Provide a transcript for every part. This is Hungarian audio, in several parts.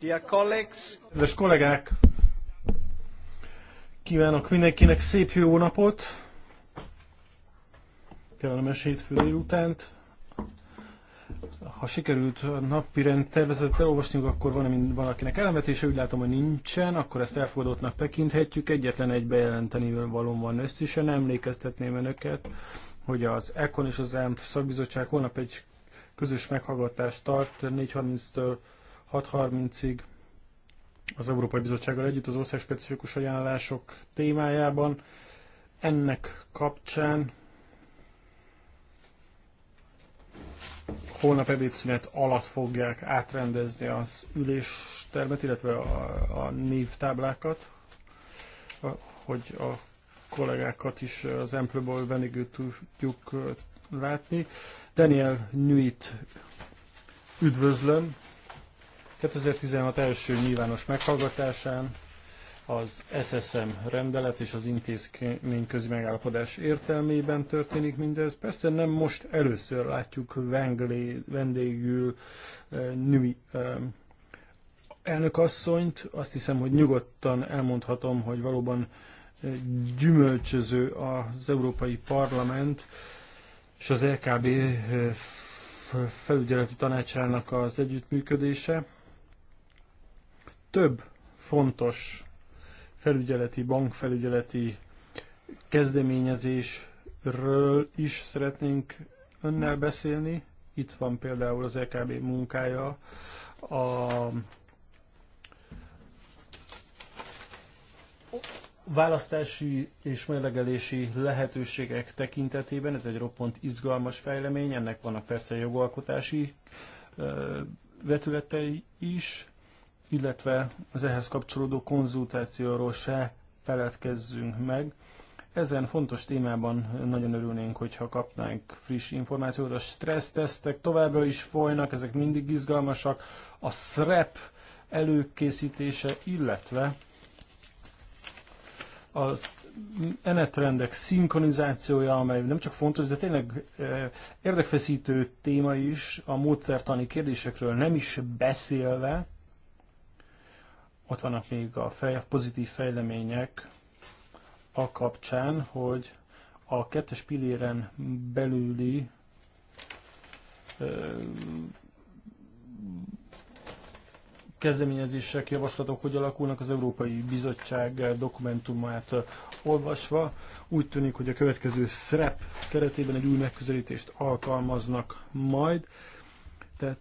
Dear colleagues. Kedves kollégák, kívánok mindenkinek szép jó napot, kellemes hétfő délutánt. Ha sikerült a napi rend tervezetet elolvasnunk, akkor van valakinek elemetése? úgy látom, hogy nincsen, akkor ezt elfogadottnak tekinthetjük. Egyetlen egy bejelenteni valóban van összesen, emlékeztetném önöket, hogy az ECON és az EMT szakbizottság holnap egy közös meghallgatást tart 4.30-től 6.30-ig az Európai Bizottsággal együtt az ország specifikus ajánlások témájában. Ennek kapcsán holnap ebédszünet alatt fogják átrendezni az üléstermet, illetve a, a névtáblákat, hogy a kollégákat is az Emplőból vendégül tudjuk látni. Daniel Nuit üdvözlöm, 2016 első nyilvános meghallgatásán az SSM rendelet és az közi megállapodás értelmében történik mindez. Persze nem most először látjuk Venglé vendégül eh, női eh, elnökasszonyt. Azt hiszem, hogy nyugodtan elmondhatom, hogy valóban eh, gyümölcsöző az Európai Parlament és az LKB felügyeleti tanácsának az együttműködése több fontos felügyeleti, bankfelügyeleti kezdeményezésről is szeretnénk önnel beszélni. Itt van például az EKB munkája, a választási és mérlegelési lehetőségek tekintetében ez egy roppant izgalmas fejlemény, ennek vannak persze jogalkotási vetületei is, illetve az ehhez kapcsolódó konzultációról se feledkezzünk meg. Ezen fontos témában nagyon örülnénk, hogyha kapnánk friss információt. A stressztesztek továbbra is folynak, ezek mindig izgalmasak. A SREP előkészítése, illetve az enetrendek szinkronizációja, amely nem csak fontos, de tényleg e, érdekfeszítő téma is a módszertani kérdésekről nem is beszélve, ott vannak még a, fej, a pozitív fejlemények a kapcsán, hogy a kettes pilléren belüli kezdeményezések, javaslatok hogy alakulnak az Európai Bizottság dokumentumát olvasva. Úgy tűnik, hogy a következő SREP keretében egy új megközelítést alkalmaznak majd. Tehát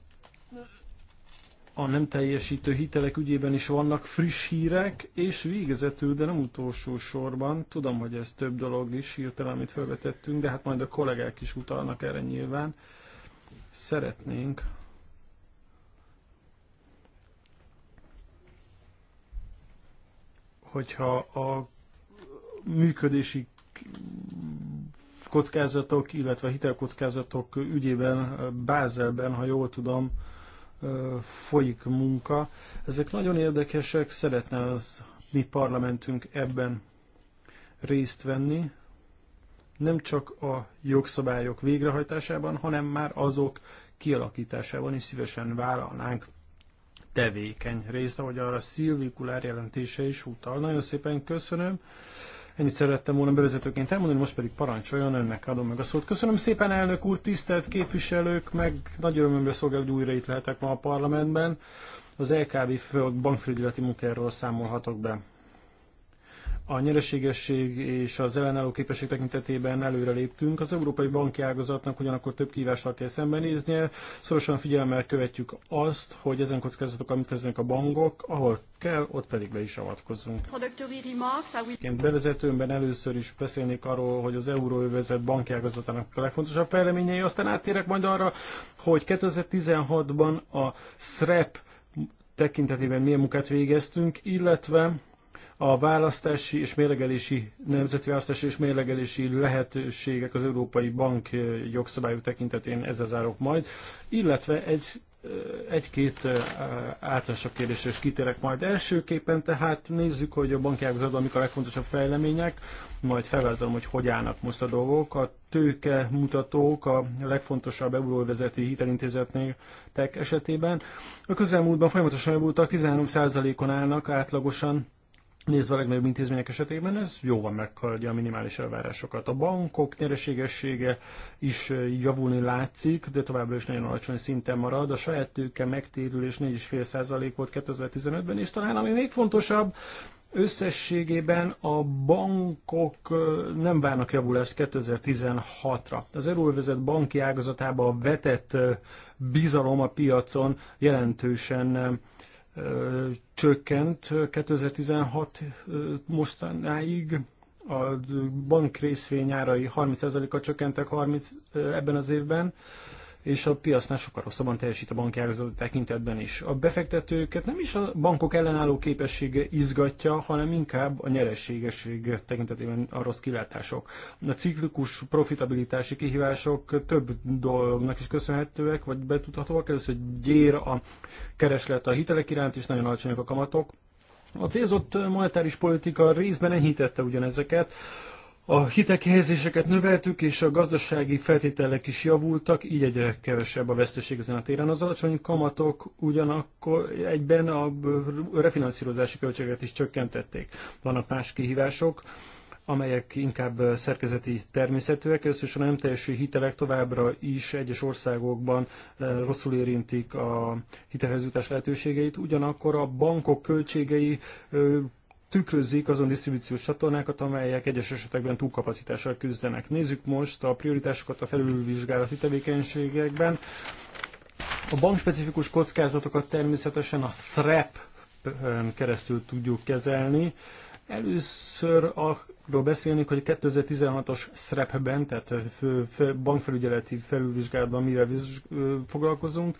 a nem teljesítő hitelek ügyében is vannak friss hírek, és végezetül, de nem utolsó sorban, tudom, hogy ez több dolog is hirtelen, amit felvetettünk, de hát majd a kollégák is utalnak erre nyilván. Szeretnénk hogyha a működési kockázatok, illetve hitelkockázatok ügyében Bázelben, ha jól tudom, folyik munka. Ezek nagyon érdekesek, szeretne az mi parlamentünk ebben részt venni, nem csak a jogszabályok végrehajtásában, hanem már azok kialakításában is szívesen vállalnánk tevékeny részt, ahogy arra Szilvi Kulár jelentése is utal. Nagyon szépen köszönöm. Ennyit szerettem volna bevezetőként elmondani, most pedig parancsoljon, önnek adom meg a szót. Köszönöm szépen, elnök úr, tisztelt képviselők, meg nagy örömömre szolgál, hogy újra itt lehetek ma a parlamentben. Az LKB bankfelügyeleti munkáról számolhatok be a nyereségesség és az ellenálló képesség tekintetében előre léptünk. Az európai banki ágazatnak ugyanakkor több kívással kell szembenéznie. Szorosan figyelemmel követjük azt, hogy ezen kockázatok, amit kezdenek a bankok, ahol kell, ott pedig be is avatkozzunk. Én bevezetőmben először is beszélnék arról, hogy az euróövezet banki ágazatának a legfontosabb fejleményei, aztán áttérek majd arra, hogy 2016-ban a SREP tekintetében milyen munkát végeztünk, illetve a választási és mérlegelési, nemzeti választási és mérlegelési lehetőségek az Európai Bank eh, jogszabályok tekintetén ezzel zárok majd, illetve egy eh, egy-két eh, általánosabb kérdésre is kitérek majd. Elsőképpen tehát nézzük, hogy a banki ágazatban mik a legfontosabb fejlemények, majd felvázolom, hogy hogy állnak most a dolgok. A tőke mutatók a legfontosabb euróvezeti hitelintézetnél esetében. A közelmúltban folyamatosan javultak, 13%-on állnak átlagosan Nézve a legnagyobb intézmények esetében ez jóval meghaladja a minimális elvárásokat. A bankok nyereségessége is javulni látszik, de továbbra is nagyon alacsony szinten marad. A saját tőke megtérülés 4,5% volt 2015-ben, és talán ami még fontosabb, Összességében a bankok nem várnak javulást 2016-ra. Az euróvezet banki ágazatába vetett bizalom a piacon jelentősen csökkent 2016 mostanáig. A bank részvényárai 30%-a csökkentek 30, ebben az évben és a piacnál sokkal rosszabban teljesít a bankjározó tekintetben is. A befektetőket nem is a bankok ellenálló képessége izgatja, hanem inkább a nyerességesség tekintetében a rossz kilátások. A ciklikus profitabilitási kihívások több dolognak is köszönhetőek, vagy betudhatóak. Először, hogy gyér a kereslet a hitelek iránt, és nagyon alacsonyak a kamatok. A célzott monetáris politika részben enyhítette ugyanezeket, a helyezéseket növeltük, és a gazdasági feltételek is javultak, így egyre kevesebb a veszteség ezen a téren. Az alacsony kamatok ugyanakkor egyben a refinanszírozási költséget is csökkentették. Vannak más kihívások, amelyek inkább szerkezeti természetűek, összesen nem teljesű hitelek továbbra is egyes országokban eh, rosszul érintik a hitelhez jutás lehetőségeit, ugyanakkor a bankok költségei eh, tükrözik azon disztribúciós csatornákat, amelyek egyes esetekben túlkapacitással küzdenek. Nézzük most a prioritásokat a felülvizsgálati tevékenységekben. A bankspecifikus kockázatokat természetesen a SREP keresztül tudjuk kezelni. Először arról beszélnék, hogy 2016-os SREP-ben, tehát bankfelügyeleti felülvizsgálatban mivel foglalkozunk.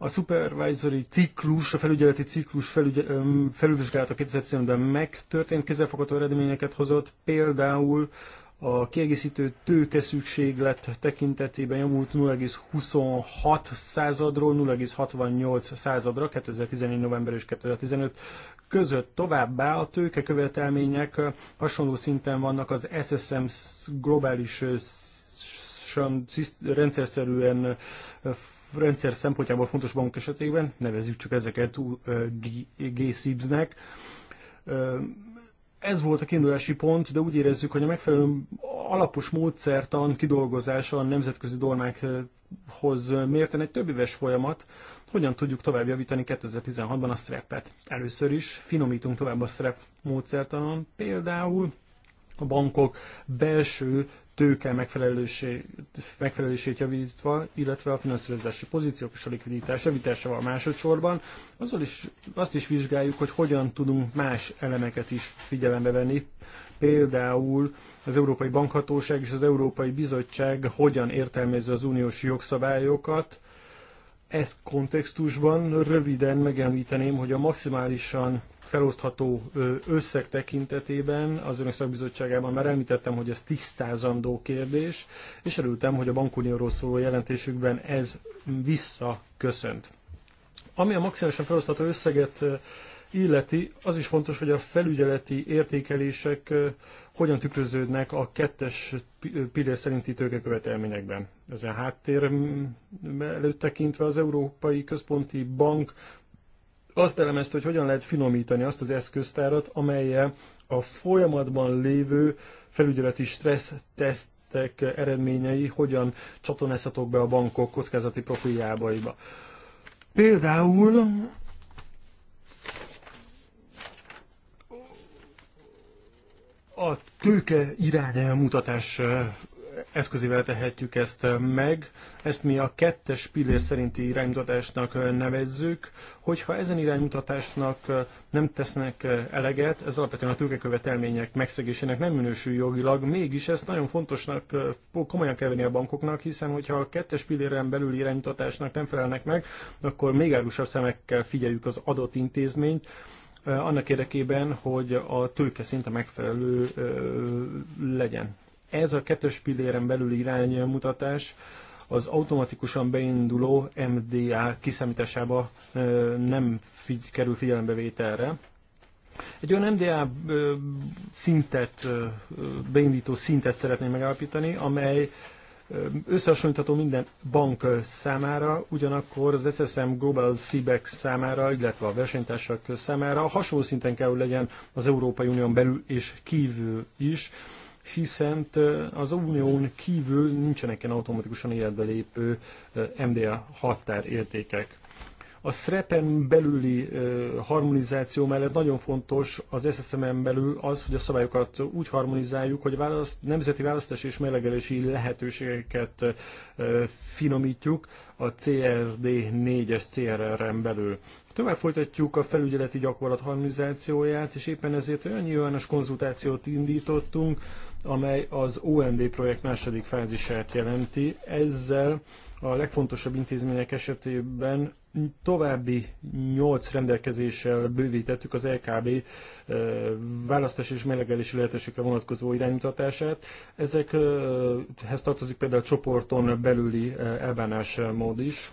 A supervisory ciklus, a felügyeleti ciklus felügy, felülvizsgálata 2010-ben megtörtént, kézzelfogható eredményeket hozott, például a kiegészítő tőke szükséglet tekintetében javult 0,26 századról 0,68 századra 2014. november és 2015 között. Továbbá a tőke követelmények hasonló szinten vannak az SSM globális rendszerszerűen rendszer szempontjából fontos bankok esetében, nevezzük csak ezeket G-SIBS-nek, ez volt a kiindulási pont, de úgy érezzük, hogy a megfelelő alapos módszertan kidolgozása a nemzetközi normákhoz mérten egy több éves folyamat, hogyan tudjuk tovább javítani 2016-ban a SREP-et. Először is finomítunk tovább a SREP módszertanon, például a bankok belső tőke megfelelőség, megfelelőségét javítva, illetve a finanszírozási pozíciók és a likviditás van másodszorban. Azzal is, azt is vizsgáljuk, hogy hogyan tudunk más elemeket is figyelembe venni, például az Európai Bankhatóság és az Európai Bizottság hogyan értelmezi az uniós jogszabályokat, E kontextusban röviden megemlíteném, hogy a maximálisan felosztható összeg tekintetében az önök szakbizottságában már említettem, hogy ez tisztázandó kérdés, és örültem, hogy a bankunióról szóló jelentésükben ez visszaköszönt. Ami a maximálisan felosztható összeget illeti, az is fontos, hogy a felügyeleti értékelések hogyan tükröződnek a kettes pillér szerinti tőkekövetelményekben. Ezen háttér előtt tekintve az Európai Központi Bank azt elemezte, hogy hogyan lehet finomítani azt az eszköztárat, amelyel a folyamatban lévő felügyeleti stressz teszt eredményei hogyan csatornázhatók be a bankok kockázati profiljába. Például a tőke irányelmutatás eszközével tehetjük ezt meg. Ezt mi a kettes pillér szerinti iránymutatásnak nevezzük. Hogyha ezen iránymutatásnak nem tesznek eleget, ez alapvetően a tőkekövetelmények megszegésének nem minősül jogilag, mégis ezt nagyon fontosnak, komolyan kell venni a bankoknak, hiszen hogyha a kettes pilléren belül iránymutatásnak nem felelnek meg, akkor még árusabb szemekkel figyeljük az adott intézményt, annak érdekében, hogy a tőke szinte megfelelő legyen. Ez a kettős pilléren belüli iránymutatás az automatikusan beinduló MDA kiszámításába nem figy- kerül figyelembevételre. Egy olyan MDA szintet, beindító szintet szeretném megállapítani, amely összehasonlítható minden bank számára, ugyanakkor az SSM Global CBEX számára, illetve a versenytársak számára hasonló szinten kell, hogy legyen az Európai Unión belül és kívül is hiszen az unión kívül nincsenek ilyen automatikusan életbe lépő MDA határértékek. A SREP-en belüli harmonizáció mellett nagyon fontos az SSM-en belül az, hogy a szabályokat úgy harmonizáljuk, hogy a választ, nemzeti választási és melegelési lehetőségeket finomítjuk a CRD 4-es CRR-en belül. Tovább folytatjuk a felügyeleti gyakorlat harmonizációját, és éppen ezért olyan nyilvános konzultációt indítottunk, amely az OMD projekt második fázisát jelenti. Ezzel a legfontosabb intézmények esetében további nyolc rendelkezéssel bővítettük az LKB választás és mérlegelési lehetőségre vonatkozó iránymutatását. Ezekhez tartozik például a csoporton belüli elbánásmód is.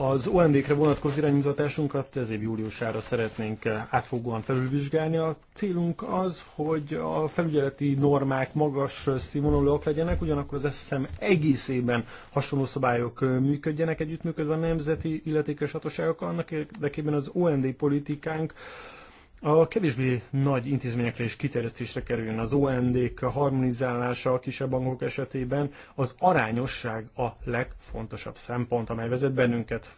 Az OMD-kre vonatkozó iránymutatásunkat ez év júliusára szeretnénk átfogóan felülvizsgálni. A célunk az, hogy a felügyeleti normák magas színvonalúak legyenek, ugyanakkor az SZM egészében hasonló szabályok működjenek együttműködve a nemzeti illetékes hatóságokkal, annak érdekében az OMD politikánk a kevésbé nagy intézményekre és kiterjesztésre kerüljön az OND-k harmonizálása a kisebb bankok esetében, az arányosság a legfontosabb szempont, amely vezet bennünket.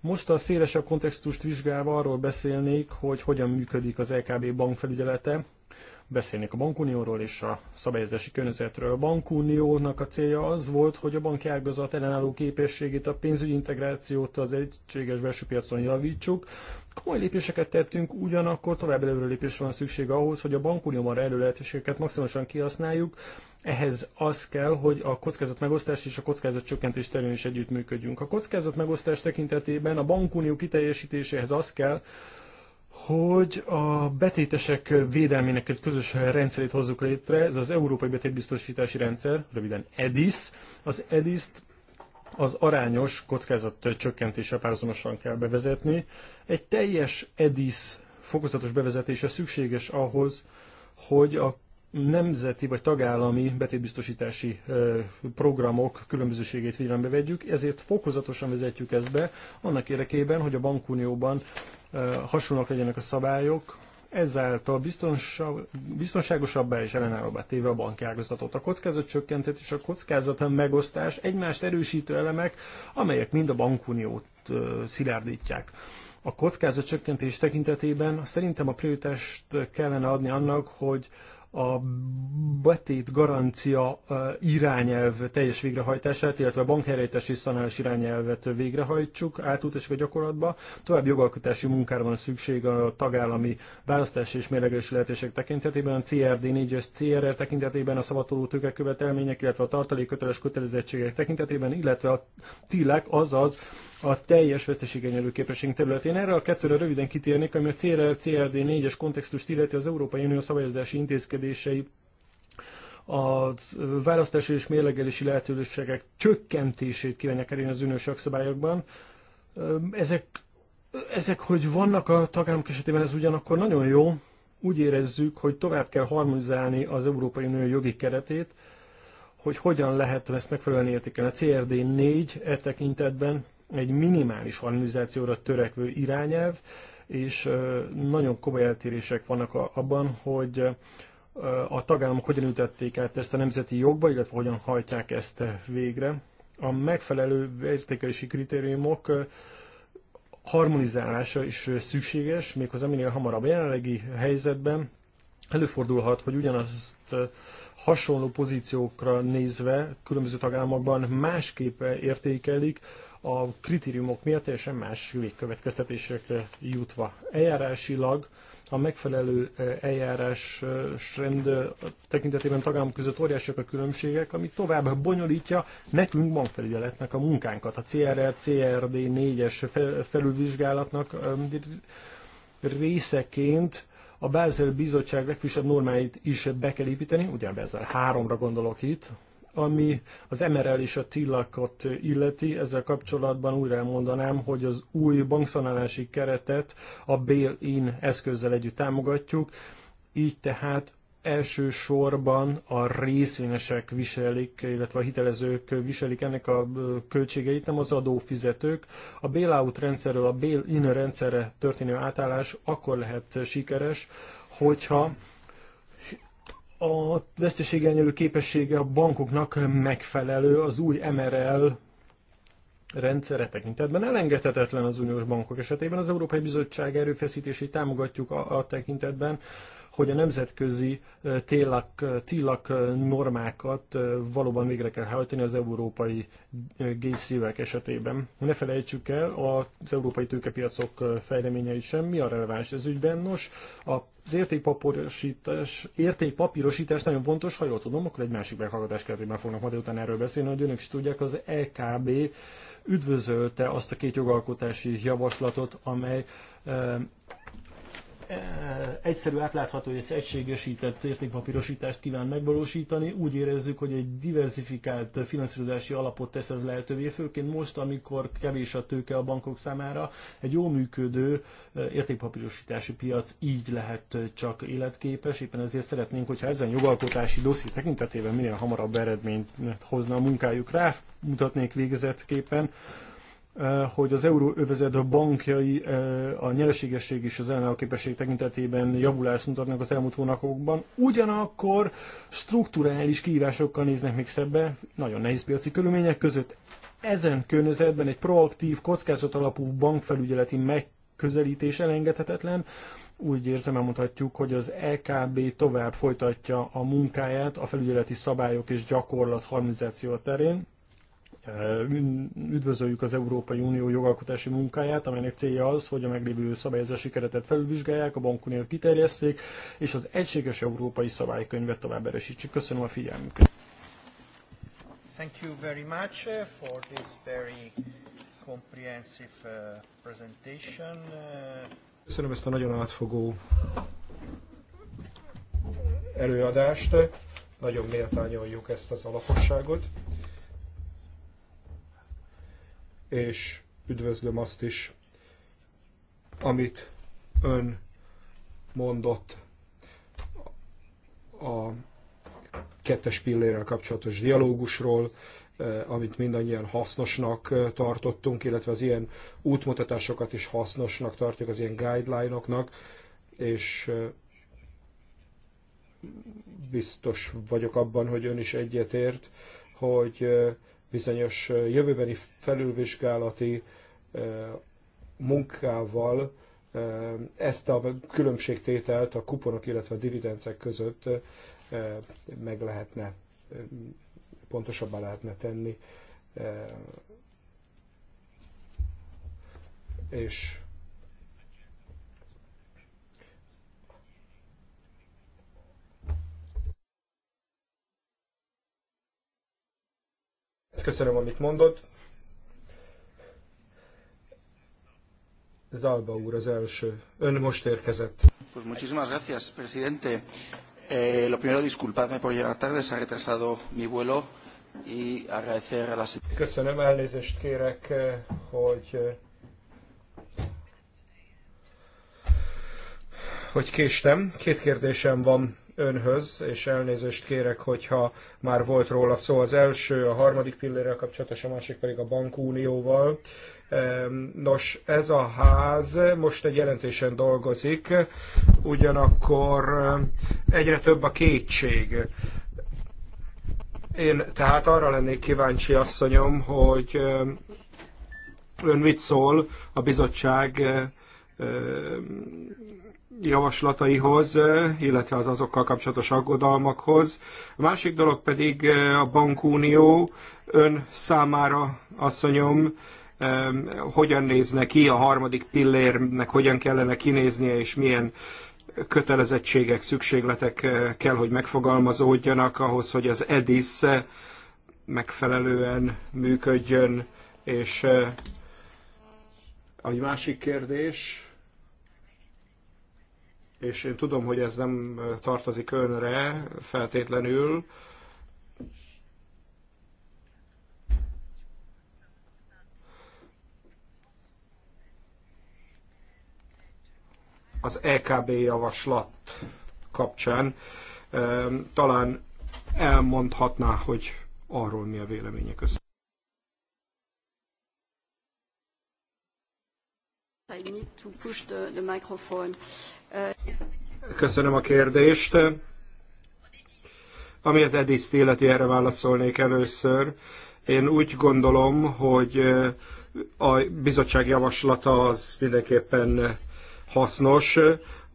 Most a szélesebb kontextust vizsgálva arról beszélnék, hogy hogyan működik az LKB e bankfelügyelete, beszélnék a bankunióról és a szabályozási környezetről. A bankuniónak a célja az volt, hogy a banki ágazat ellenálló képességét, a pénzügyi integrációt az egységes belső piacon javítsuk. Komoly lépéseket tettünk, ugyanakkor további előrelépésre van szükség ahhoz, hogy a bankunióban rejlő lehetőségeket maximálisan kihasználjuk, ehhez az kell, hogy a megosztás és a csökkentés terén is együttműködjünk. A megosztás tekintetében a bankunió kiteljesítéséhez az kell, hogy a betétesek védelmének egy közös rendszerét hozzuk létre, ez az Európai Betétbiztosítási Rendszer, röviden EDIS. Az EDIS-t az arányos kockázat csökkentése párhuzamosan kell bevezetni. Egy teljes EDIS fokozatos bevezetése szükséges ahhoz, hogy a nemzeti vagy tagállami betétbiztosítási programok különbözőségét figyelembe vegyük, ezért fokozatosan vezetjük ezt be, annak érdekében, hogy a bankunióban hasonlóak legyenek a szabályok, ezáltal biztonságosabbá és ellenállóbbá téve a banki ágazatot. A kockázatcsökkentés és a kockázat megosztás egymást erősítő elemek, amelyek mind a bankuniót szilárdítják. A csökkentés tekintetében szerintem a prioritást kellene adni annak, hogy a betét garancia irányelv teljes végrehajtását, illetve a bankhelyrejtési szanálás irányelvet végrehajtsuk, átültessük a gyakorlatba. További jogalkotási munkára van szükség a tagállami választási és mérlegelési lehetőség tekintetében, a CRD 4-es CRR tekintetében, a szabaduló tőkekövetelmények, illetve a tartalékköteles kötelezettségek tekintetében, illetve a TILEK, azaz a teljes veszteségenyelő képességünk területén. Erre a kettőre röviden kitérnék, ami a CRR CRD 4-es kontextust illeti az Európai Unió szabályozási intézkedései a választási és mérlegelési lehetőségek csökkentését kívánják elérni az uniós jogszabályokban. Ezek, ezek, hogy vannak a tagállamok esetében, ez ugyanakkor nagyon jó. Úgy érezzük, hogy tovább kell harmonizálni az Európai Unió jogi keretét, hogy hogyan lehet ezt megfelelően értékelni. A CRD 4 e tekintetben egy minimális harmonizációra törekvő irányelv, és nagyon komoly eltérések vannak abban, hogy a tagállamok hogyan ütették át ezt a nemzeti jogba, illetve hogyan hajtják ezt végre. A megfelelő értékelési kritériumok harmonizálása is szükséges, méghozzá minél hamarabb. A jelenlegi helyzetben előfordulhat, hogy ugyanazt hasonló pozíciókra nézve különböző tagállamokban másképp értékelik a kritériumok miatt teljesen más végkövetkeztetésekre jutva. Eljárásilag a megfelelő e, eljárás e, rend e, tekintetében tagállamok között óriásiak a különbségek, ami tovább bonyolítja nekünk bankfelügyeletnek a munkánkat. A CRR, CRD 4-es felülvizsgálatnak részeként a Bázel bizottság legfrissebb normáit is be kell építeni, ugye a Bázel 3-ra gondolok itt, ami az MRL és a tillakat illeti, ezzel kapcsolatban újra elmondanám, hogy az új bankszanálási keretet a bail-in eszközzel együtt támogatjuk, így tehát elsősorban a részvényesek viselik, illetve a hitelezők viselik ennek a költségeit, nem az adófizetők. A bailout rendszerről a bail-in rendszerre történő átállás akkor lehet sikeres, hogyha a veszteségelnyelő képessége a bankoknak megfelelő az új MRL rendszere tekintetben elengedhetetlen az uniós bankok esetében. Az Európai Bizottság erőfeszítését támogatjuk a, a tekintetben, hogy a nemzetközi télak, tilak normákat valóban végre kell hajtani az európai gészszívek esetében. Ne felejtsük el az európai tőkepiacok fejleményei sem, mi a releváns ez ügyben. Nos, az értékpapírosítás, értékpapírosítás nagyon fontos, ha jól tudom, akkor egy másik meghallgatás keretében fognak majd utána erről beszélni, hogy önök is tudják, az EKB üdvözölte azt a két jogalkotási javaslatot, amely Eh, egyszerű, átlátható és egységesített értékpapírosítást kíván megvalósítani. Úgy érezzük, hogy egy diversifikált finanszírozási alapot tesz ez lehetővé, főként most, amikor kevés a tőke a bankok számára, egy jó működő eh, értékpapírosítási piac így lehet eh, csak életképes. Éppen ezért szeretnénk, hogyha ezen jogalkotási dosszi tekintetében minél hamarabb eredményt hozna a munkájuk rá, mutatnék végezetképpen Eh, hogy az euróövezet bankjai eh, a nyereségesség és az ellenállóképesség tekintetében javulást mutatnak az elmúlt hónapokban, ugyanakkor strukturális kihívásokkal néznek még szebbe, nagyon nehéz piaci körülmények között. Ezen környezetben egy proaktív, kockázat alapú bankfelügyeleti megközelítés elengedhetetlen, úgy érzem, elmondhatjuk, hogy az EKB tovább folytatja a munkáját a felügyeleti szabályok és gyakorlat harmonizáció terén, Üdvözöljük az Európai Unió jogalkotási munkáját, amelynek célja az, hogy a meglévő szabályozási keretet felülvizsgálják, a bankuniót kiterjesszék, és az egységes európai szabálykönyvet tovább erősítsük. Köszönöm a figyelmüket! Thank you very much uh, for this very comprehensive uh, presentation. Uh, Köszönöm ezt a nagyon átfogó előadást. Nagyon méltányoljuk ezt az alaposságot és üdvözlöm azt is, amit ön mondott a kettes pillérrel kapcsolatos dialógusról, eh, amit mindannyian hasznosnak eh, tartottunk, illetve az ilyen útmutatásokat is hasznosnak tartjuk, az ilyen guideline-oknak, és eh, biztos vagyok abban, hogy ön is egyetért, hogy bizonyos jövőbeni felülvizsgálati munkával ezt a különbségtételt a kuponok, illetve a dividendek között meg lehetne, pontosabbá lehetne tenni. És Köszönöm, amit mondott. Zalba úr az első. Ön most érkezett. Pues muchísimas gracias, presidente. Eh, lo primero, disculpadme por llegar tarde, se ha retrasado mi vuelo y agradecer a las... Köszönöm, elnézést kérek, eh, hogy eh, hogy késtem. Két kérdésem van önhöz, és elnézést kérek, hogyha már volt róla szó az első, a harmadik pillérrel kapcsolatos, a másik pedig a bankunióval. Nos, ez a ház most egy jelentésen dolgozik, ugyanakkor egyre több a kétség. Én tehát arra lennék kíváncsi, asszonyom, hogy ön mit szól a bizottság javaslataihoz, illetve az azokkal kapcsolatos aggodalmakhoz. A másik dolog pedig a bankunió ön számára, asszonyom, hogyan nézne ki a harmadik pillérnek, hogyan kellene kinéznie, és milyen kötelezettségek, szükségletek kell, hogy megfogalmazódjanak ahhoz, hogy az EDIS megfelelően működjön, és a másik kérdés, és én tudom, hogy ez nem tartozik önre feltétlenül, az EKB javaslat kapcsán talán elmondhatná, hogy arról mi a véleménye. Köszönöm. Köszönöm a kérdést. Ami az Edis illeti, erre válaszolnék először. Én úgy gondolom, hogy a bizottság javaslata az mindenképpen hasznos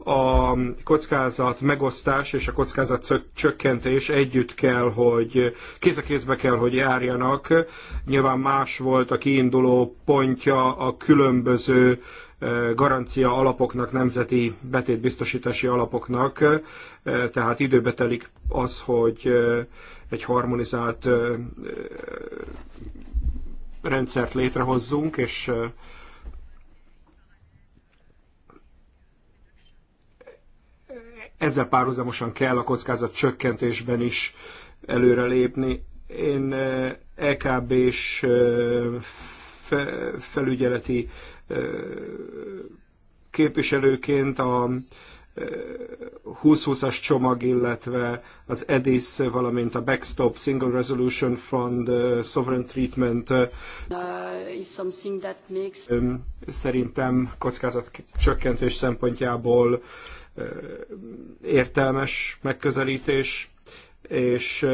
a kockázat megosztás és a kockázat csökkentés együtt kell, hogy kéz a kézbe kell, hogy járjanak. Nyilván más volt a kiinduló pontja a különböző e, garancia alapoknak, nemzeti betétbiztosítási alapoknak, e, tehát időbe telik az, hogy e, egy harmonizált rendszert létrehozzunk, és ezzel párhuzamosan kell a kockázat csökkentésben is előrelépni. Én ekb és felügyeleti képviselőként a 20-20-as csomag, illetve az EDIS, valamint a Backstop Single Resolution Fund Sovereign Treatment uh, is something that makes... szerintem kockázat csökkentés szempontjából értelmes megközelítés, és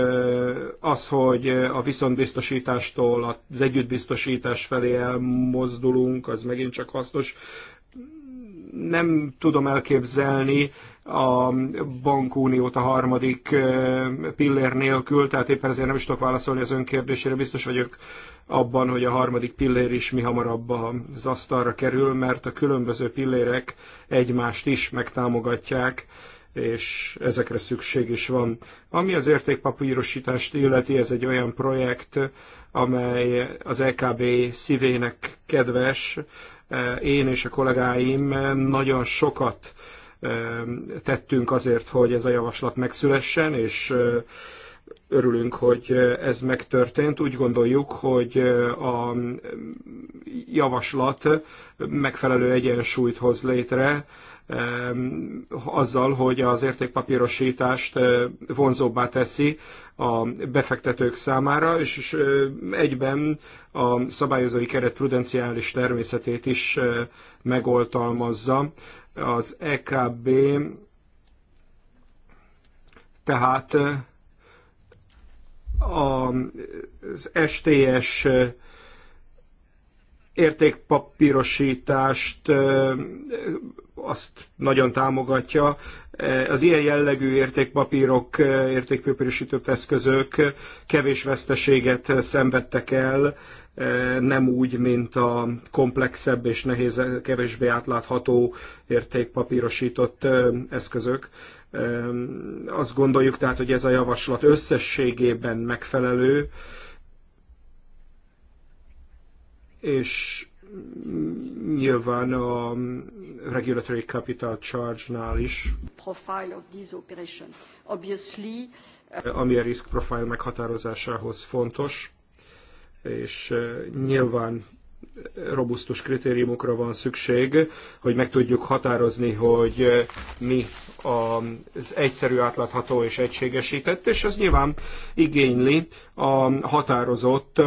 az, hogy a viszontbiztosítástól az együttbiztosítás felé elmozdulunk, az megint csak hasznos. Nem tudom elképzelni a bankuniót a harmadik pillér nélkül, tehát éppen ezért nem is tudok válaszolni az önkérdésére. Biztos vagyok abban, hogy a harmadik pillér is mi hamarabb az asztalra kerül, mert a különböző pillérek egymást is megtámogatják, és ezekre szükség is van. Ami az értékpapírosítást illeti, ez egy olyan projekt, amely az EKB szívének kedves. Én és a kollégáim nagyon sokat eh, tettünk azért, hogy ez a javaslat megszülessen, és eh, örülünk, hogy ez megtörtént. Úgy gondoljuk, hogy a javaslat megfelelő egyensúlyt hoz létre, eh, azzal, hogy az értékpapírosítást eh, vonzóbbá teszi a befektetők számára, és eh, egyben a szabályozói keret prudenciális természetét is megoltalmazza. Az EKB tehát a az STS értékpapírosítást azt nagyon támogatja. Az ilyen jellegű értékpapírok, értékpapírosított eszközök kevés veszteséget szenvedtek el, nem úgy, mint a komplexebb és nehéz, kevésbé átlátható értékpapírosított eszközök. Azt gondoljuk tehát, hogy ez a javaslat összességében megfelelő, és nyilván a regulatory capital charge-nál is, profile of this operation. Obviously, uh, ami a risk profile meghatározásához fontos, és nyilván robusztus kritériumokra van szükség, hogy meg tudjuk határozni, hogy mi az egyszerű, átlátható és egységesített, és ez nyilván igényli a határozott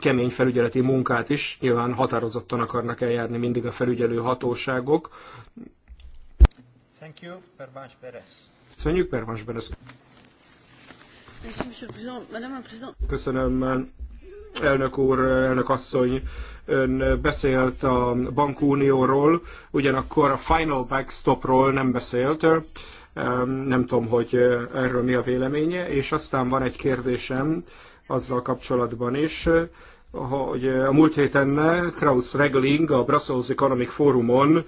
kemény felügyeleti munkát is, nyilván határozottan akarnak eljárni mindig a felügyelő hatóságok. Thank you, Pervans Perez. Köszönjük, Pervans Perez. Köszönöm, elnök úr, elnök asszony, ön beszélt a bankunióról, ugyanakkor a final backstopról nem beszélt. Nem tudom, hogy erről mi a véleménye, és aztán van egy kérdésem azzal kapcsolatban is, hogy a múlt héten Kraus Regling a Brussels Economic Forumon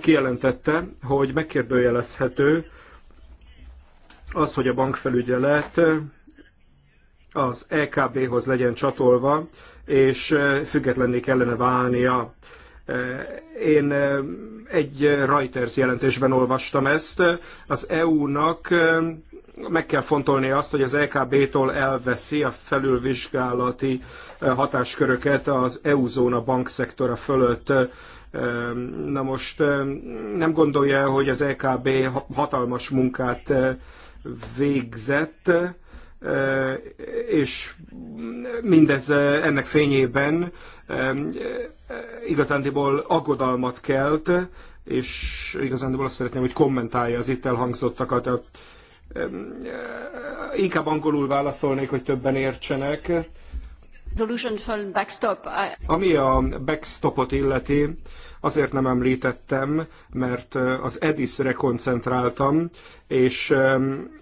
kijelentette, hogy megkérdőjelezhető az, hogy a bankfelügyelet az EKB-hoz legyen csatolva, és eh, függetlenné kellene válnia. Eh, én eh, egy Reuters jelentésben olvastam ezt. Az EU-nak meg kell fontolni azt, hogy az EKB-tól elveszi a felülvizsgálati hatásköröket az EU-zóna bankszektora fölött. Na most nem gondolja, hogy az EKB hatalmas munkát végzett, és mindez ennek fényében igazándiból aggodalmat kelt, és igazándiból azt szeretném, hogy kommentálja az itt elhangzottakat. Inkább angolul válaszolnék, hogy többen értsenek. Ami a backstopot illeti, azért nem említettem, mert az EDIS-re koncentráltam, és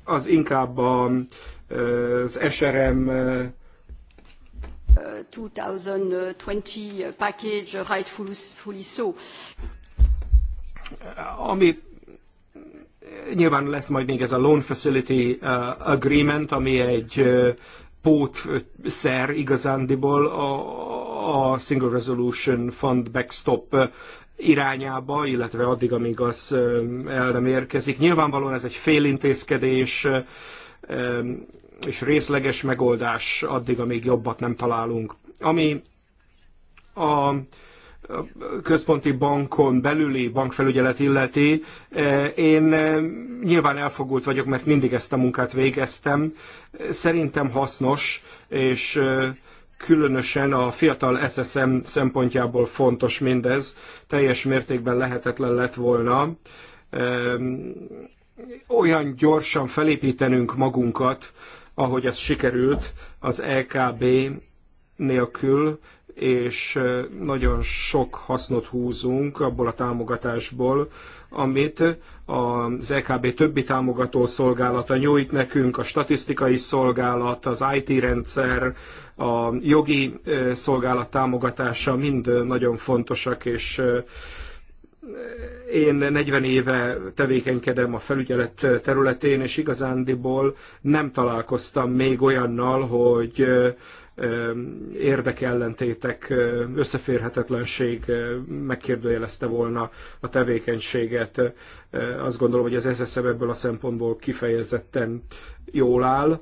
az inkább a az SRM 2020 eh, package, rightfully so. Ami nyilván lesz majd még ez a loan facility eh, agreement, ami egy eh, pótszer igazándiból a, a Single Resolution Fund backstop irányába, illetve addig, amíg az el nem érkezik. Nyilvánvalóan ez egy félintézkedés, és részleges megoldás addig, amíg jobbat nem találunk. Ami a központi bankon belüli bankfelügyelet illeti. E, én e, nyilván elfogult vagyok, mert mindig ezt a munkát végeztem. Szerintem hasznos, és e, különösen a fiatal SSM szempontjából fontos mindez. Teljes mértékben lehetetlen lett volna olyan gyorsan felépítenünk magunkat, ahogy ez sikerült az LKB e nélkül, és nagyon sok hasznot húzunk abból a támogatásból, amit az EKB többi támogató szolgálata nyújt nekünk, a statisztikai szolgálat, az IT rendszer, a jogi szolgálat támogatása mind nagyon fontosak, és én 40 éve tevékenykedem a felügyelet területén, és igazándiból nem találkoztam még olyannal, hogy érdekellentétek, összeférhetetlenség megkérdőjelezte volna a tevékenységet. Azt gondolom, hogy az SSM ebből a szempontból kifejezetten jól áll.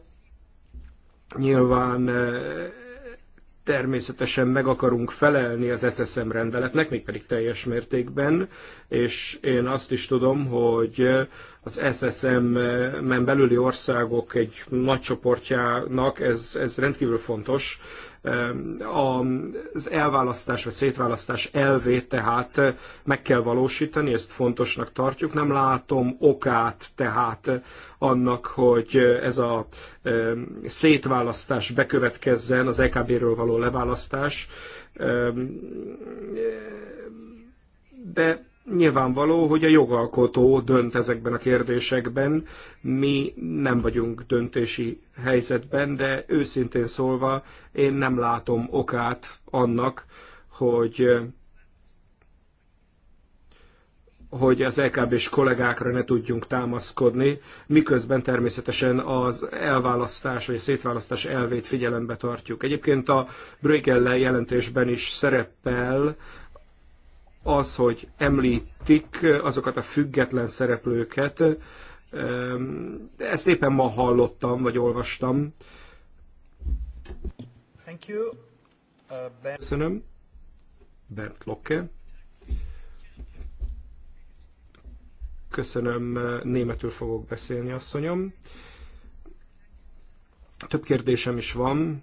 Nyilván természetesen meg akarunk felelni az SSM rendeletnek, mégpedig teljes mértékben, és én azt is tudom, hogy az ssm men belüli országok egy nagy csoportjának ez, ez rendkívül fontos, az elválasztás vagy szétválasztás elvét tehát meg kell valósítani, ezt fontosnak tartjuk. Nem látom okát tehát annak, hogy ez a szétválasztás bekövetkezzen, az EKB-ről való leválasztás. De Nyilvánvaló, hogy a jogalkotó dönt ezekben a kérdésekben, mi nem vagyunk döntési helyzetben, de őszintén szólva én nem látom okát annak, hogy hogy az LKB-s kollégákra ne tudjunk támaszkodni, miközben természetesen az elválasztás vagy a szétválasztás elvét figyelembe tartjuk. Egyébként a Bruegel jelentésben is szerepel az, hogy említik azokat a független szereplőket, ehm, ezt éppen ma hallottam, vagy olvastam. Thank you. Uh, Köszönöm. Bernd Locke. Köszönöm, eh, németül fogok beszélni, asszonyom. Több kérdésem is van.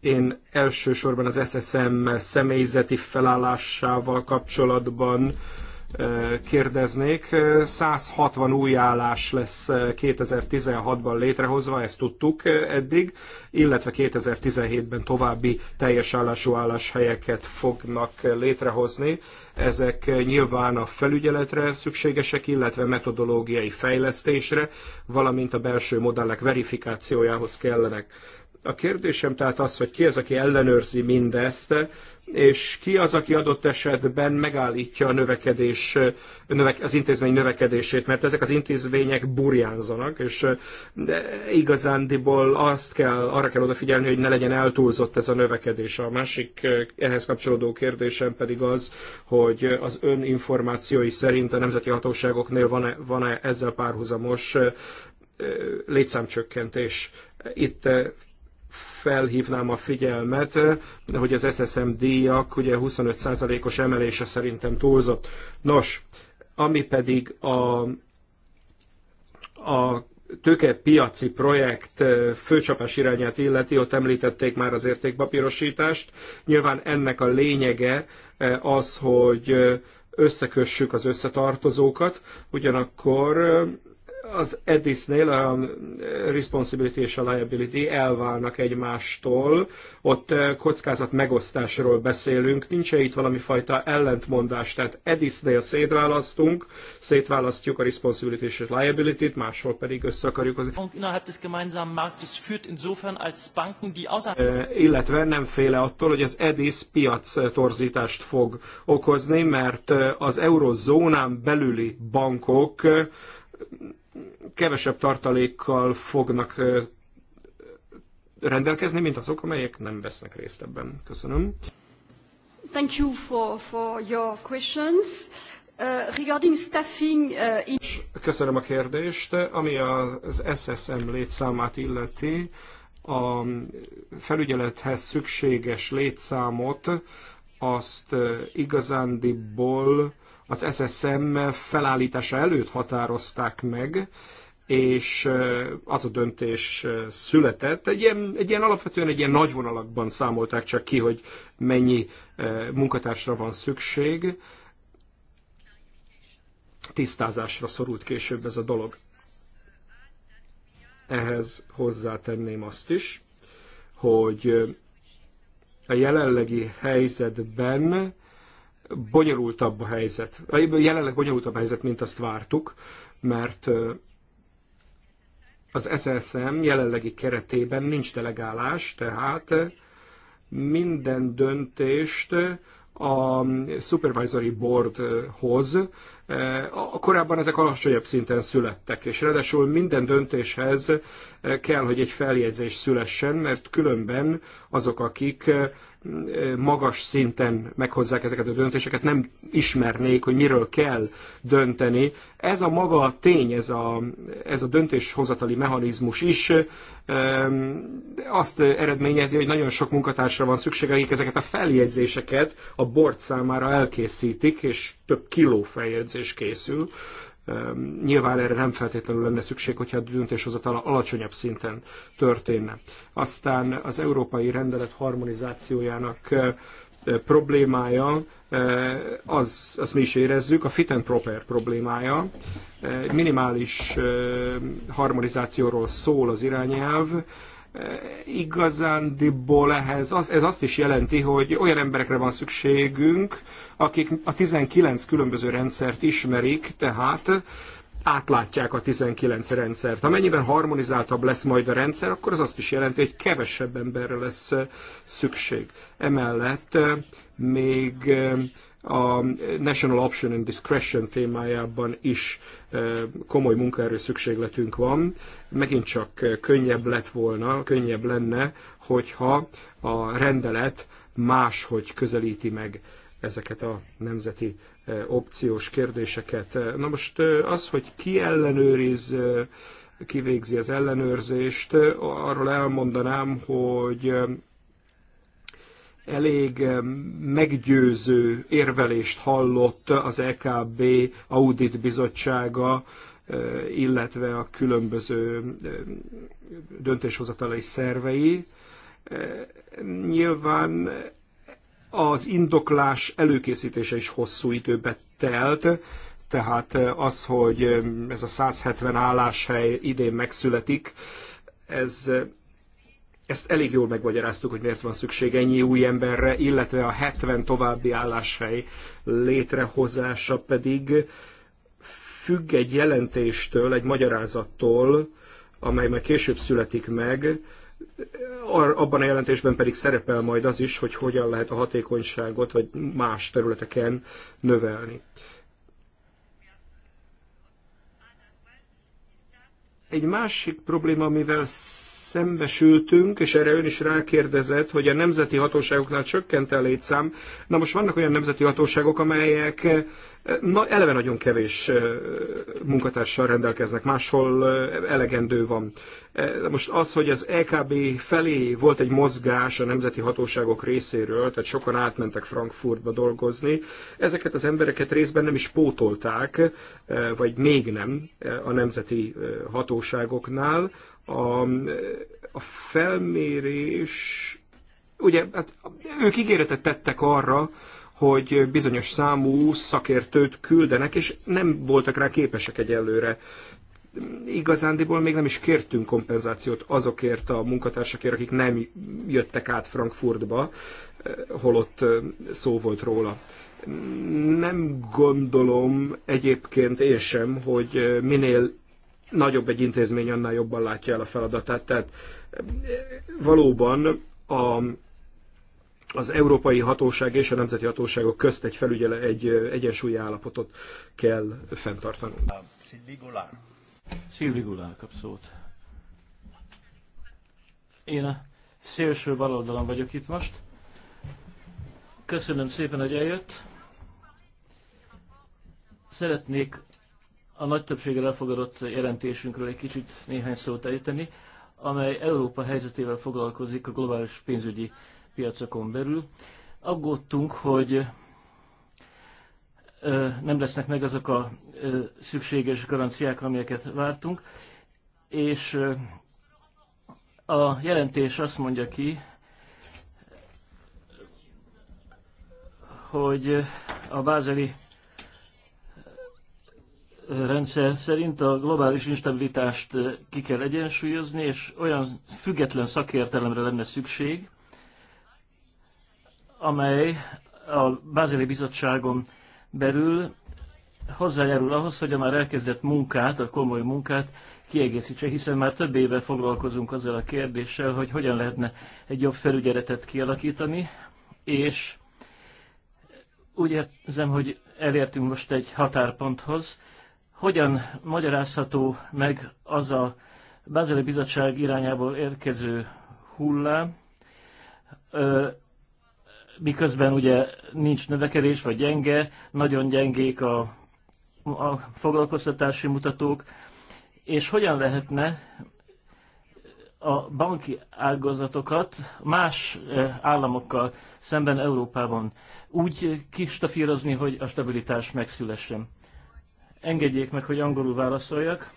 Én elsősorban az SSM személyzeti felállásával kapcsolatban kérdeznék. 160 új állás lesz 2016-ban létrehozva, ezt tudtuk eddig, illetve 2017-ben további teljes állású álláshelyeket fognak létrehozni. Ezek nyilván a felügyeletre szükségesek, illetve metodológiai fejlesztésre, valamint a belső modellek verifikációjához kellenek. A kérdésem tehát az, hogy ki az, aki ellenőrzi mindezt, és ki az, aki adott esetben megállítja a növekedés, az intézmény növekedését, mert ezek az intézmények burjánzanak, és igazándiból azt kell, arra kell odafigyelni, hogy ne legyen eltúlzott ez a növekedés. A másik ehhez kapcsolódó kérdésem pedig az, hogy az ön információi szerint a nemzeti hatóságoknél van-e, van-e ezzel párhuzamos létszámcsökkentés. Itt felhívnám a figyelmet, hogy az SSM díjak ugye 25%-os emelése szerintem túlzott. Nos, ami pedig a, a tőkepiaci projekt főcsapás irányát illeti, ott említették már az értékpapírosítást. Nyilván ennek a lényege eh, az, hogy eh, összekössük az összetartozókat, ugyanakkor eh, az EDIS-nél a responsibility és a liability elválnak egymástól, ott eh, kockázat megosztásról beszélünk, nincs -e itt valami fajta ellentmondás, tehát EDIS-nél szétválasztunk, szétválasztjuk a responsibility és a liability-t, máshol pedig össze akarjuk hozni. Eh, illetve nem féle attól, hogy az EDIS piac eh, torzítást fog okozni, mert az eurozónán belüli bankok kevesebb tartalékkal fognak rendelkezni, mint azok, amelyek nem vesznek részt ebben. Köszönöm. Thank you for, for your questions. Uh, regarding staffing, uh, in... Köszönöm a kérdést. Ami az SSM létszámát illeti, a felügyelethez szükséges létszámot azt igazándiból az SSM felállítása előtt határozták meg, és az a döntés született. Egy ilyen, egy ilyen alapvetően egy ilyen nagy vonalakban számolták csak ki, hogy mennyi munkatársra van szükség. Tisztázásra szorult később ez a dolog. Ehhez hozzátenném azt is, hogy a jelenlegi helyzetben bonyolultabb a helyzet. Jelenleg bonyolultabb a helyzet, mint azt vártuk, mert az SSM jelenlegi keretében nincs delegálás, tehát minden döntést a Supervisory Board hoz, Eh, korábban ezek alacsonyabb szinten születtek, és ráadásul minden döntéshez eh, kell, hogy egy feljegyzés szülessen, mert különben azok, akik eh, magas szinten meghozzák ezeket a döntéseket, nem ismernék, hogy miről kell dönteni. Ez a maga tény, ez a, ez a döntéshozatali mechanizmus is azt eredményezi, hogy nagyon sok munkatársra van szükség, akik ezeket a feljegyzéseket a bort számára elkészítik, és több kiló feljegyzés készül. Ehm, nyilván erre nem feltétlenül lenne szükség, hogyha a döntéshozatal alacsonyabb szinten történne. Aztán az európai rendelet harmonizációjának eh, problémája, eh, az, azt mi is érezzük, a fit and proper problémája. Eh, minimális harmonizációról szól az irányelv, igazándiból ehhez, az, ez azt is jelenti, hogy olyan emberekre van szükségünk, akik a 19 különböző rendszert ismerik, tehát átlátják a 19 rendszert. Amennyiben harmonizáltabb lesz majd a rendszer, akkor az azt is jelenti, hogy kevesebb emberre lesz szükség. Emellett eh, még eh, a National Option and Discretion témájában is e, komoly munkaerő szükségletünk van. Megint csak könnyebb lett volna, könnyebb lenne, hogyha a rendelet máshogy közelíti meg ezeket a nemzeti e, opciós kérdéseket. Na most e, az, hogy ki ellenőriz, kivégzi az ellenőrzést, arról elmondanám, hogy elég eh, meggyőző érvelést hallott az EKB Audit Bizottsága, eh, illetve a különböző eh, döntéshozatalai szervei. Nyilván az indoklás előkészítése is hosszú időbe telt, tehát az, hogy ez a 170 álláshely idén megszületik, ez ezt elég jól megmagyaráztuk, hogy miért van szükség ennyi új emberre, illetve a 70 további álláshely létrehozása pedig függ egy jelentéstől, egy magyarázattól, amely majd később születik meg, abban a jelentésben pedig szerepel majd az is, hogy hogyan lehet a hatékonyságot vagy más területeken növelni. Egy másik probléma, amivel szembesültünk, és erre ön is rákérdezett, hogy a nemzeti hatóságoknál csökkent a létszám. Na most vannak olyan nemzeti hatóságok, amelyek eh, na, eleve nagyon kevés eh, munkatársal rendelkeznek, máshol eh, elegendő van. Most az, hogy az EKB felé volt egy mozgás a nemzeti hatóságok részéről, tehát sokan átmentek Frankfurtba dolgozni, ezeket az embereket részben nem is pótolták, vagy még nem a nemzeti hatóságoknál, a, a felmérés ugye hát ők ígéretet tettek arra, hogy bizonyos számú szakértőt küldenek, és nem voltak rá képesek egyelőre. Igazándiból még nem is kértünk kompenzációt azokért a munkatársakért, akik nem jöttek át Frankfurtba, holott szó volt róla. Nem gondolom egyébként én sem, hogy minél nagyobb egy intézmény, annál jobban látja el a feladatát. Tehát eh, valóban a, az európai hatóság és a nemzeti hatóságok közt egy, felügyele, egy eh, egyensúlyi állapotot kell fenntartanunk. Szilvi Gulán. Szilvi kap szót. Én a szélső baloldalon vagyok itt most. Köszönöm szépen, hogy eljött. Szeretnék a nagy többséggel elfogadott jelentésünkről egy kicsit néhány szót ejteni, amely Európa helyzetével foglalkozik a globális pénzügyi piacokon belül. Aggódtunk, hogy nem lesznek meg azok a szükséges garanciák, amelyeket vártunk, és a jelentés azt mondja ki, hogy a bázeli rendszer szerint a globális instabilitást eh, ki kell egyensúlyozni, és olyan független szakértelemre lenne szükség, amely a Bázeli Bizottságon belül hozzájárul ahhoz, hogy a már elkezdett munkát, a komoly munkát kiegészítse, hiszen már több éve foglalkozunk azzal a kérdéssel, hogy hogyan lehetne egy jobb felügyeletet kialakítani, és úgy érzem, hogy elértünk most egy határponthoz, hogyan magyarázható meg az a Bázeli Bizottság irányából érkező hullám, miközben ugye nincs növekedés, vagy gyenge, nagyon gyengék a, a foglalkoztatási mutatók, és hogyan lehetne a banki ágazatokat más államokkal szemben Európában úgy kistafírozni, hogy a stabilitás megszülessen. Engedjék meg, hogy angolul válaszoljak.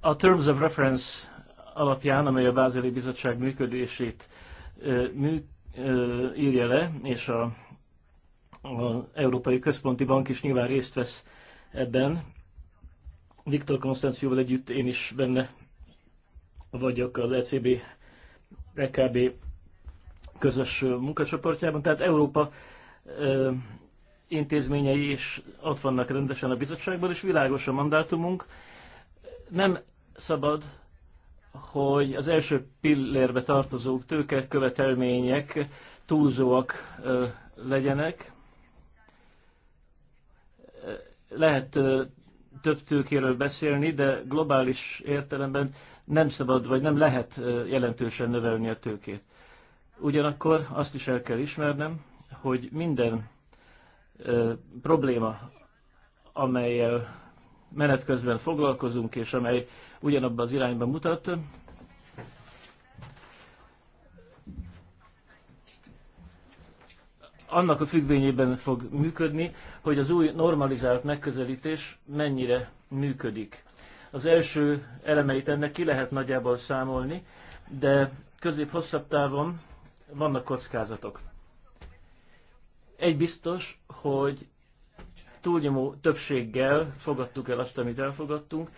A Terms of Reference alapján, amely a Bázeli Bizottság működését mű, írja le, és a, a Európai Központi Bank is nyilván részt vesz ebben. Viktor Konstancióval együtt én is benne vagyok az ECB, EKB közös munkacsoportjában, tehát Európa ö, intézményei is ott vannak rendesen a bizottságban, és világos a mandátumunk. Nem szabad, hogy az első pillérbe tartozó tőke követelmények túlzóak ö, legyenek. Lehet ö, több tőkéről beszélni, de globális értelemben nem szabad, vagy nem lehet jelentősen növelni a tőkét. Ugyanakkor azt is el kell ismernem, hogy minden ö, probléma, amelyel menet közben foglalkozunk, és amely ugyanabban az irányban mutat, annak a függvényében fog működni, hogy az új normalizált megközelítés mennyire működik. Az első elemeit ennek ki lehet nagyjából számolni, de közép-hosszabb távon vannak kockázatok. Egy biztos, hogy túlnyomó többséggel fogadtuk el azt, amit elfogadtunk,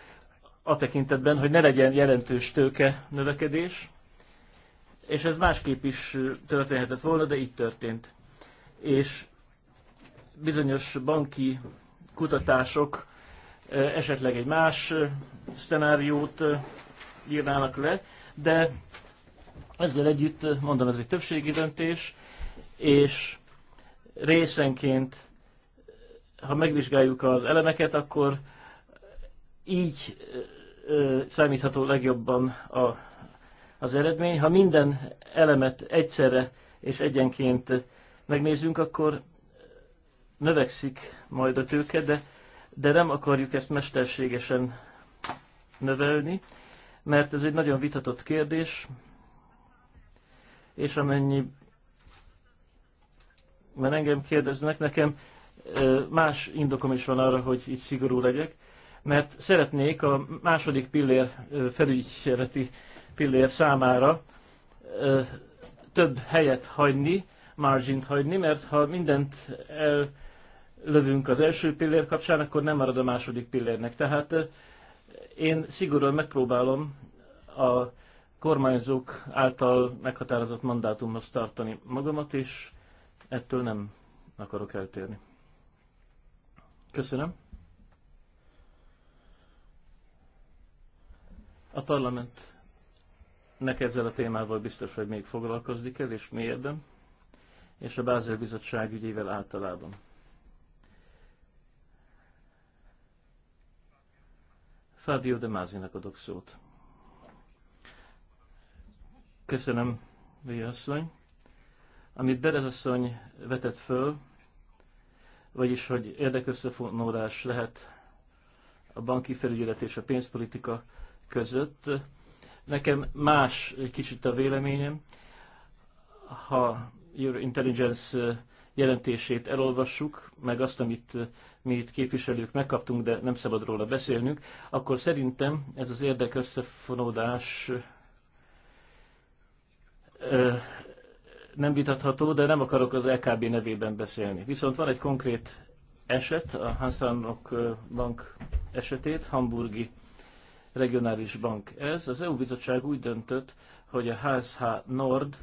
a tekintetben, hogy ne legyen jelentős tőke növekedés, és ez másképp is történhetett volna, de így történt. És bizonyos banki kutatások esetleg egy más szenáriót írnának le, de ezzel együtt mondom, ez egy többségi döntés, és részenként, ha megvizsgáljuk az elemeket, akkor így számítható legjobban a, az eredmény. Ha minden elemet egyszerre és egyenként megnézzünk, akkor növekszik majd a tőke, de, de nem akarjuk ezt mesterségesen növelni, mert ez egy nagyon vitatott kérdés, és amennyi mert engem kérdeznek, nekem más indokom is van arra, hogy itt szigorú legyek, mert szeretnék a második pillér felügyeleti pillér számára több helyet hagyni, margin hagyni, mert ha mindent lövünk az első pillér kapcsán, akkor nem marad a második pillérnek. Tehát én szigorúan megpróbálom a kormányzók által meghatározott mandátumhoz tartani magamat, és Ettől nem akarok eltérni. Köszönöm. A parlament nek ezzel a témával biztos, hogy még foglalkozni kell, és mélyebben, és a Bázel Bizottság ügyével általában. Fábio de Mázinak adok szót. Köszönöm, Véjasszony. Amit Berezasszony vetett föl, vagyis hogy érdekösszefonódás lehet a banki felügyelet és a pénzpolitika között. Nekem más egy kicsit a véleményem. Ha Euro Intelligence jelentését elolvassuk, meg azt, amit mi itt képviselők megkaptunk, de nem szabad róla beszélnünk, akkor szerintem ez az érdekösszefonódás nem vitatható, de nem akarok az LKB e nevében beszélni. Viszont van egy konkrét eset, a Hanszánok Bank esetét, Hamburgi Regionális Bank ez. Az EU bizottság úgy döntött, hogy a HSH Nord,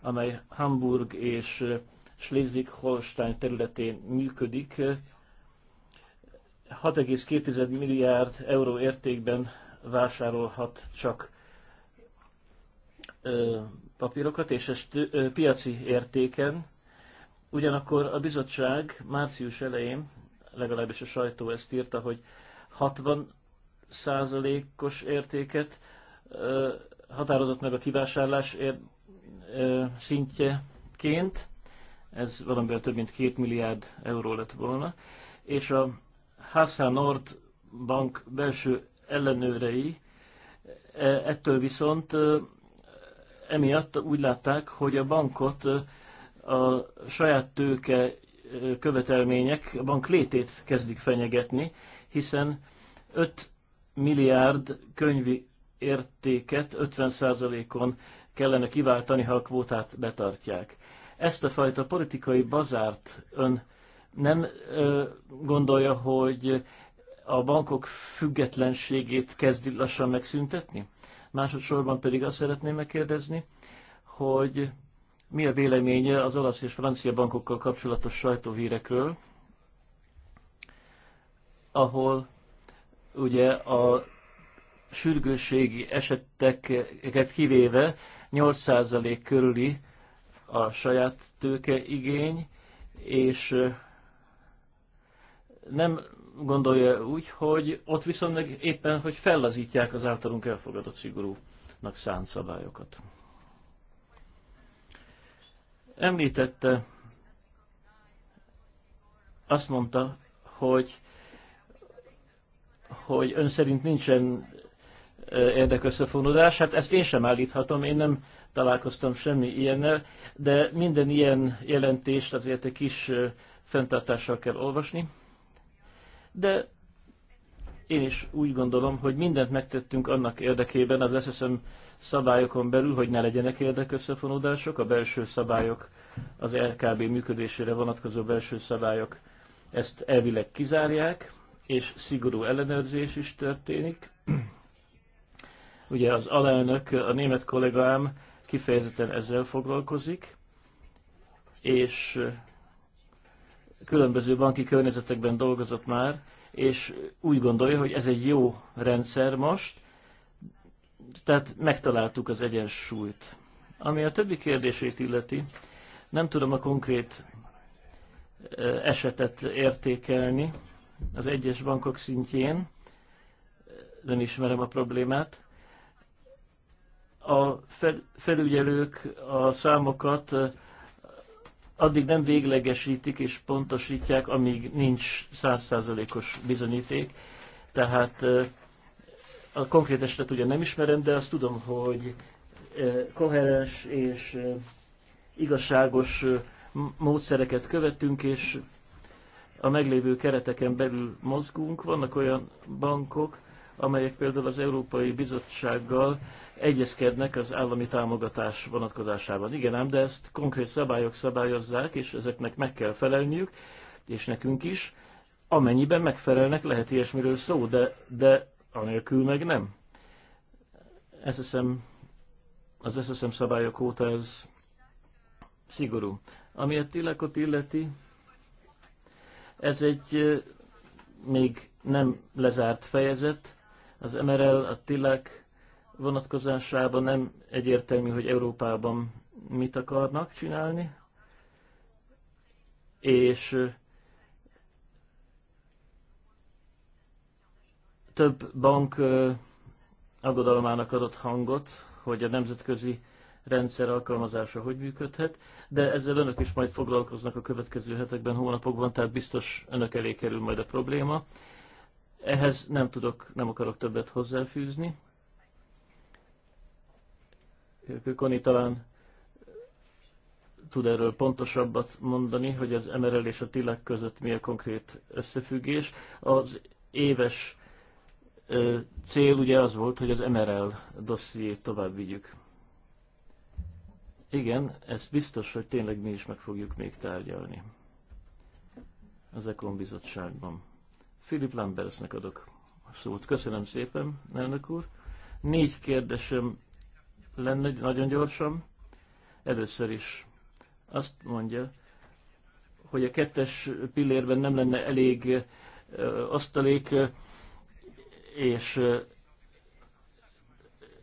amely Hamburg és Schleswig-Holstein területén működik, 6,2 milliárd euró értékben vásárolhat csak papírokat, és ezt piaci értéken. Ugyanakkor a bizottság március elején, legalábbis a sajtó ezt írta, hogy 60 százalékos értéket határozott meg a kivásárlás szintjeként, ez valamivel több mint 2 milliárd euró lett volna, és a Hassa Nord bank belső ellenőrei e, ettől viszont emiatt úgy látták, hogy a bankot a saját tőke követelmények, a bank létét kezdik fenyegetni, hiszen 5 milliárd könyvi értéket 50%-on kellene kiváltani, ha a kvótát betartják. Ezt a fajta politikai bazárt ön nem ö, gondolja, hogy a bankok függetlenségét kezdi lassan megszüntetni? Másodszorban pedig azt szeretném megkérdezni, hogy mi a véleménye az olasz és francia bankokkal kapcsolatos sajtóhírekről, ahol ugye a sürgősségi eseteket kivéve 8% körüli a saját tőke igény, és nem gondolja úgy, hogy ott viszont meg éppen, hogy fellazítják az általunk elfogadott szigorúnak szánt szabályokat. Említette, azt mondta, hogy, hogy ön szerint nincsen érdekösszefonódás. Hát ezt én sem állíthatom, én nem találkoztam semmi ilyennel, de minden ilyen jelentést azért egy kis fenntartással kell olvasni de én is úgy gondolom, hogy mindent megtettünk annak érdekében az SSM szabályokon belül, hogy ne legyenek érdekösszefonódások, a belső szabályok, az LKB működésére vonatkozó belső szabályok ezt elvileg kizárják, és szigorú ellenőrzés is történik. Ugye az alelnök, a német kollégám kifejezetten ezzel foglalkozik, és különböző banki környezetekben dolgozott már, és úgy gondolja, hogy ez egy jó rendszer most, tehát megtaláltuk az egyensúlyt. Ami a többi kérdését illeti, nem tudom a konkrét esetet értékelni az egyes bankok szintjén, nem ismerem a problémát. A felügyelők a számokat addig nem véglegesítik és pontosítják, amíg nincs százszázalékos bizonyíték. Tehát a konkrét esetet ugye nem ismerem, de azt tudom, hogy koherens és igazságos módszereket követünk, és a meglévő kereteken belül mozgunk. Vannak olyan bankok, amelyek például az Európai Bizottsággal egyezkednek az állami támogatás vonatkozásában. Igen ám, de ezt konkrét szabályok szabályozzák, és ezeknek meg kell felelniük, és nekünk is. Amennyiben megfelelnek, lehet ilyesmiről szó, de, de anélkül meg nem. SSM, az SSM szabályok óta ez szigorú. Ami a tilakot illeti, ez egy még nem lezárt fejezet, az MRL, a TILAC e vonatkozásában nem egyértelmű, hogy Európában mit akarnak csinálni, és több bank aggodalmának adott hangot, hogy a nemzetközi rendszer alkalmazása hogy működhet, de ezzel önök is majd foglalkoznak a következő hetekben, hónapokban, tehát biztos önök elé kerül majd a probléma. Ehhez nem tudok, nem akarok többet hozzáfűzni. Koni talán tud erről pontosabbat mondani, hogy az MRL és a TILAK e között mi a konkrét összefüggés. Az éves cél ugye az volt, hogy az MRL dossziét tovább vigyük. Igen, ez biztos, hogy tényleg mi is meg fogjuk még tárgyalni az Ekon bizottságban. Philip Lambersnek adok a szót. Köszönöm szépen, elnök úr. Négy kérdésem lenne nagyon gyorsan. Először is azt mondja, hogy a kettes pillérben nem lenne elég asztalék és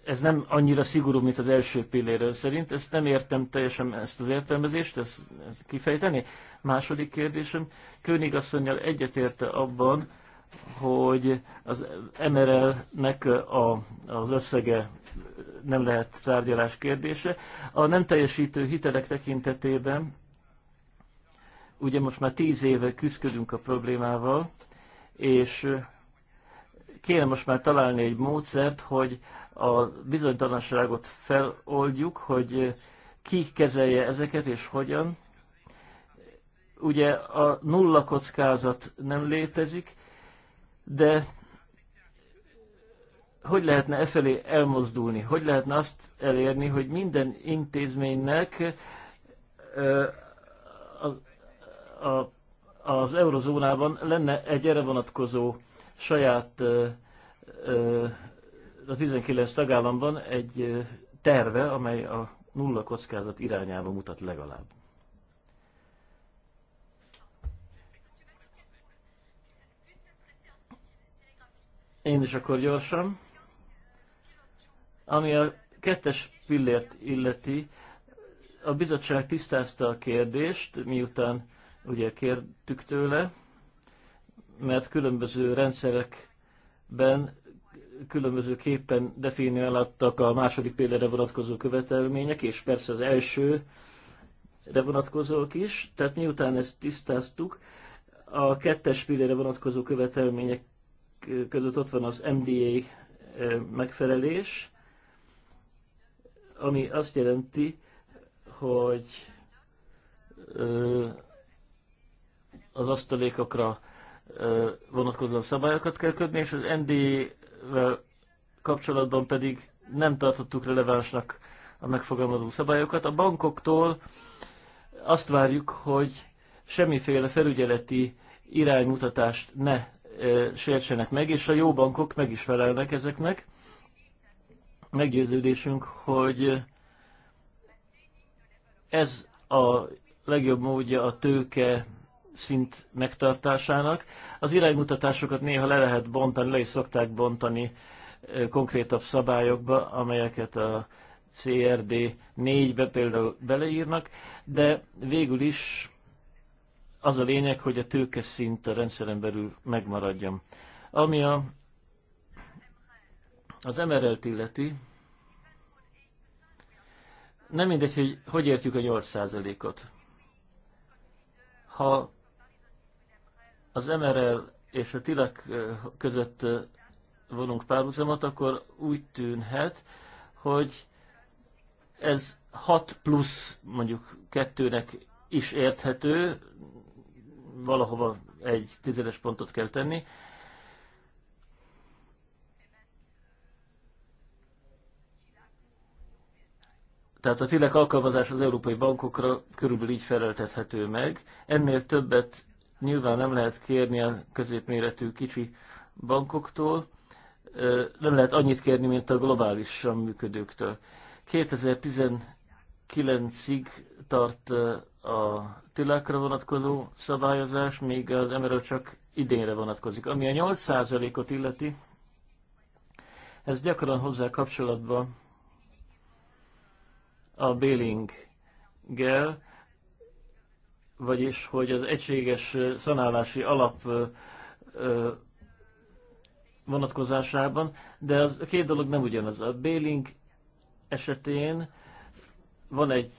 ez nem annyira szigorú, mint az első pilléről szerint. Ezt nem értem teljesen ezt az értelmezést, ezt, ezt kifejteni. Második kérdésem, König asszonynal egyetérte abban, hogy az MRL-nek a, az összege nem lehet tárgyalás kérdése. A nem teljesítő hitelek tekintetében ugye most már tíz éve küzdködünk a problémával, és kéne most már találni egy módszert, hogy a bizonytalanságot feloldjuk, hogy ki kezelje ezeket és hogyan. Ugye a nulla kockázat nem létezik, de hogy lehetne e felé elmozdulni? Hogy lehetne azt elérni, hogy minden intézménynek az eurozónában lenne egy erre vonatkozó saját a 19 tagállamban egy terve, amely a nulla kockázat irányába mutat legalább. Én is akkor gyorsan. Ami a kettes pillért illeti, a bizottság tisztázta a kérdést, miután ugye kértük tőle, mert különböző rendszerekben különbözőképpen definiálattak a második példára vonatkozó követelmények, és persze az elsőre vonatkozók is. Tehát miután ezt tisztáztuk, a kettes példára vonatkozó követelmények között ott van az MDA eh, megfelelés, ami azt jelenti, hogy eh, az asztalékokra eh, vonatkozó szabályokat kell kötni, és az ND kapcsolatban pedig nem tartottuk relevánsnak a megfogalmazó szabályokat. A bankoktól azt várjuk, hogy semmiféle felügyeleti iránymutatást ne e, sértsenek meg, és a jó bankok meg is felelnek ezeknek. Meggyőződésünk, hogy ez a legjobb módja a tőke szint megtartásának. Az iránymutatásokat néha le lehet bontani, le is szokták bontani konkrétabb szabályokba, amelyeket a CRD 4-be például beleírnak, de végül is az a lényeg, hogy a tőke szint a rendszeren belül megmaradjon. Ami a, az MRL-t illeti, nem mindegy, hogy hogy értjük a 8%-ot. Ha az MRL és a TILAK között vonunk párhuzamat, akkor úgy tűnhet, hogy ez 6 plusz mondjuk kettőnek is érthető, valahova egy tizedes pontot kell tenni. Tehát a TILEK alkalmazás az európai bankokra körülbelül így feleltethető meg. Ennél többet nyilván nem lehet kérni a középméretű kicsi bankoktól, nem lehet annyit kérni, mint a globálisan működőktől. 2019-ig tart a tilákra vonatkozó szabályozás, még az MRO csak idénre vonatkozik. Ami a 8%-ot illeti, ez gyakran hozzá kapcsolatban a Bélinggel, vagyis hogy az egységes szanálási alap vonatkozásában, de az a két dolog nem ugyanaz. A Béling esetén van egy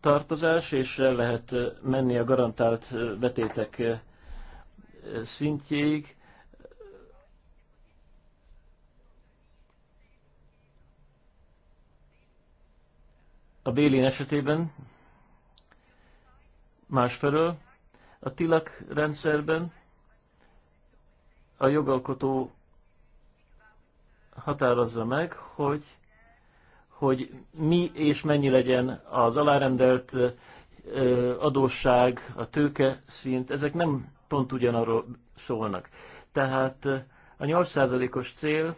tartozás, és el lehet menni a garantált betétek szintjéig. A Bélin esetében Másfelől a tilak rendszerben a jogalkotó határozza meg, hogy, hogy mi és mennyi legyen az alárendelt adósság, a tőke szint, ezek nem pont ugyanarról szólnak. Tehát a 8%-os cél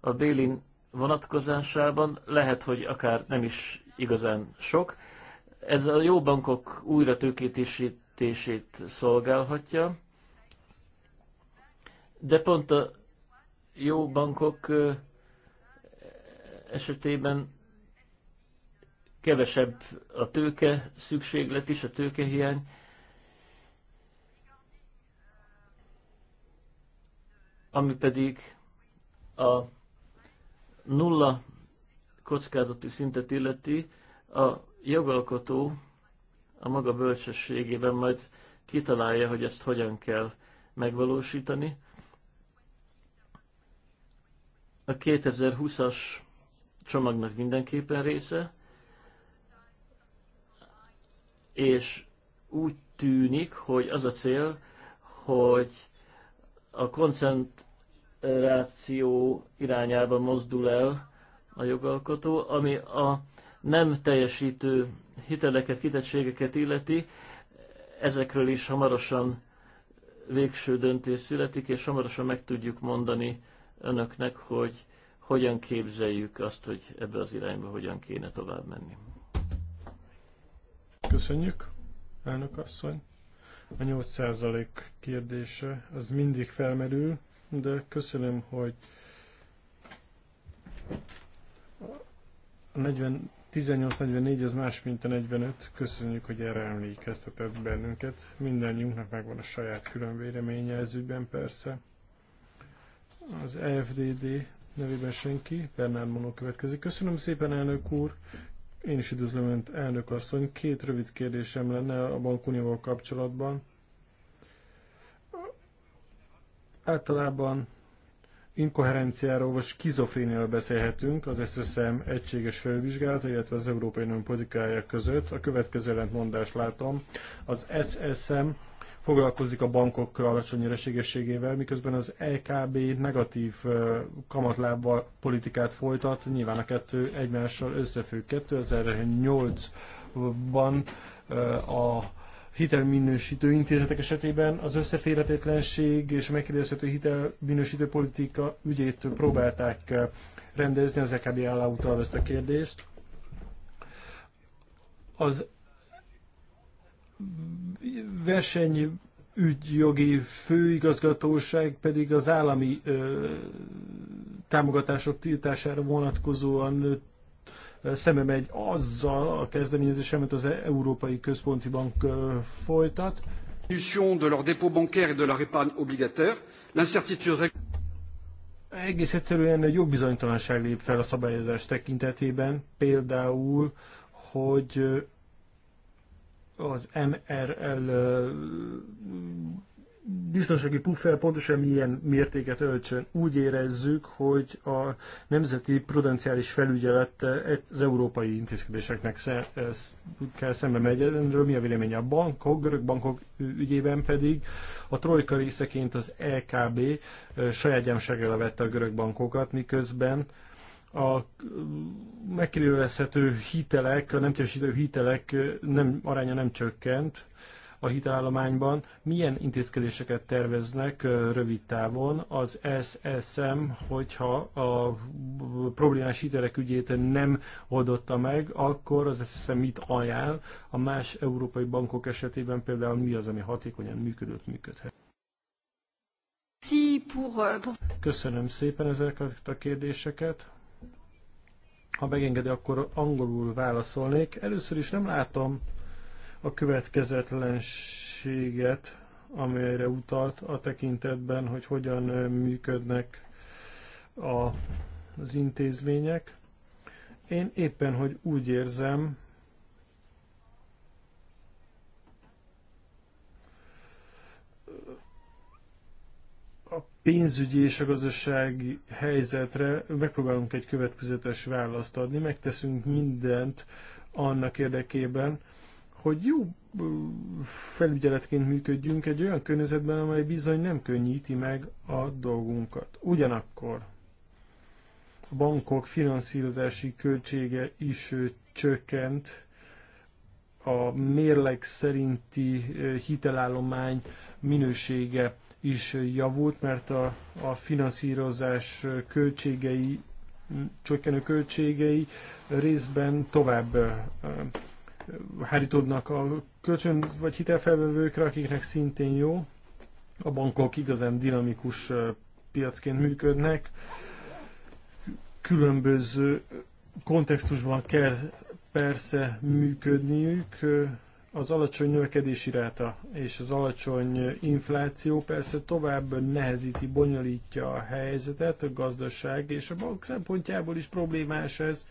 a Bélin vonatkozásában lehet, hogy akár nem is igazán sok, ez a jó bankok újra tőkítését szolgálhatja, de pont a jó bankok esetében kevesebb a tőke szükséglet is, a tőkehiány. Ami pedig a nulla kockázati szintet illeti, a jogalkotó a maga bölcsességében majd kitalálja, hogy ezt hogyan kell megvalósítani. A 2020-as csomagnak mindenképpen része, és úgy tűnik, hogy az a cél, hogy a koncentráció irányába mozdul el a jogalkotó, ami a nem teljesítő hiteleket, kitettségeket illeti, ezekről is hamarosan végső döntés születik, és hamarosan meg tudjuk mondani önöknek, hogy hogyan képzeljük azt, hogy ebbe az irányba hogyan kéne tovább menni. Köszönjük, elnök asszony. A 8% kérdése az mindig felmerül, de köszönöm, hogy a 40 1844 az más, mint a 45. Köszönjük, hogy erre emlékeztetett bennünket. Mindennyiunknak megvan a saját külön véleménye ez ügyben persze. Az EFDD nevében senki, Bernard Monó következik. Köszönöm szépen, elnök úr! Én is üdvözlöm Önt, elnök asszony. Két rövid kérdésem lenne a bankunióval kapcsolatban. Általában inkoherenciáról vagy skizofréniáról beszélhetünk az SSM egységes felvizsgálata, illetve az Európai Unió politikája között. A következő ellentmondást látom. Az SSM foglalkozik a bankok alacsony nyereségességével, miközben az EKB negatív kamatlábba politikát folytat, nyilván a kettő egymással összefügg. 2008-ban a hitelminősítő intézetek esetében az összeférhetetlenség és a megkérdezhető hitelminősítő politika ügyét próbálták eh, rendezni, az EKB álláutalva ezt a kérdést. Az verseny ügyjogi főigazgatóság pedig az állami ö, eh, támogatások tiltására vonatkozóan szembe megy azzal a kezdeményezéssel, amit az Európai Központi Bank folytat. de leur dépôt bancaire et de leur épargne obligataire, l'incertitude egész egyszerűen egy jogbizonytalanság lép fel a szabályozás tekintetében, például, hogy az MRL biztonsági puffer pontosan milyen mértéket öltsön. Úgy érezzük, hogy a nemzeti prudenciális felügyelet az európai intézkedéseknek kell szembe megy. Erről mi a vélemény a bankok, görög bankok ügyében pedig a trojka részeként az EKB saját gyámságra vette a görög bankokat, miközben a megkérdőjelezhető hitelek, a nem hitelek nem, aránya nem csökkent, a hitelállományban, milyen intézkedéseket terveznek rövid távon az SSM, hogyha a problémás hitelek ügyét nem oldotta meg, akkor az SSM mit ajánl, a más európai bankok esetében például mi az, ami hatékonyan működött, működhet. Euh, Köszönöm szépen ezeket a kérdéseket. Ha megengedi, akkor angolul válaszolnék. Először is nem látom a következetlenséget, amelyre utalt a tekintetben, hogy hogyan működnek a, az intézmények. Én éppen, hogy úgy érzem, a pénzügyi és a gazdasági helyzetre megpróbálunk egy következetes választ adni, megteszünk mindent annak érdekében, hogy jó felügyeletként működjünk egy olyan környezetben, amely bizony nem könnyíti meg a dolgunkat. Ugyanakkor a bankok finanszírozási költsége is csökkent, a mérleg szerinti hitelállomány minősége is javult, mert a, a finanszírozás költségei, csökkenő költségei részben tovább hárítódnak a kölcsön vagy hitelfelvevőkre, akiknek szintén jó. A bankok igazán dinamikus piacként működnek. Különböző kontextusban kell persze működniük. Az alacsony növekedési ráta és az alacsony infláció persze tovább nehezíti, bonyolítja a helyzetet, a gazdaság és a bank szempontjából is problémás ez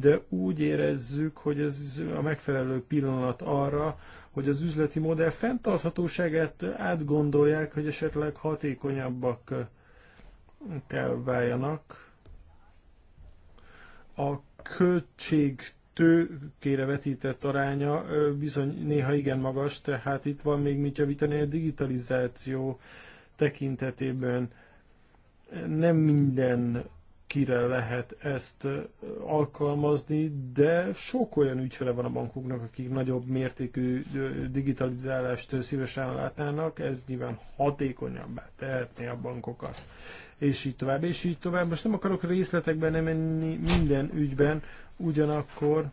de úgy érezzük, hogy ez a megfelelő pillanat arra, hogy az üzleti modell fenntarthatóságát átgondolják, hogy esetleg hatékonyabbak kell váljanak. A költség tőkére vetített aránya bizony néha igen magas, tehát itt van még mit javítani a digitalizáció tekintetében. Nem minden kire lehet ezt alkalmazni, de sok olyan ügyfele van a bankoknak, akik nagyobb mértékű digitalizálást szívesen látnának, ez nyilván hatékonyabbá tehetné a bankokat. És így tovább, és így tovább. Most nem akarok részletekben nem menni minden ügyben, ugyanakkor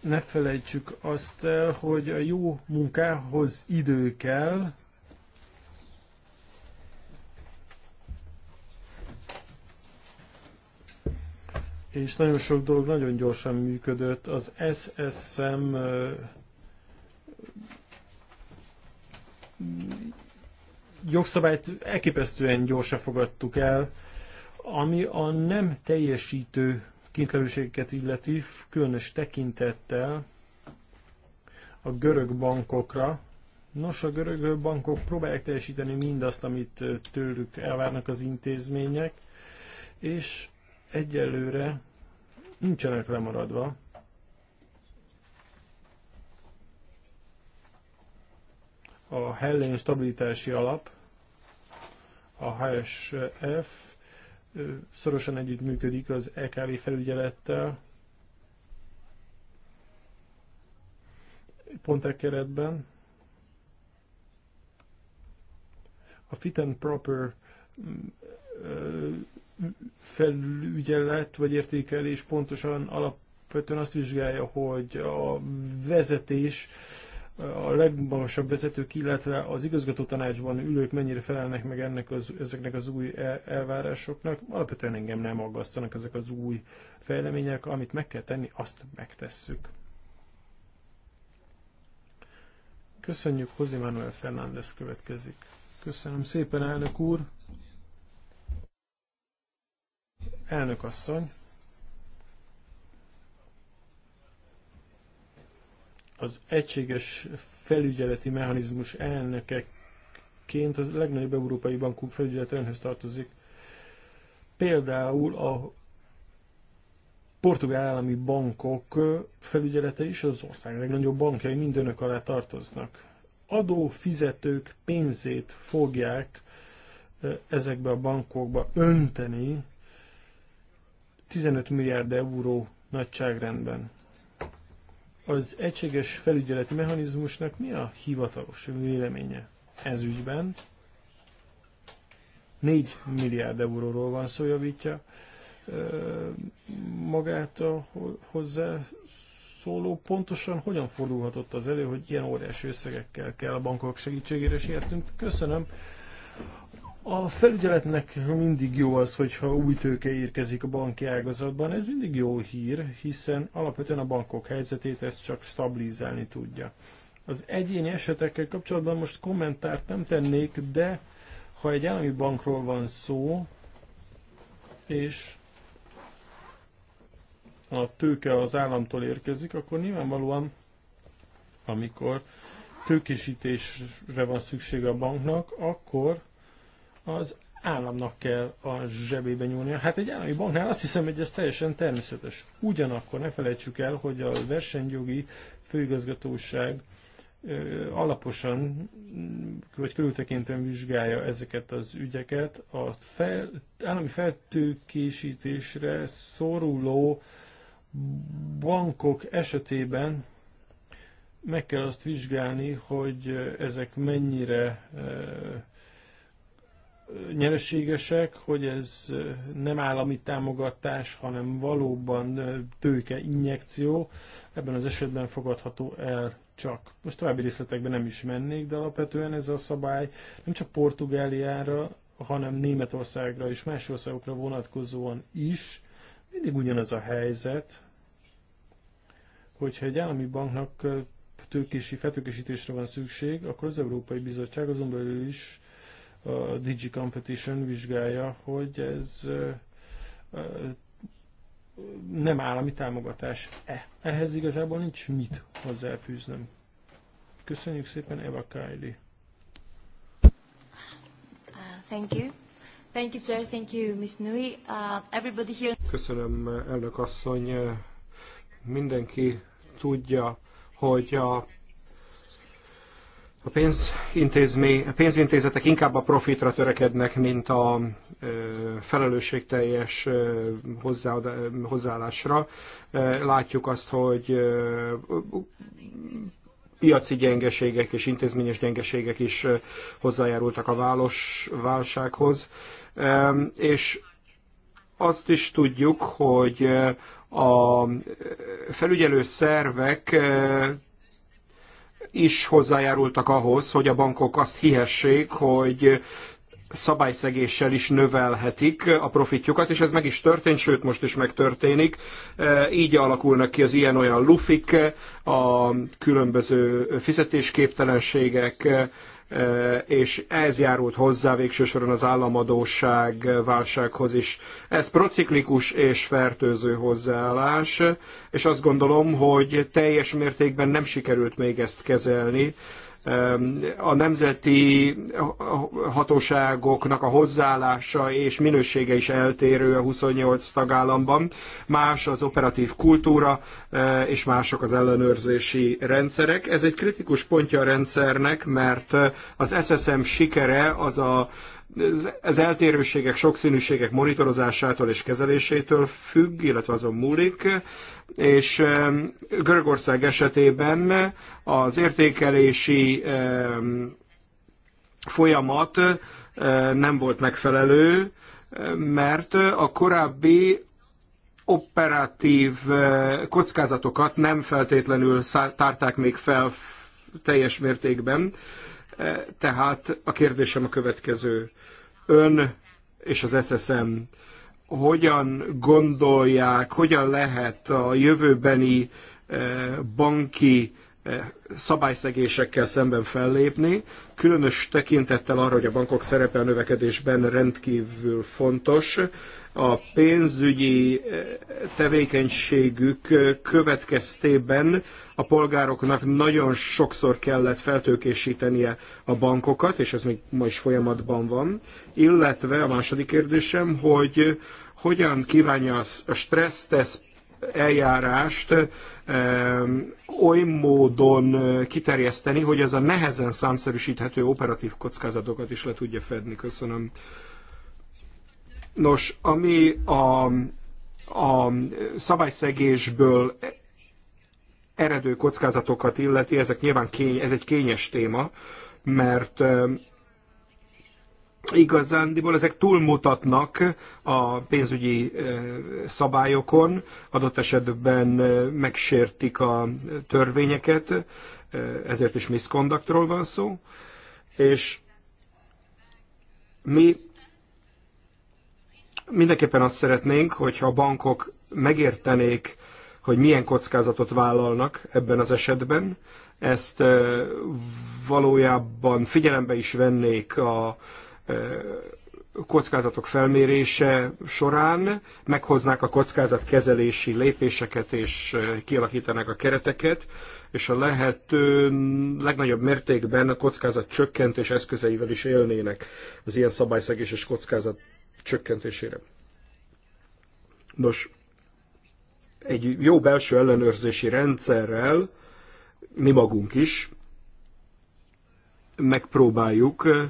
ne felejtsük azt el, hogy a jó munkához idő kell, és nagyon sok dolog nagyon gyorsan működött. Az SSM jogszabályt elképesztően gyorsan fogadtuk el, ami a nem teljesítő kintlevőségeket illeti, különös tekintettel a görög bankokra. Nos, a görög bankok próbálják teljesíteni mindazt, amit tőlük elvárnak az intézmények, és egyelőre nincsenek lemaradva. A Hellén stabilitási alap, a HSF szorosan együttműködik az EKV felügyelettel, pont e keretben. A fit and proper mm, felügyelet vagy értékelés pontosan alapvetően azt vizsgálja, hogy a vezetés, a legmagasabb vezetők, illetve az igazgató tanácsban ülők mennyire felelnek meg ennek az, ezeknek az új e, elvárásoknak. Alapvetően engem nem aggasztanak ezek az új fejlemények, amit meg kell tenni, azt megtesszük. Köszönjük, José Manuel Fernández következik. Köszönöm szépen, elnök úr! Elnök asszony, az egységes felügyeleti mechanizmus elnökeként az legnagyobb európai bankú felügyelet önhöz tartozik. Például a portugál állami bankok felügyelete is az ország legnagyobb bankjai mind önök alá tartoznak. Adófizetők pénzét fogják eh, ezekbe a bankokba önteni, 15 milliárd euró nagyságrendben. Az egységes felügyeleti mechanizmusnak mi a hivatalos véleménye ez ügyben? 4 milliárd euróról van szó, javítja magát a hozzá szóló. Pontosan hogyan fordulhatott az elő, hogy ilyen óriási összegekkel kell a bankok segítségére sértünk? Köszönöm. A felügyeletnek mindig jó az, hogyha új tőke érkezik a banki ágazatban. Ez mindig jó hír, hiszen alapvetően a bankok helyzetét ezt csak stabilizálni tudja. Az egyéni esetekkel kapcsolatban most kommentárt nem tennék, de ha egy állami bankról van szó, és a tőke az államtól érkezik, akkor nyilvánvalóan, amikor tőkésítésre van szüksége a banknak, akkor az államnak kell a zsebébe nyúlnia. Hát egy állami banknál azt hiszem, hogy ez teljesen természetes. Ugyanakkor ne felejtsük el, hogy a versenyjogi főigazgatóság alaposan vagy körültekintően vizsgálja ezeket az ügyeket. A fel, állami feltőkésítésre szoruló bankok esetében meg kell azt vizsgálni, hogy ezek mennyire nyereségesek, hogy ez nem állami támogatás, hanem valóban tőke injekció, ebben az esetben fogadható el csak. Most további részletekben nem is mennék, de alapvetően ez a szabály nem csak Portugáliára, hanem Németországra és más országokra vonatkozóan is. Mindig ugyanaz a helyzet, hogyha egy állami banknak tőkési, feltőkésítésre van szükség, akkor az Európai Bizottság azon belül is a Digi Competition vizsgálja, hogy ez nem állami támogatás-e. Ehhez igazából nincs mit hozzáfűznöm. Köszönjük szépen, Eva Kylie. Uh, thank you. Thank you, Chair. Thank you, Ms. Nui. Uh, everybody here... Köszönöm, elnök asszony. Mindenki tudja, hogy a a, a pénzintézetek inkább a profitra törekednek, mint a ö, felelősségteljes ö, hozzá, hozzáállásra. Látjuk azt, hogy ö, piaci gyengeségek és intézményes gyengeségek is hozzájárultak a válos, válsághoz. És azt is tudjuk, hogy a felügyelő szervek is hozzájárultak ahhoz, hogy a bankok azt hihessék, hogy szabályszegéssel is növelhetik a profitjukat, és ez meg is történt, sőt most is megtörténik. E, így alakulnak ki az ilyen-olyan lufik, a különböző fizetésképtelenségek, és ez járult hozzá végsősoron az államadóság válsághoz is. Ez prociklikus és fertőző hozzáállás, és azt gondolom, hogy teljes mértékben nem sikerült még ezt kezelni a nemzeti hatóságoknak a hozzáállása és minősége is eltérő a 28 tagállamban. Más az operatív kultúra, és mások az ellenőrzési rendszerek. Ez egy kritikus pontja a rendszernek, mert az SSM sikere az a ez eltérőségek, sokszínűségek monitorozásától és kezelésétől függ, illetve azon múlik, és Görögország esetében az értékelési folyamat nem volt megfelelő, mert a korábbi operatív kockázatokat nem feltétlenül tárták még fel teljes mértékben. E, tehát a kérdésem a következő. Ön és az SSM hogyan gondolják, hogyan lehet a jövőbeni e, banki e, szabályszegésekkel szemben fellépni, különös tekintettel arra, hogy a bankok szerepe a növekedésben rendkívül fontos a pénzügyi eh, tevékenységük eh, következtében a polgároknak nagyon sokszor kellett feltőkésítenie a bankokat, és ez még ma is folyamatban van, illetve a második kérdésem, hogy hogyan kívánja a stressztesz eljárást oly módon eh, kiterjeszteni, hogy ez a nehezen számszerűsíthető operatív kockázatokat is le tudja fedni. Köszönöm. Nos, ami a, a szabályszegésből eredő kockázatokat illeti, ezek nyilván kény, ez egy kényes téma, mert igazándiból ezek túlmutatnak a pénzügyi szabályokon, adott esetben megsértik a törvényeket, ezért is misconductról van szó, és mi Mindenképpen azt szeretnénk, hogyha a bankok megértenék, hogy milyen kockázatot vállalnak ebben az esetben, ezt valójában figyelembe is vennék a kockázatok felmérése során, meghoznák a kezelési lépéseket és kialakítanák a kereteket, és a lehető legnagyobb mértékben a kockázat csökkentés eszközeivel is élnének az ilyen szabályszegés és kockázat csökkentésére. Nos, egy jó belső ellenőrzési rendszerrel mi magunk is megpróbáljuk eh,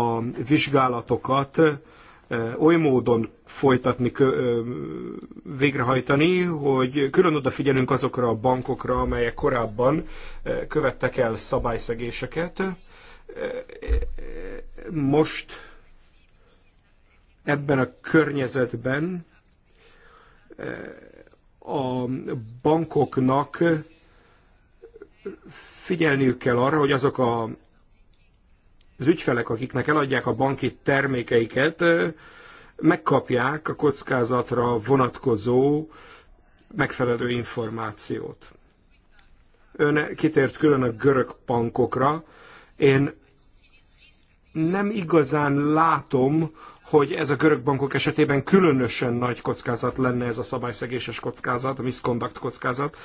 a vizsgálatokat eh, oly módon folytatni, eh, végrehajtani, hogy külön odafigyelünk azokra a bankokra, amelyek korábban követtek el szabályszegéseket. Most ebben a környezetben eh, a bankoknak figyelniük kell arra, hogy azok a, az ügyfelek, akiknek eladják a banki termékeiket, eh, megkapják a kockázatra vonatkozó megfelelő információt. Ön kitért külön a görög bankokra. Én nem igazán látom, hogy ez a görög bankok esetében különösen nagy kockázat lenne ez a szabályszegéses kockázat, a misconduct kockázat.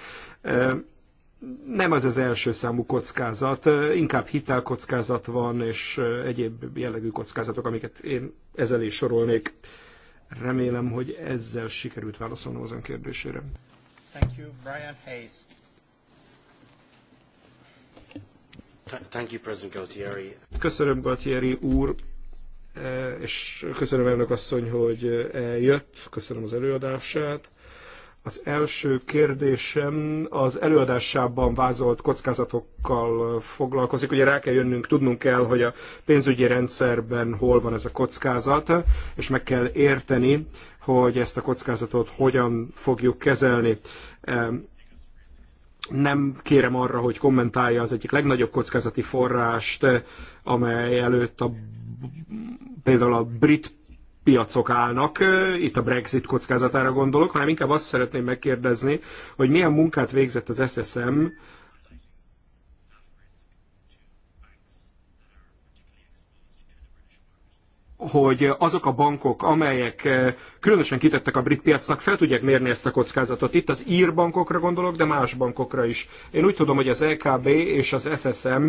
Nem az az első számú kockázat, inkább hitelkockázat van, és egyéb jellegű kockázatok, amiket én ezzel is sorolnék. Remélem, hogy ezzel sikerült válaszolnom az ön kérdésére. Thank you, Brian Hayes. Thank you, President Galtieri. Köszönöm, Galtieri úr. Eh, és köszönöm elnök asszony, hogy eljött, köszönöm az előadását. Az első kérdésem az előadásában vázolt kockázatokkal foglalkozik. Ugye rá kell jönnünk, tudnunk kell, hogy a pénzügyi rendszerben hol van ez a kockázat, és meg kell érteni, hogy ezt a kockázatot hogyan fogjuk kezelni. Eh, nem kérem arra, hogy kommentálja az egyik legnagyobb kockázati forrást, amely előtt a, például a brit piacok állnak, itt a Brexit kockázatára gondolok, hanem inkább azt szeretném megkérdezni, hogy milyen munkát végzett az SSM hogy azok a bankok, amelyek eh, különösen kitettek a brit piacnak, fel tudják mérni ezt a kockázatot. Itt az ír bankokra gondolok, de más bankokra is. Én úgy tudom, hogy az EKB és az SSM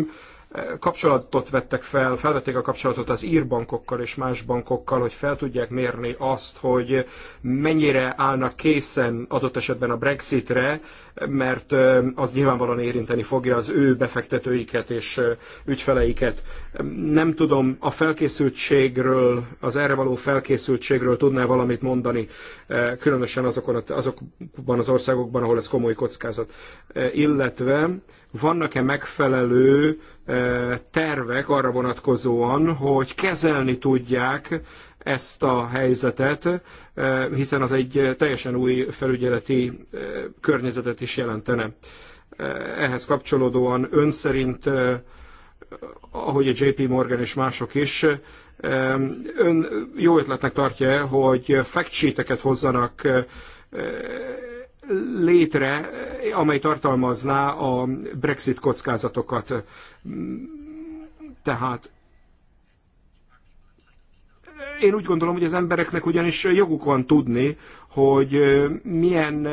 kapcsolatot vettek fel, felvették a kapcsolatot az írbankokkal és más bankokkal, hogy fel tudják mérni azt, hogy mennyire állnak készen adott esetben a Brexitre, mert az nyilvánvalóan érinteni fogja az ő befektetőiket és ügyfeleiket. Nem tudom, a felkészültségről, az erre való felkészültségről tudná valamit mondani, különösen azokon, azokban az országokban, ahol ez komoly kockázat. Illetve vannak-e megfelelő eh, tervek arra vonatkozóan, hogy kezelni tudják ezt a helyzetet, eh, hiszen az egy teljesen új felügyeleti eh, környezetet is jelentene. Ehhez kapcsolódóan ön szerint, ahogy a JP Morgan és mások is, ön jó ötletnek tartja, hogy fact hozzanak létre, amely tartalmazná a Brexit kockázatokat. Tehát én úgy gondolom, hogy az embereknek ugyanis joguk van tudni, hogy milyen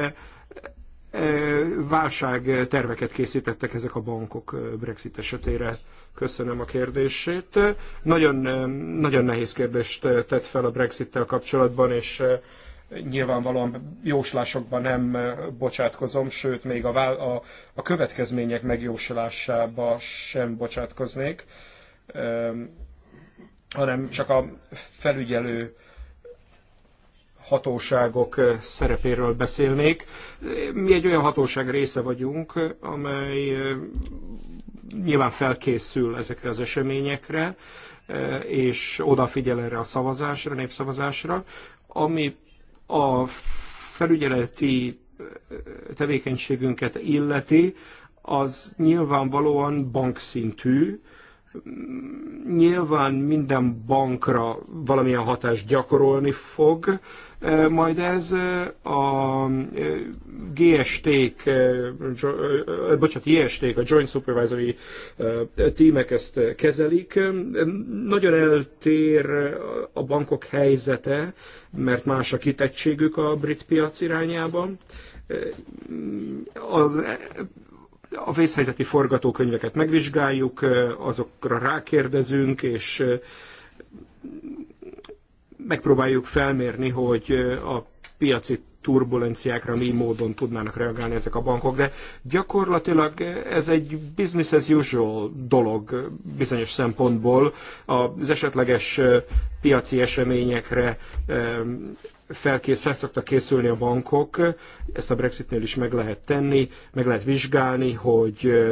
eh, válságterveket készítettek ezek a bankok eh, Brexit esetére. Köszönöm a kérdését. Nagyon, eh, nagyon nehéz kérdést tett fel a Brexit-tel kapcsolatban, és nyilvánvalóan jóslásokba nem bocsátkozom, sőt, még a, a, a következmények megjósolásába sem bocsátkoznék, hanem csak a felügyelő hatóságok szerepéről beszélnék. Mi egy olyan hatóság része vagyunk, amely nyilván felkészül ezekre az eseményekre, és odafigyel erre a szavazásra, népszavazásra, ami a felügyeleti tevékenységünket illeti, az nyilvánvalóan bankszintű, Mm, nyilván minden bankra valamilyen hatást gyakorolni fog, e, majd ez e, a e, GST-k, bocsánat, ist a Joint Supervisory tímek ezt kezelik. Nagyon eltér a bankok helyzete, mert más a kitettségük a brit piac irányában. Az a vészhelyzeti forgatókönyveket megvizsgáljuk, azokra rákérdezünk, és megpróbáljuk felmérni, hogy a piaci turbulenciákra mi módon tudnának reagálni ezek a bankok, de gyakorlatilag ez egy business as usual dolog bizonyos szempontból az esetleges piaci eseményekre felkészül, szoktak készülni a bankok, ezt a Brexitnél is meg lehet tenni, meg lehet vizsgálni, hogy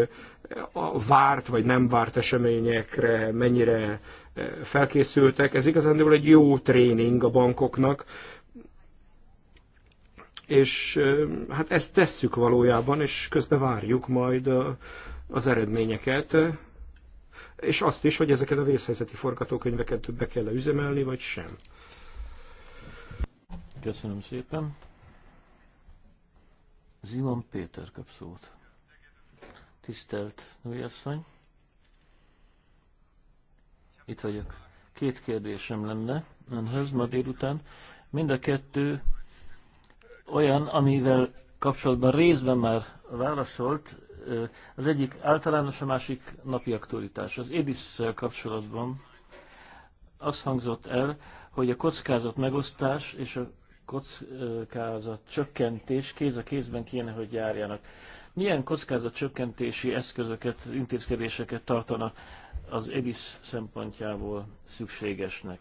a várt vagy nem várt eseményekre mennyire felkészültek. Ez igazándiból egy jó tréning a bankoknak, és hát ezt tesszük valójában, és közben várjuk majd az eredményeket, és azt is, hogy ezeket a vészhelyzeti forgatókönyveket be kell -e üzemelni, vagy sem. Köszönöm szépen. Zimon Péter kap szót. Tisztelt nőjasszony. Itt vagyok. Két kérdésem lenne önhöz ma délután. Mind a kettő olyan, amivel kapcsolatban részben már válaszolt, az egyik általános, a másik napi aktualitás. Az edis kapcsolatban az hangzott el, hogy a kockázat megosztás és a kockázat csökkentés kéz a kézben kéne, hogy járjanak. Milyen kockázat csökkentési eszközöket, intézkedéseket tartanak az EBIS szempontjából szükségesnek?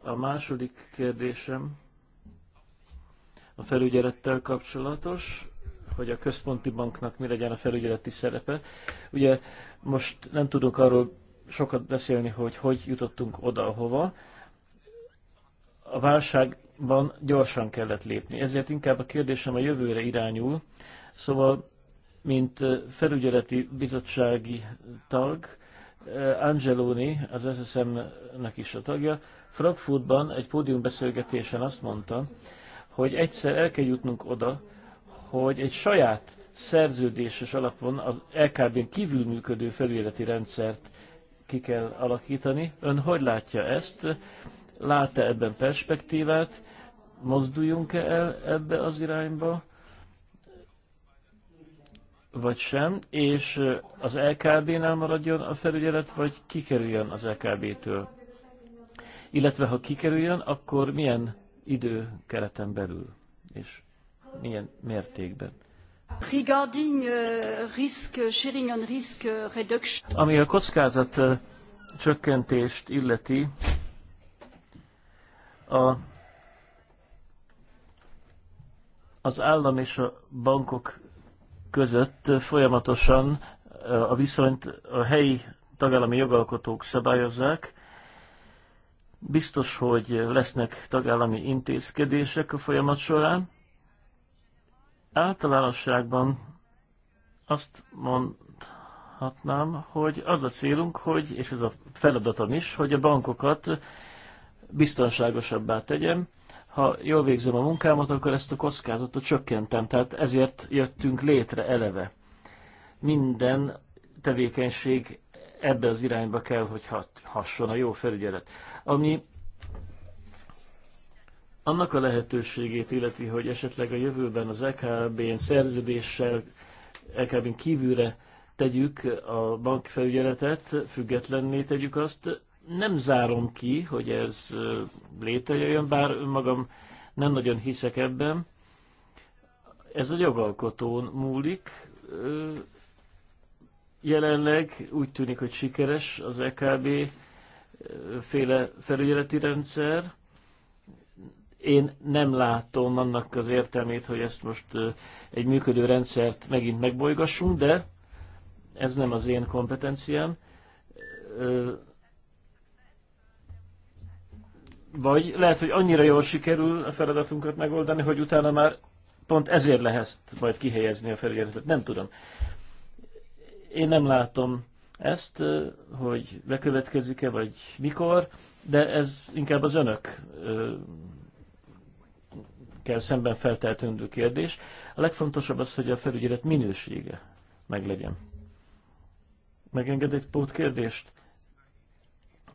A második kérdésem a felügyelettel kapcsolatos, hogy a központi banknak mi legyen a felügyeleti szerepe. Ugye most nem tudunk arról sokat beszélni, hogy hogy jutottunk oda, hova. A válság van gyorsan kellett lépni. Ezért inkább a kérdésem a jövőre irányul. Szóval, mint felügyeleti bizottsági tag, Angeloni, az SSM-nek is a tagja, Frankfurtban egy pódiumbeszélgetésen azt mondta, hogy egyszer el kell jutnunk oda, hogy egy saját szerződéses alapon az LKB-n kívül működő felügyeleti rendszert ki kell alakítani. Ön hogy látja ezt? lát-e ebben perspektívát, mozduljunk-e el ebbe az irányba, vagy sem, és az LKB-nál maradjon a felügyelet, vagy kikerüljön az LKB-től. Illetve ha kikerüljön, akkor milyen időkereten belül, és milyen mértékben. Regarding uh, risk sharing risk reduction. Ami a kockázat csökkentést illeti, a, az állam és a bankok között folyamatosan a viszonyt a helyi tagállami jogalkotók szabályozzák. Biztos, hogy lesznek tagállami intézkedések a folyamat során. Általánosságban azt mondhatnám, hogy az a célunk, hogy, és ez a feladatom is, hogy a bankokat biztonságosabbá tegyem. Ha jól végzem a munkámat, akkor ezt a kockázatot csökkentem, tehát ezért jöttünk létre eleve. Minden tevékenység ebbe az irányba kell, hogy hasson a jó felügyelet. Ami annak a lehetőségét illeti, hogy esetleg a jövőben az EKB-n szerződéssel, EKB-n kívülre tegyük a bankfelügyeletet, függetlenné tegyük azt, nem zárom ki, hogy ez létrejöjjön, bár önmagam nem nagyon hiszek ebben. Ez a jogalkotón múlik. Jelenleg úgy tűnik, hogy sikeres az EKB féle felügyeleti rendszer. Én nem látom annak az értelmét, hogy ezt most egy működő rendszert megint megbolygassunk, de ez nem az én kompetenciám vagy lehet, hogy annyira jól sikerül a feladatunkat megoldani, hogy utána már pont ezért lehet majd kihelyezni a felügyeletet. Nem tudom. Én nem látom ezt, hogy bekövetkezik-e, vagy mikor, de ez inkább az önök kell szemben felteltendő kérdés. A legfontosabb az, hogy a felügyelet minősége meglegyen. Megenged egy kérdést.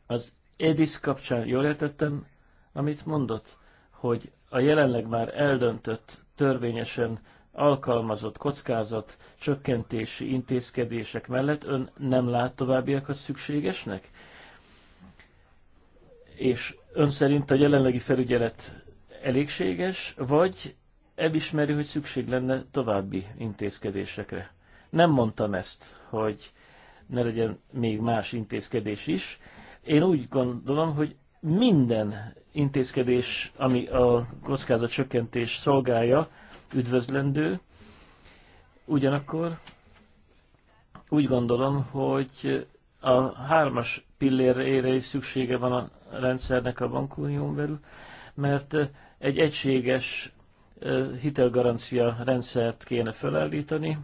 Az Edis kapcsán jól értettem, amit mondott, hogy a jelenleg már eldöntött, törvényesen alkalmazott kockázat csökkentési intézkedések mellett ön nem lát továbbiakat szükségesnek? És ön szerint a jelenlegi felügyelet elégséges, vagy elismeri, hogy szükség lenne további intézkedésekre? Nem mondtam ezt, hogy ne legyen még más intézkedés is, én úgy gondolom, hogy minden intézkedés, ami a kockázat csökkentés szolgálja, üdvözlendő. Ugyanakkor úgy gondolom, hogy a hármas pillérre is szüksége van a rendszernek a bankunión belül, mert egy egységes hitelgarancia rendszert kéne felállítani,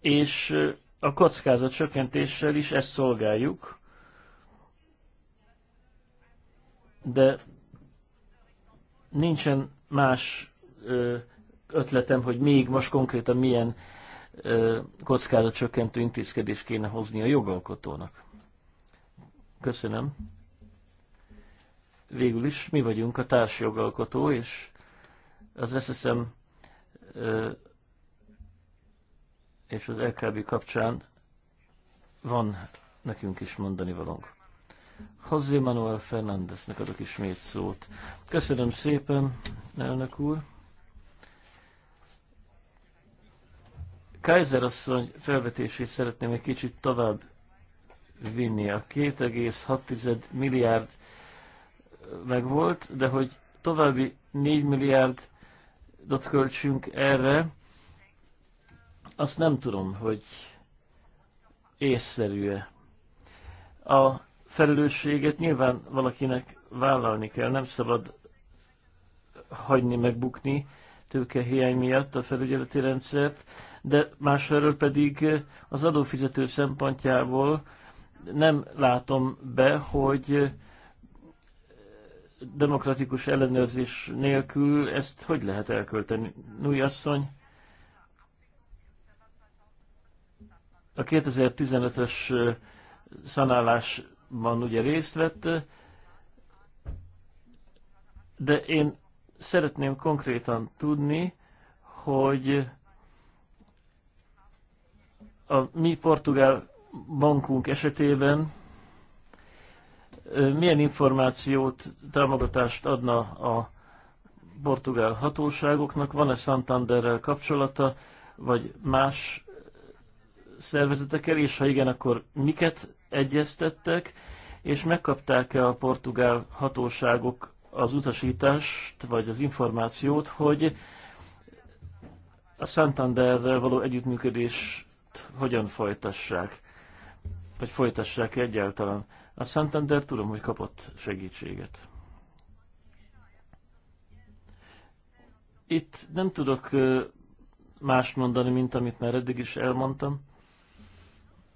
és a kockázat csökkentéssel is ezt szolgáljuk, de nincsen más ötletem, hogy még most konkrétan milyen csökkentő intézkedés kéne hozni a jogalkotónak. Köszönöm. Végül is mi vagyunk a társjogalkotó, és az SSM és az LKB kapcsán van nekünk is mondani valónk. José Manuel Fernándeznek adok ismét szót. Köszönöm szépen, elnök úr. Kaiser asszony felvetését szeretném egy kicsit tovább vinni. A 2,6 milliárd megvolt, de hogy további 4 milliárdot költsünk erre, azt nem tudom, hogy észszerű-e. A felelősséget nyilván valakinek vállalni kell, nem szabad hagyni megbukni tőkehiány miatt a felügyeleti rendszert, de másfelől pedig az adófizető szempontjából nem látom be, hogy demokratikus ellenőrzés nélkül ezt hogy lehet elkölteni? Núj asszony A 2015-ös szanálásban ugye részt vett, de én szeretném konkrétan tudni, hogy a mi portugál bankunk esetében milyen információt, támogatást adna a portugál hatóságoknak? Van-e Santanderrel kapcsolata, vagy más szervezetekkel, és ha igen, akkor miket egyeztettek, és megkapták-e a portugál hatóságok az utasítást, vagy az információt, hogy a Santanderrel való együttműködést hogyan folytassák, vagy folytassák -e egyáltalán. A Santander tudom, hogy kapott segítséget. Itt nem tudok mást mondani, mint amit már eddig is elmondtam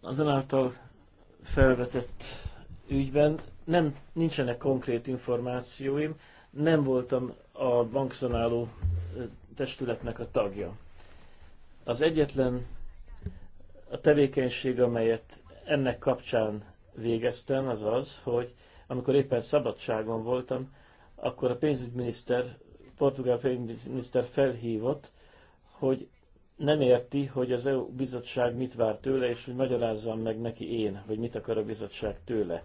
az felvetett ügyben nem, nincsenek konkrét információim, nem voltam a bankszonáló testületnek a tagja. Az egyetlen a tevékenység, amelyet ennek kapcsán végeztem, az az, hogy amikor éppen szabadságon voltam, akkor a pénzügyminiszter, portugál pénzügyminiszter felhívott, hogy nem érti, hogy az EU bizottság mit vár tőle, és hogy magyarázzam meg neki én, hogy mit akar a bizottság tőle.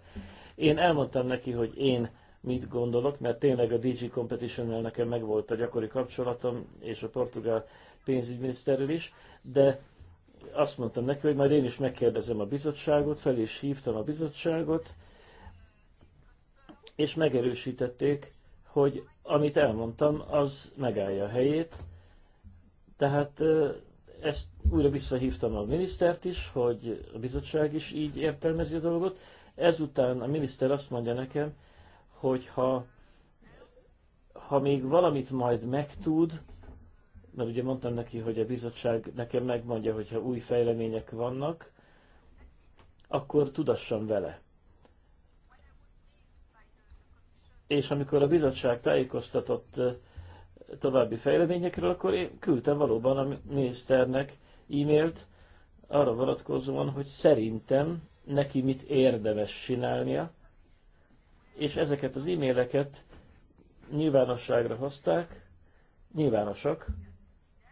Én elmondtam neki, hogy én mit gondolok, mert tényleg a DG competition nekem megvolt a gyakori kapcsolatom, és a portugál pénzügyminiszterrel is, de azt mondtam neki, hogy majd én is megkérdezem a bizottságot, fel is hívtam a bizottságot, és megerősítették, hogy amit elmondtam, az megállja a helyét, tehát ezt újra visszahívtam a minisztert is, hogy a bizottság is így értelmezi a dolgot. Ezután a miniszter azt mondja nekem, hogy ha, ha még valamit majd megtud, mert ugye mondtam neki, hogy a bizottság nekem megmondja, hogyha új fejlemények vannak, akkor tudassam vele. És amikor a bizottság tájékoztatott további fejleményekről, akkor én küldtem valóban a miniszternek e-mailt arra vonatkozóan, hogy szerintem neki mit érdemes csinálnia, és ezeket az e-maileket nyilvánosságra hozták, nyilvánosak,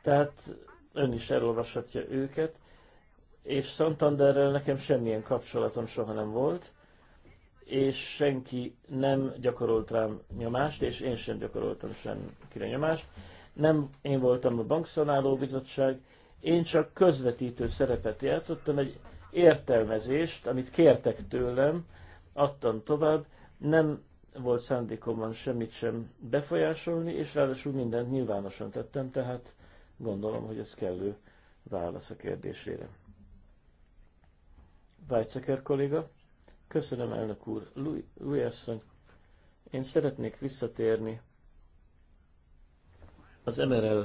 tehát ön is elolvashatja őket, és Santanderrel nekem semmilyen kapcsolatom soha nem volt, és senki nem gyakorolt rám nyomást, és én sem gyakoroltam senkire nyomást. Nem én voltam a bankszanáló bizottság, én csak közvetítő szerepet játszottam, egy értelmezést, amit kértek tőlem, adtam tovább, nem volt szándékomban semmit sem befolyásolni, és ráadásul mindent nyilvánosan tettem, tehát gondolom, hogy ez kellő válasz a kérdésére. Weizsäcker kolléga. Köszönöm, elnök úr. Louis, Louis asszony, én szeretnék visszatérni az MRL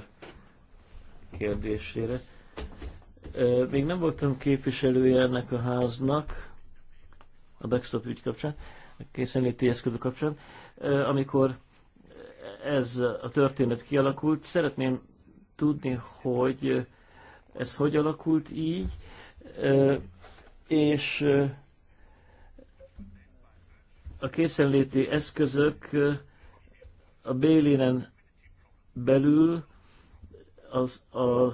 kérdésére. Még nem voltam képviselője ennek a háznak a backstop ügy kapcsán, a készenléti eszközök kapcsán. Amikor ez a történet kialakult, szeretném tudni, hogy ez hogy alakult így, és a készenléti eszközök a Bélinen belül az, a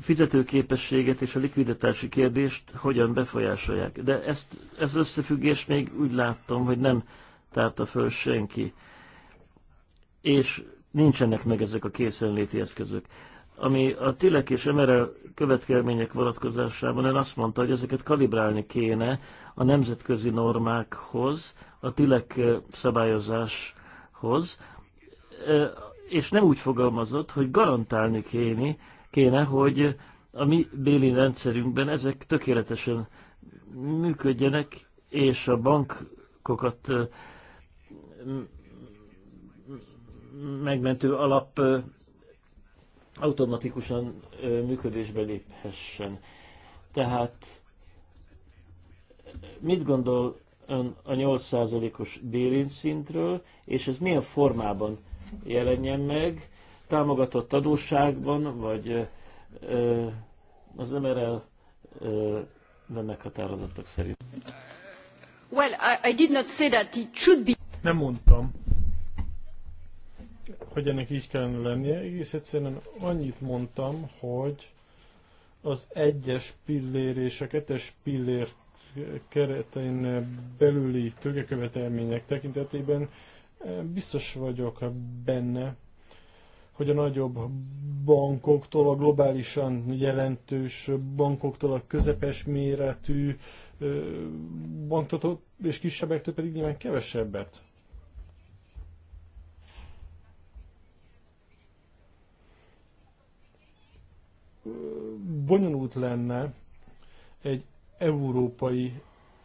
fizetőképességet és a likviditási kérdést hogyan befolyásolják. De ezt, ez összefüggés még úgy láttam, hogy nem tárta föl senki. És nincsenek meg ezek a készenléti eszközök. Ami a Tilek és Emerel következmények vonatkozásában, én azt mondta, hogy ezeket kalibrálni kéne a nemzetközi normákhoz, a tilek eh, szabályozáshoz, eh, és nem úgy fogalmazott, hogy garantálni kéne, kéne hogy a mi béli rendszerünkben ezek tökéletesen működjenek, és a bankokat eh, megmentő alap automatikusan működésbe léphessen. Tehát mit gondol ön a 8%-os szintről, és ez milyen formában jelenjen meg, támogatott adósságban, vagy ö, az MRL nem meghatározottak szerint. Well, I, I did not say that it should be. Nem mondtam, hogy ennek így kellene lennie. Egész egyszerűen annyit mondtam, hogy az egyes pillér és a kettes pillér keretein belüli tőkekövetelmények tekintetében eh, biztos vagyok benne, hogy a nagyobb bankoktól, a globálisan jelentős bankoktól, a közepes méretű eh, banktól és kisebbektől pedig nyilván kevesebbet bonyolult lenne egy európai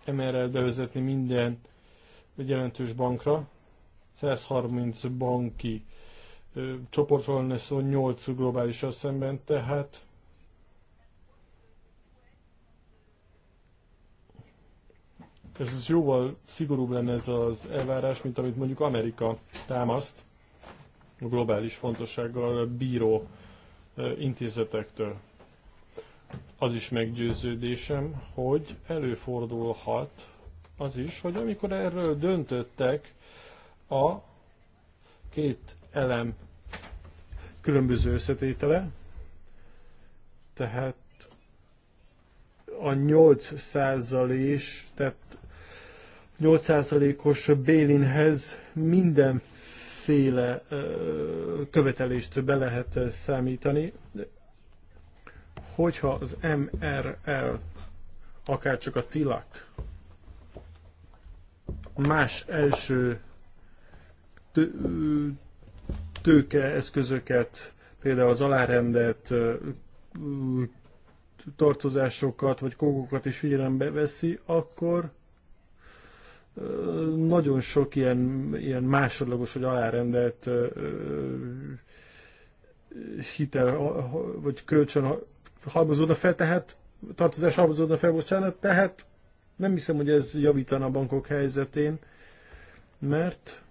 mrl bevezetni minden jelentős bankra. 130 banki csoportról lenne szó, 8 globális szemben, tehát ez az jóval szigorúbb lenne ez az elvárás, mint amit mondjuk Amerika támaszt a globális fontossággal bíró intézetektől. Az is meggyőződésem, hogy előfordulhat az is, hogy amikor erről döntöttek a két elem különböző összetétele, tehát a 8 százalés, tehát 8 százalékos Bélinhez mindenféle követelést be lehet számítani hogyha az MRL, akár csak a tilak, más első tőkeeszközöket, például az alárendelt tartozásokat vagy kókokat is figyelembe veszi, akkor nagyon sok ilyen, ilyen másodlagos vagy alárendelt hitel vagy kölcsön halmozódna fel, tehát tartozás halmozódna fel, bocsánat, tehát nem hiszem, hogy ez javítana a bankok helyzetén, mert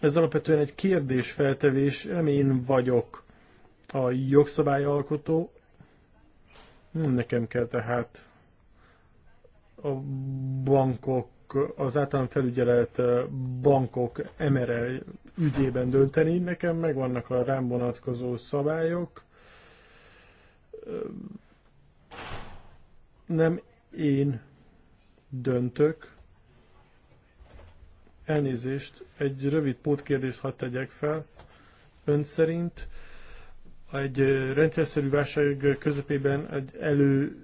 ez alapvetően egy kérdésfeltevés, nem én vagyok a jogszabályalkotó, nekem kell tehát a bankok az általán felügyelet bankok emere ügyében dönteni. Nekem megvannak a rám vonatkozó szabályok. Nem én döntök. Elnézést, egy rövid pótkérdést hadd tegyek fel. Ön szerint egy rendszerszerű válság közepében egy elő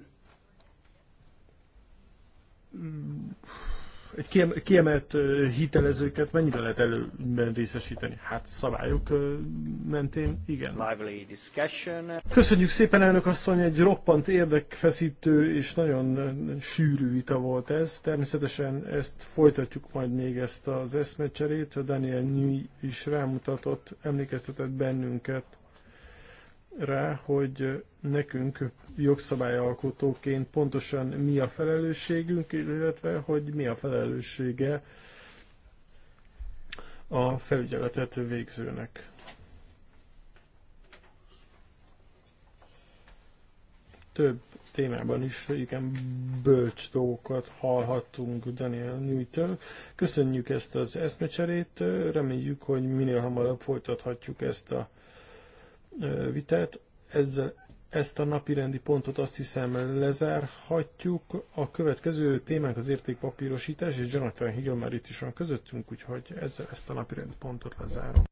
egy kiemelt hitelezőket mennyire lehet előben részesíteni? Hát szabályok mentén igen. Köszönjük szépen, elnök asszony, egy roppant érdekfeszítő és nagyon sűrű vita volt ez. Természetesen ezt folytatjuk majd még ezt az eszmecserét. Daniel Nyi is rámutatott, emlékeztetett bennünket rá, hogy nekünk jogszabályalkotóként pontosan mi a felelősségünk, illetve hogy mi a felelőssége a felügyeletet végzőnek. Több témában is igen bölcs dolgokat hallhattunk Daniel newton Köszönjük ezt az eszmecserét, reméljük, hogy minél hamarabb folytathatjuk ezt a vitát. Ezzel ezt a napirendi pontot azt hiszem lezárhatjuk. A következő témánk az értékpapírosítás, és Jonathan Hill már itt is van közöttünk, úgyhogy ezzel ezt a napirendi pontot lezárom.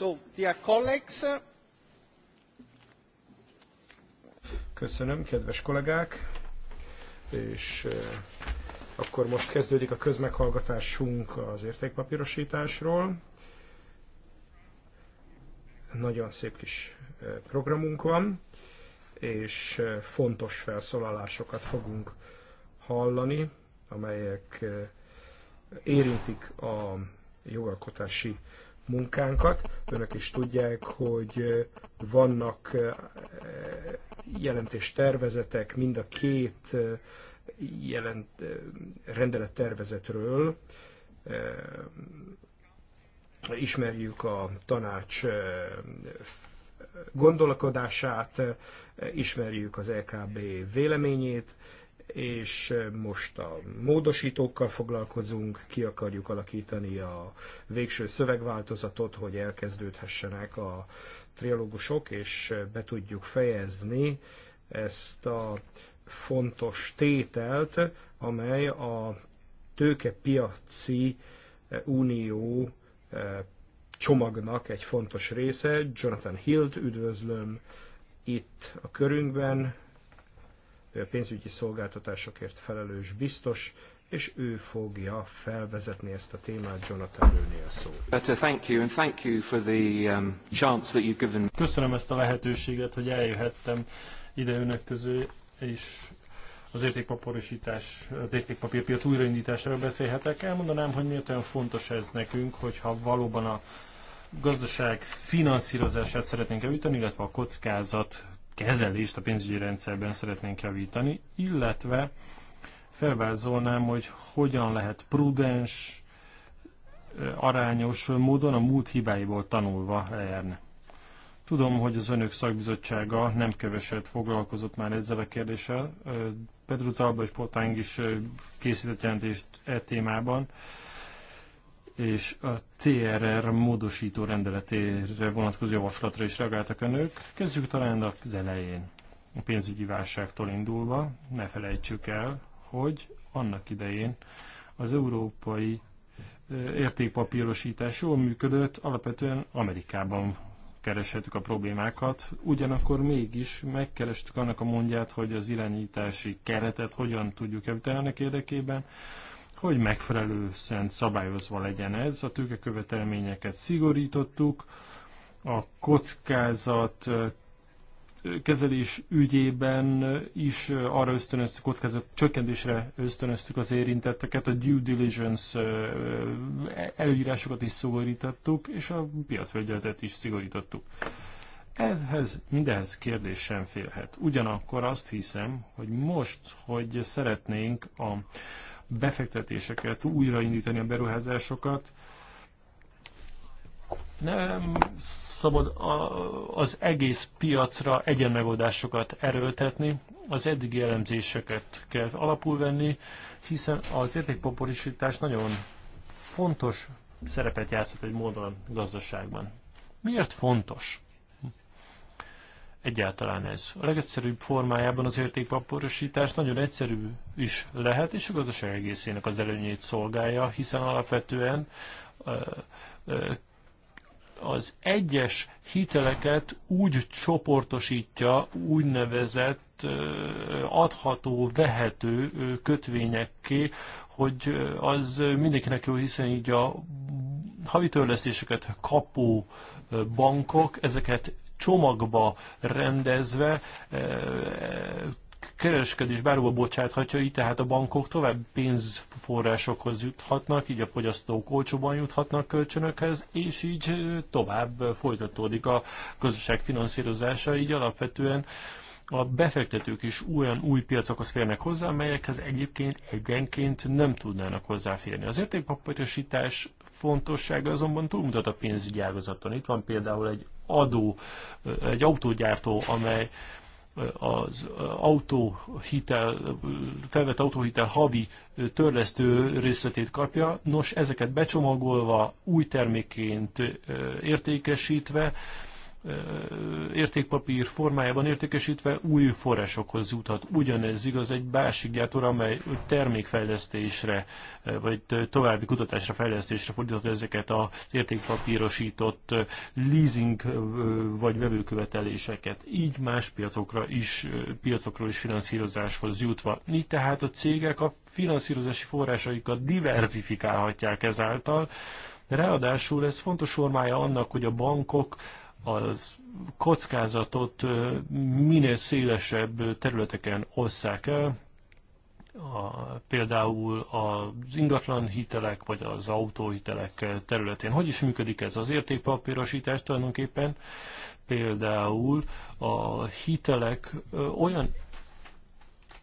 Uh, Köszönöm, kedves kollégák, és uh, akkor most kezdődik a közmeghallgatásunk az értékpapírosításról. Nagyon szép kis uh, programunk van, és fontos felszólalásokat fogunk hallani, amelyek érintik a jogalkotási munkánkat. Önök is tudják, hogy vannak jelentéstervezetek mind a két jelent, rendelettervezetről. Ismerjük a tanács gondolkodását, ismerjük az LKB e véleményét, és most a módosítókkal foglalkozunk, ki akarjuk alakítani a végső szövegváltozatot, hogy elkezdődhessenek a trialógusok, és be tudjuk fejezni ezt a fontos tételt, amely a tőkepiaci unió eh, csomagnak egy fontos része. Jonathan Hilt üdvözlöm itt a körünkben, pénzügyi szolgáltatásokért felelős biztos, és ő fogja felvezetni ezt a témát Jonathan Lőnél szó. Köszönöm ezt a lehetőséget, hogy eljöhettem ide önök közé, és az értékpaporosítás, az értékpapírpiac újraindításáról beszélhetek. Elmondanám, hogy miért olyan fontos ez nekünk, hogyha valóban a gazdaság finanszírozását szeretnénk javítani, illetve a kockázat kezelést a pénzügyi rendszerben szeretnénk javítani, illetve felvázolnám, hogy hogyan lehet prudens, arányos módon a múlt hibáiból tanulva eljárni. Tudom, hogy az önök szakbizottsága nem keveset foglalkozott már ezzel a kérdéssel. Pedro Zalba és Potáng is készített jelentést e témában és a CRR módosító rendeletére vonatkozó javaslatra is reagáltak önök. Kezdjük talán az elején, a pénzügyi válságtól indulva. Ne felejtsük el, hogy annak idején az európai értékpapírosítás jól működött, alapvetően Amerikában kereshetük a problémákat, ugyanakkor mégis megkerestük annak a mondját, hogy az irányítási keretet hogyan tudjuk javítani ennek érdekében, hogy megfelelő szent szabályozva legyen ez. A tőkekövetelményeket szigorítottuk, a kockázat kezelés ügyében is arra ösztönöztük, kockázat csökkentésre ösztönöztük az érintetteket, a due diligence előírásokat is szigorítottuk, és a piacfelügyeletet is szigorítottuk. Ehhez mindehez kérdés sem férhet. Ugyanakkor azt hiszem, hogy most, hogy szeretnénk a befektetéseket, újraindítani a beruházásokat. Nem szabad az egész piacra egyen megoldásokat erőltetni, az eddigi elemzéseket kell alapul venni, hiszen az értékpoporisítás nagyon fontos szerepet játszik egy modern gazdaságban. Miért fontos? egyáltalán ez. A legegyszerűbb formájában az értékpaporosítás nagyon egyszerű is lehet, és a gazdaság egészének az előnyét szolgálja, hiszen alapvetően az egyes hiteleket úgy csoportosítja úgynevezett adható, vehető kötvényekké, hogy az mindenkinek jó, hiszen így a havi törlesztéseket kapó bankok ezeket csomagba rendezve e, kereskedés bárhova bocsáthatja, így tehát a bankok tovább pénzforrásokhoz juthatnak, így a fogyasztók olcsóban juthatnak kölcsönökhez, és így e, tovább folytatódik a közösség finanszírozása, így alapvetően a befektetők is olyan új piacokhoz férnek hozzá, melyekhez egyébként egyenként nem tudnának hozzáférni. Az értékpapírosítás fontossága azonban túlmutat a pénzügyi ágazaton. Itt van például egy adó, egy autógyártó, amely az autóhitel, felvett autóhitel havi törlesztő részletét kapja. Nos, ezeket becsomagolva, új termékként értékesítve, értékpapír formájában értékesítve új forrásokhoz juthat. Ugyanez igaz egy másik gyártóra, amely termékfejlesztésre vagy további kutatásra, fejlesztésre fordítható ezeket az értékpapírosított leasing vagy vevőköveteléseket. Így más piacokra is, piacokról is finanszírozáshoz jutva. Így tehát a cégek a finanszírozási forrásaikat diverzifikálhatják ezáltal, Ráadásul ez fontos formája annak, hogy a bankok az kockázatot minél szélesebb területeken osszák el, a, például az ingatlan hitelek vagy az autóhitelek területén. Hogy is működik ez az értékpapírosítás tulajdonképpen? Például a hitelek olyan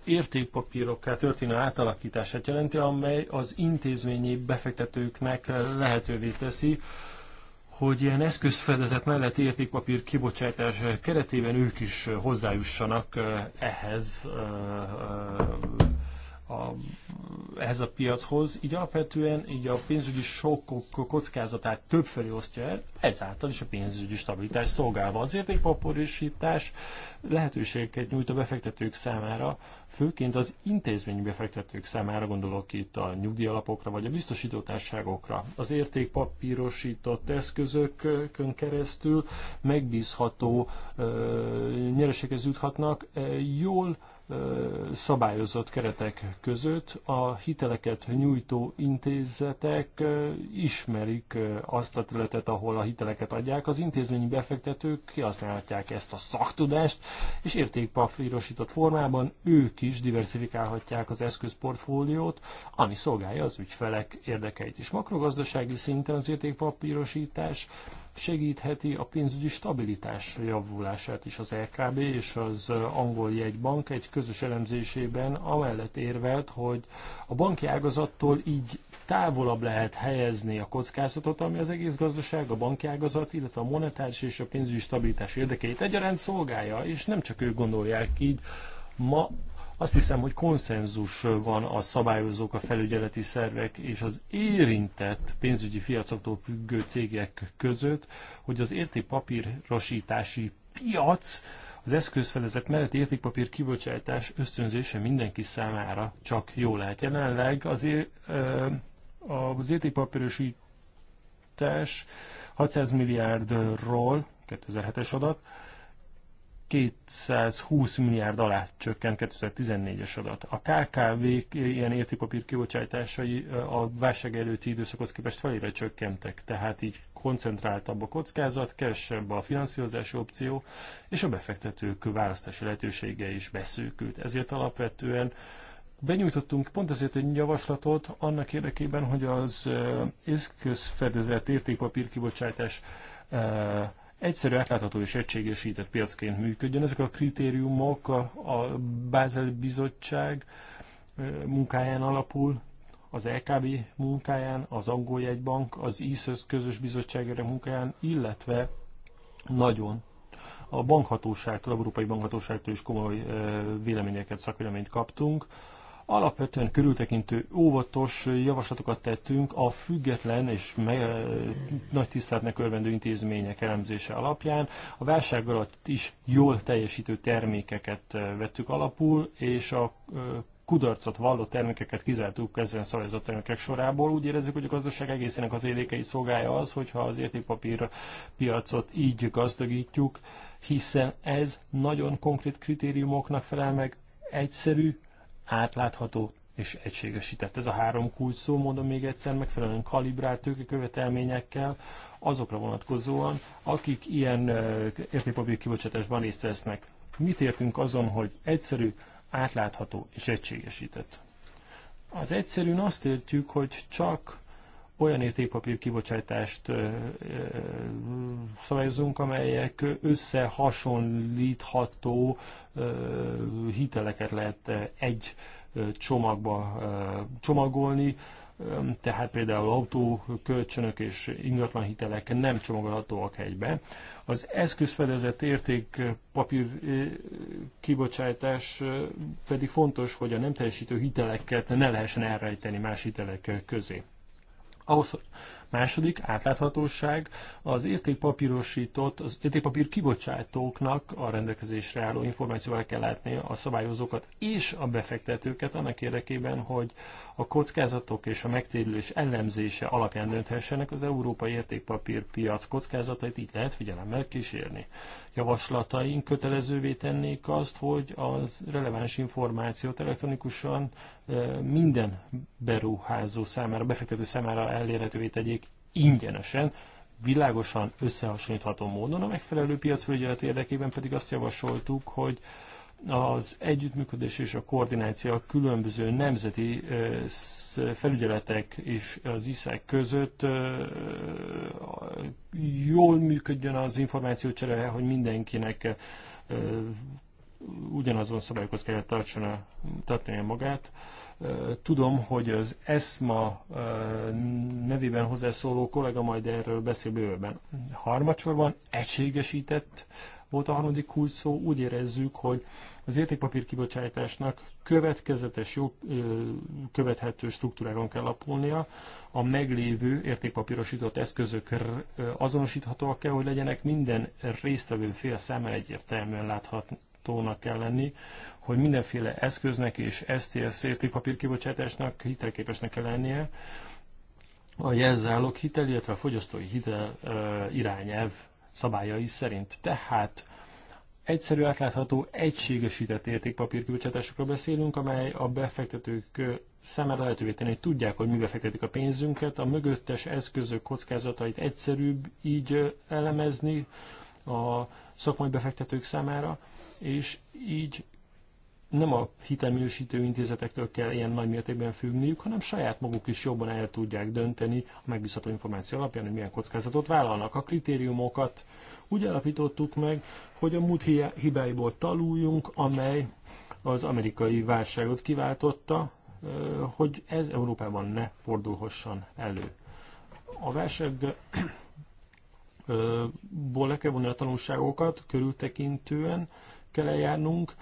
értékpapírokká történő átalakítását jelenti, amely az intézményi befektetőknek lehetővé teszi, hogy ilyen eszközfedezet mellett értékpapír kibocsátás keretében ők is hozzájussanak eh, ehhez eh, eh, a, ehhez a piachoz, így alapvetően így a pénzügyi sokkok kockázatát többfelé osztja el, ezáltal is a pénzügyi stabilitás szolgálva. Az értékpaporosítás lehetőségeket nyújt a befektetők számára, főként az intézményi befektetők számára, gondolok itt a nyugdíjalapokra vagy a biztosítótárságokra. Az értékpapírosított eszközökön keresztül megbízható nyereséghez juthatnak, jól szabályozott keretek között a hiteleket nyújtó intézetek ismerik azt a területet, ahol a hiteleket adják. Az intézményi befektetők kihasználhatják ezt a szaktudást, és értékpapírosított formában ők is diversifikálhatják az eszközportfóliót, ami szolgálja az ügyfelek érdekeit is. Makrogazdasági szinten az értékpapírosítás segítheti a pénzügyi stabilitás javulását is az LKB és az uh, angol jegybank egy közös elemzésében amellett érvelt, hogy a banki ágazattól így távolabb lehet helyezni a kockázatot, ami az egész gazdaság, a banki ágazat, illetve a monetáris és a pénzügyi stabilitás érdekeit egyaránt szolgálja, és nem csak ők gondolják így, ma azt hiszem, hogy konszenzus van a szabályozók, a felügyeleti szervek és az érintett pénzügyi piacoktól függő cégek között, hogy az értékpapírosítási piac az eszközfelezet mellett értékpapír kibocsátás ösztönzése mindenki számára csak jó lehet. Jelenleg azért az értékpapírosítás 600 milliárdról, 2007-es adat, 220 milliárd alá csökkent 2014-es adat. A kkv ilyen értékpapír kibocsátásai a válság előtti időszakhoz képest felére csökkentek, tehát így koncentráltabb a kockázat, kevesebb a finanszírozási opció, és a befektetők választási lehetősége is beszűkült. Ezért alapvetően Benyújtottunk pont ezért egy javaslatot annak érdekében, hogy az eszközfedezett értékpapír kibocsátás egyszerű, átlátható és egységesített piacként működjön. Ezek a kritériumok a, a Bázeli Bizottság munkáján alapul, az LKB munkáján, az angol jegybank, az ISZÖZ közös bizottságára munkáján, illetve nagyon a bankhatóságtól, a Európai Bankhatóságtól is komoly véleményeket, szakvéleményt kaptunk Alapvetően körültekintő, óvatos javaslatokat tettünk a független és me- nagy tiszteletnek örvendő intézmények elemzése alapján. A válság alatt is jól teljesítő termékeket vettük alapul, és a kudarcot valló termékeket kizártuk ezen szabályozott termékek sorából. Úgy érezzük, hogy a gazdaság egészének az élékei szolgálja az, hogyha az értékpapír piacot így gazdagítjuk, hiszen ez nagyon konkrét kritériumoknak felel meg, egyszerű, átlátható és egységesített. Ez a három kulcs szó, mondom még egyszer, megfelelően kalibrált követelményekkel, azokra vonatkozóan, akik ilyen értékpapír kibocsátásban részt vesznek. Mit értünk azon, hogy egyszerű, átlátható és egységesített? Az egyszerűen azt értjük, hogy csak olyan értékpapír kibocsátást szabályozunk, amelyek összehasonlítható hiteleket lehet egy csomagba csomagolni, tehát például autó, kölcsönök és hitelek nem csomagolhatóak egybe. Az eszközfedezett értékpapír kibocsátás pedig fontos, hogy a nem teljesítő hiteleket ne lehessen elrejteni más hitelek közé ahhoz, Második, átláthatóság, az értékpapírosított, az értékpapír kibocsátóknak a rendelkezésre álló információval kell látni a szabályozókat és a befektetőket annak érdekében, hogy a kockázatok és a megtérülés ellenzése alapján dönthessenek az európai értékpapírpiac kockázatait, így lehet figyelemmel kísérni. Javaslataink kötelezővé tennék azt, hogy az releváns információt elektronikusan eh, minden beruházó számára, befektető számára elérhetővé tegyék ingyenesen, világosan összehasonlítható módon. A megfelelő piacfelügyelet érdekében pedig azt javasoltuk, hogy az együttműködés és a koordináció a különböző nemzeti felügyeletek és az ISZEK között jól működjön az információcsere, hogy mindenkinek ugyanazon szabályokhoz kellett tartani magát. Tudom, hogy az ESMA nevében hozzászóló kollega majd erről beszél bővebben. Harmadsorban egységesített volt a harmadik kulcs szó, úgy érezzük, hogy az értékpapír kibocsátásnak következetes, jó követhető struktúrákon kell alapulnia, a meglévő értékpapírosított eszközök azonosíthatóak kell, hogy legyenek minden résztvevő fél számára egyértelműen láthatni tónak kell lenni, hogy mindenféle eszköznek és STS értékpapírkibocsátásnak hitelképesnek kell lennie, a jelzálók hitel, illetve a fogyasztói hitel irányelv szabályai szerint. Tehát egyszerű, átlátható, egységesített értékpapírkibocsátásokról beszélünk, amely a befektetők számára lehetővé tenni, hogy tudják, hogy mibe fektetik a pénzünket, a mögöttes eszközök kockázatait egyszerűbb így elemezni a szakmai befektetők számára, és így nem a hitelminősítő intézetektől kell ilyen nagy mértékben függniük, hanem saját maguk is jobban el tudják dönteni a megbízható információ alapján, hogy milyen kockázatot vállalnak. A kritériumokat úgy alapítottuk meg, hogy a múlt hibáiból taluljunk, amely az amerikai válságot kiváltotta, hogy ez Európában ne fordulhasson elő. A válságból le kell vonni a tanulságokat körültekintően, kell eljárnunk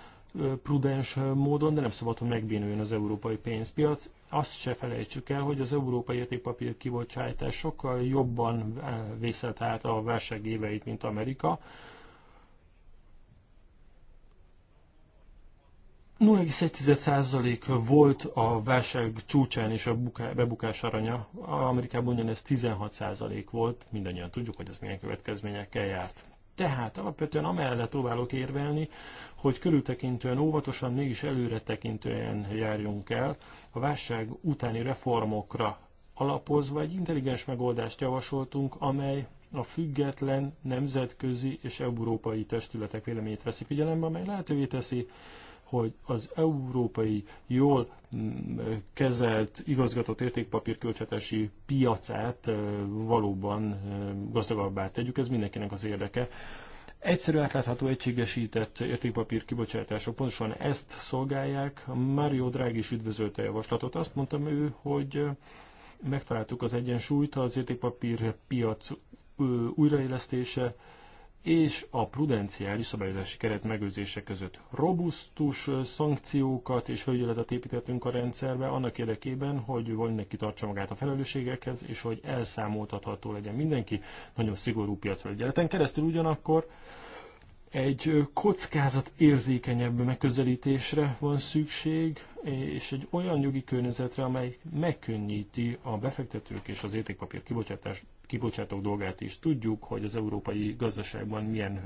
prudens módon, de nem szabad, hogy megbénuljon az európai pénzpiac. Azt se felejtsük el, hogy az európai értékpapír kibocsátás sokkal jobban vészelt át a válság éveit, mint Amerika. 0,1% volt a válság csúcsán és a bebukás aranya. Amerikában ugyanez 16% volt, mindannyian tudjuk, hogy ez milyen következményekkel járt. Tehát alapvetően amellett próbálok érvelni, hogy körültekintően, óvatosan, mégis előre tekintően járjunk el, a válság utáni reformokra alapozva egy intelligens megoldást javasoltunk, amely a független nemzetközi és európai testületek véleményét veszi figyelembe, amely lehetővé teszi, hogy az európai jól mm, kezelt, igazgatott értékpapírkölcsetesi piacát valóban gazdagabbá tegyük, ez mindenkinek az érdeke. Egyszerű átlátható egységesített értékpapír kibocsátások pontosan ezt szolgálják. Mario Draghi is üdvözölte a javaslatot. Azt mondtam ő, hogy megtaláltuk az egyensúlyt az értékpapír piac újraélesztése és a prudenciális szabályozási keret megőrzése között. Robusztus szankciókat és felügyeletet építettünk a rendszerbe annak érdekében, hogy mindenki tartsa magát a felelősségekhez, és hogy elszámoltatható legyen mindenki nagyon szigorú piacfelügyeleten keresztül ugyanakkor, egy kockázat érzékenyebb megközelítésre van szükség, és egy olyan jogi környezetre, amely megkönnyíti a befektetők és az értékpapír kibocsátás, kibocsátók dolgát is. Tudjuk, hogy az európai gazdaságban milyen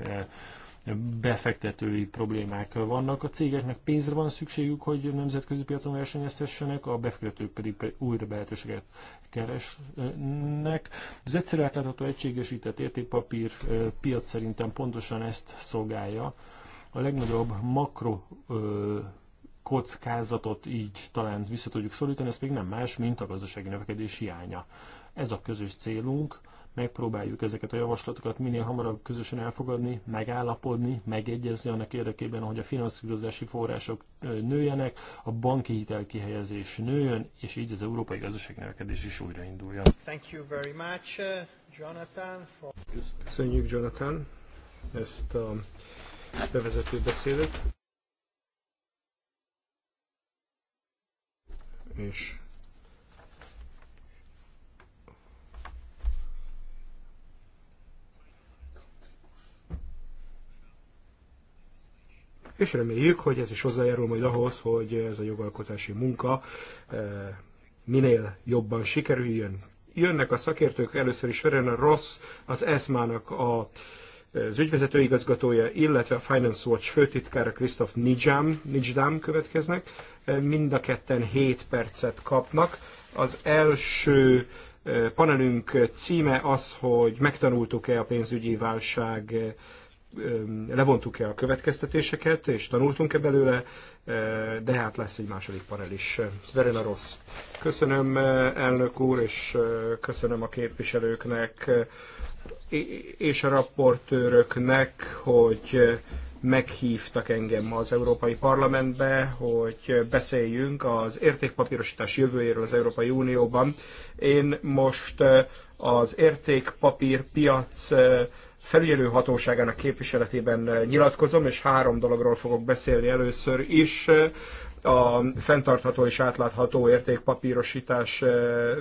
befektetői problémák vannak. A cégeknek pénzre van szükségük, hogy nemzetközi piacon versenyeztessenek, a befektetők pedig újra lehetőséget keresnek. Az egyszerű átlátható egységesített értékpapír piac szerintem pontosan ezt szolgálja. A legnagyobb makro kockázatot így talán vissza tudjuk szorítani, ez még nem más, mint a gazdasági növekedés hiánya. Ez a közös célunk, megpróbáljuk ezeket a javaslatokat minél hamarabb közösen elfogadni, megállapodni, megegyezni annak érdekében, hogy a finanszírozási források nőjenek, a banki hitel kihelyezés nőjön, és így az európai gazdaság növekedés is újrainduljon. Thank you very much, uh, Jonathan. For... Köszönjük, Jonathan, ezt a bevezető beszédet. És és reméljük, hogy ez is hozzájárul majd ahhoz, hogy ez a jogalkotási munka eh, minél jobban sikerüljön. Jönnek a szakértők, először is Ferena rossz az ESMA-nak a az ügyvezető igazgatója, illetve a Finance Watch főtitkára Christoph Nijam, Nijdam következnek. Eh, mind a ketten 7 percet kapnak. Az első eh, panelünk címe az, hogy megtanultuk-e a pénzügyi válság levontuk-e a következtetéseket, és tanultunk-e belőle, de hát lesz egy második panel is. Verena Rossz. Köszönöm elnök úr, és köszönöm a képviselőknek és a rapportőröknek, hogy meghívtak engem ma az Európai Parlamentbe, hogy beszéljünk az értékpapírosítás jövőjéről az Európai Unióban. Én most az értékpapírpiac piac felügyelő hatóságának képviseletében eh, nyilatkozom, és három dologról fogok beszélni először is. Eh, a fenntartható és átlátható értékpapírosítás eh,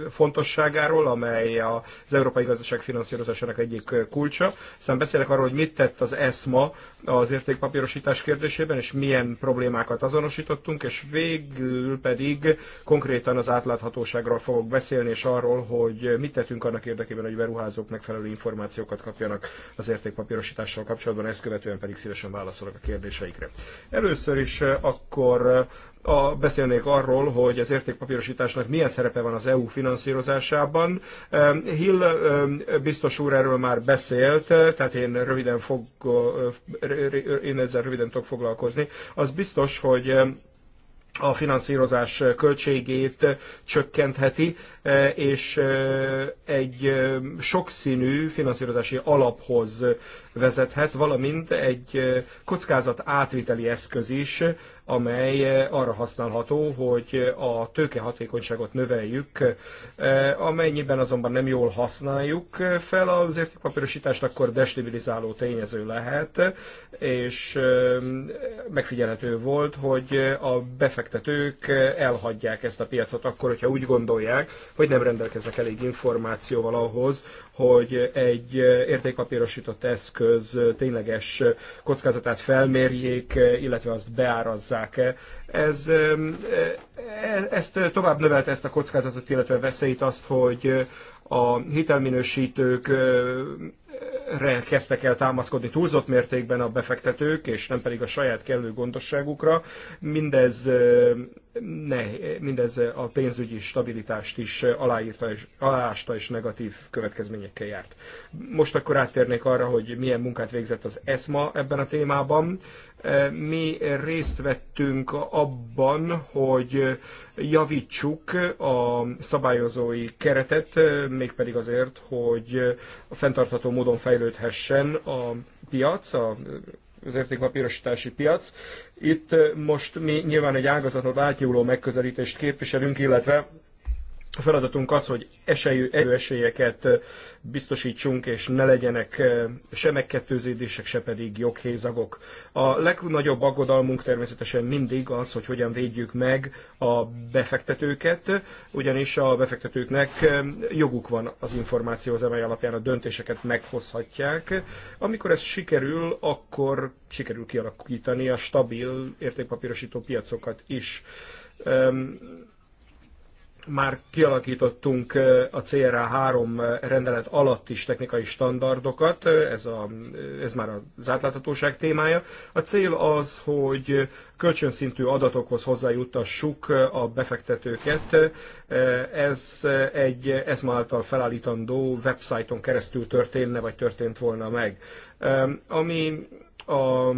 fontosságáról, amely az európai gazdaság finanszírozásának egyik kulcsa. Aztán beszélek arról, hogy mit tett az ESMA az értékpapírosítás kérdésében, és milyen problémákat azonosítottunk, és végül pedig konkrétan az átláthatóságról fogok beszélni, és arról, hogy mit tettünk annak érdekében, hogy beruházók megfelelő információkat kapjanak az értékpapírosítással kapcsolatban, ezt követően pedig szívesen válaszolok a kérdéseikre. Először is eh, akkor a, beszélnék arról, hogy az értékpapírosításnak milyen szerepe van az EU finanszírozásában. Hill biztos úr erről már beszélt, tehát én röviden fog, én ezzel röviden tudok foglalkozni. Az biztos, hogy a finanszírozás költségét csökkentheti, e, és e, egy e, sokszínű finanszírozási alaphoz vezethet, valamint egy kockázat átviteli eszköz is, amely eh, arra használható, hogy eh, a tőkehatékonyságot növeljük, eh, amennyiben azonban nem jól használjuk fel az értékpapírosítást, akkor destabilizáló tényező lehet, és megfigyelhető volt, hogy a befektetők elhagyják ezt a piacot akkor, hogyha úgy gondolják, hogy nem rendelkeznek elég információval ahhoz, hogy egy értékpapírosított eszköz tényleges kockázatát felmérjék, illetve azt beárazzák hozzák. Ez, e, e, ezt tovább növelte ezt a kockázatot, illetve veszélyt azt, hogy a hitelminősítők kezdtek el támaszkodni túlzott mértékben a befektetők, és nem pedig a saját kellő gondosságukra. Mindez ne, mindez a pénzügyi stabilitást is aláírta és, aláásta és negatív következményekkel járt. Most akkor áttérnék arra, hogy milyen munkát végzett az ESMA ebben a témában. E, mi részt vettünk abban, hogy javítsuk a szabályozói keretet, mégpedig azért, hogy a fenntartható módon fejlődhessen a piac, a az értékpapírosítási piac. Itt eh, most mi nyilván egy ágazatot átnyúló megközelítést képviselünk, illetve a feladatunk az, hogy esélyű erőesélyeket biztosítsunk, és ne legyenek se megkettőződések, se pedig joghézagok. A legnagyobb aggodalmunk természetesen mindig az, hogy hogyan védjük meg a befektetőket, ugyanis a befektetőknek joguk van az információhoz, amely alapján a döntéseket meghozhatják. Amikor ez sikerül, akkor sikerül kialakítani a stabil értékpapírosító piacokat is már kialakítottunk a CRA 3 rendelet alatt is technikai standardokat, ez, a, ez már az átláthatóság témája. A cél az, hogy kölcsönszintű adatokhoz hozzájuttassuk a befektetőket. Ez egy ESMA által felállítandó websájton keresztül történne, vagy történt volna meg. Ami a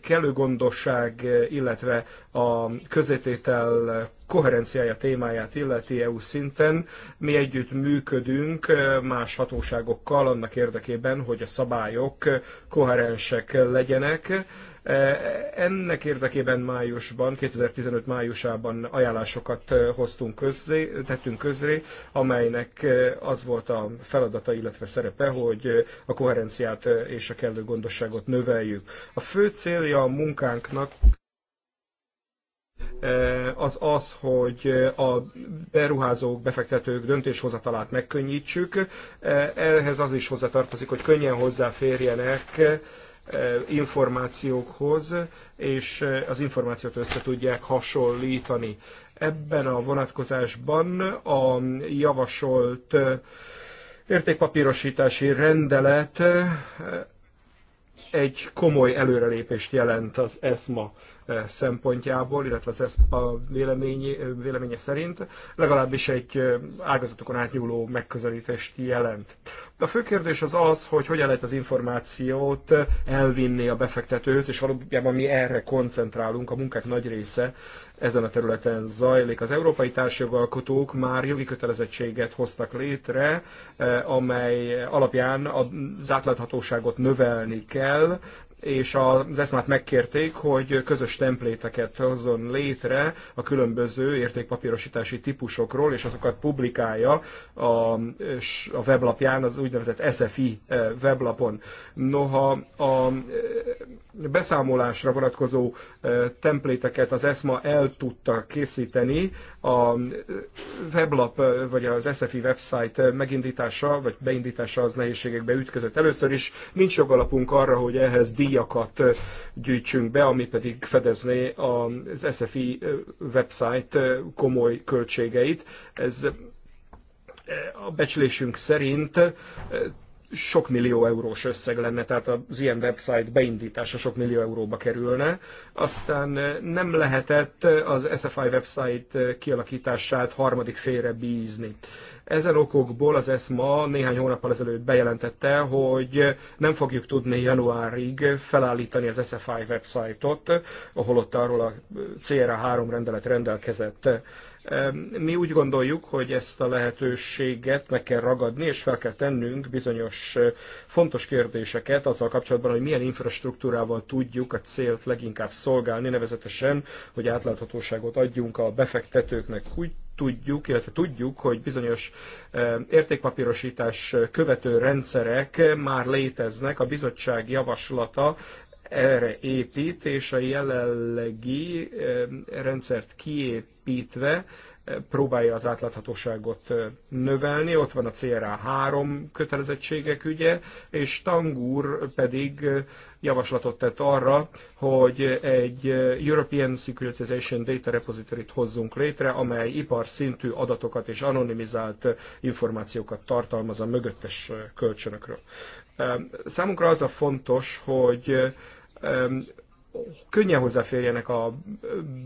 kellő gondosság, illetve a közététel koherenciája témáját illeti EU szinten. Mi együtt működünk más hatóságokkal annak érdekében, hogy a szabályok koherensek legyenek E, ennek érdekében májusban, 2015 májusában ajánlásokat e, hoztunk közzé, tettünk közré, amelynek e, az volt a feladata, illetve szerepe, hogy a koherenciát és a kellő gondosságot növeljük. A fő célja a munkánknak az az, hogy a beruházók, befektetők döntéshozatalát megkönnyítsük. Ehhez az is hozzatartozik, hogy könnyen hozzáférjenek információkhoz, és az információt össze tudják hasonlítani. Ebben a vonatkozásban a javasolt értékpapírosítási rendelet egy komoly előrelépést jelent az ESMA szempontjából, illetve az ESPA vélemény, véleménye szerint legalábbis egy ágazatokon átnyúló megközelítést jelent. De a fő kérdés az az, hogy hogyan lehet az információt elvinni a befektetőhöz, és valójában mi erre koncentrálunk, a munkák nagy része ezen a területen zajlik. Az európai társjogalkotók már jogi kötelezettséget hoztak létre, amely alapján az átláthatóságot növelni kell, és az eszmát megkérték, hogy közös templéteket hozzon létre a különböző értékpapírosítási típusokról, és azokat publikálja a, a weblapján, az úgynevezett SFI eh, weblapon. Noha a eh, beszámolásra vonatkozó eh, templéteket az ESMA el tudta készíteni, a weblap vagy az SFI website megindítása vagy beindítása az nehézségekbe ütközött. Először is nincs jogalapunk arra, hogy ehhez díj díjakat gyűjtsünk be, ami pedig fedezné az SFI website komoly költségeit. Ez a becslésünk szerint sok millió eurós összeg lenne, tehát az ilyen website beindítása sok millió euróba kerülne. Aztán eh, nem lehetett az SFI website eh, kialakítását harmadik félre bízni. Ezen okokból az ESMA néhány hónappal ezelőtt bejelentette, hogy nem fogjuk tudni januárig felállítani az SFI website-ot, ahol ott arról a eh, CRA 3 rendelet rendelkezett. Mi úgy gondoljuk, hogy ezt a lehetőséget meg kell ragadni, és fel kell tennünk bizonyos fontos kérdéseket azzal kapcsolatban, hogy milyen infrastruktúrával tudjuk a célt leginkább szolgálni, nevezetesen, hogy átláthatóságot adjunk a befektetőknek. Úgy tudjuk, illetve tudjuk, hogy bizonyos értékpapírosítás követő rendszerek már léteznek. A bizottság javaslata erre épít, és a jelenlegi rendszert kiépítve próbálja az átláthatóságot növelni. Ott van a CRA 3 kötelezettségek ügye, és Tangur pedig javaslatot tett arra, hogy egy European Securitization Data Repository-t hozzunk létre, amely ipar szintű adatokat és anonimizált információkat tartalmaz a mögöttes kölcsönökről. Számunkra az a fontos, hogy könnyen hozzáférjenek a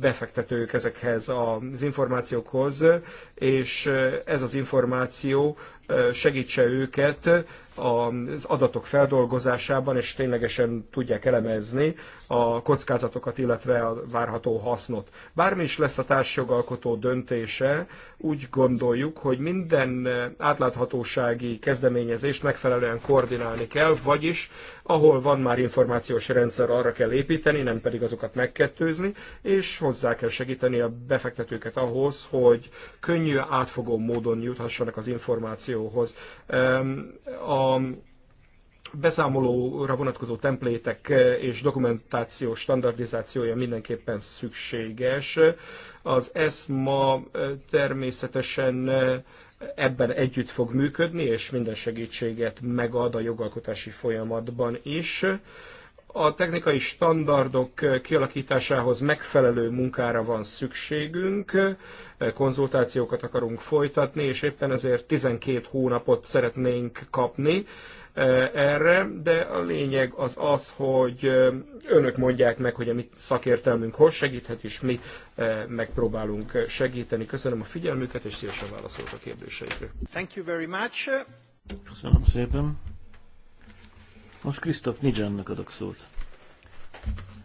befektetők ezekhez az információkhoz, és ez az információ segítse őket az adatok feldolgozásában, és ténylegesen tudják elemezni a kockázatokat, illetve a várható hasznot. Bármi is lesz a társjogalkotó döntése, úgy gondoljuk, hogy minden átláthatósági kezdeményezést megfelelően koordinálni kell, vagyis ahol van már információs rendszer, arra kell építeni, nem pedig azokat megkettőzni, és hozzá kell segíteni a befektetőket ahhoz, hogy könnyű, átfogó módon juthassanak az információ információhoz. A beszámolóra vonatkozó templétek eh, és dokumentáció standardizációja mindenképpen szükséges. Az ESMA eh, természetesen eh, ebben együtt fog működni, és minden segítséget megad a jogalkotási folyamatban is. A technikai standardok eh, kialakításához megfelelő munkára van szükségünk, eh, konzultációkat akarunk folytatni, és éppen ezért 12 hónapot szeretnénk kapni eh, erre, de a lényeg az az, hogy önök mondják meg, hogy a mi szakértelmünk hol segíthet, és mi megpróbálunk segíteni. Köszönöm a figyelmüket, és szívesen válaszolok a kérdéseikre. Thank you very much. Köszönöm szépen. Most Krisztof Nidzsannak adok szót.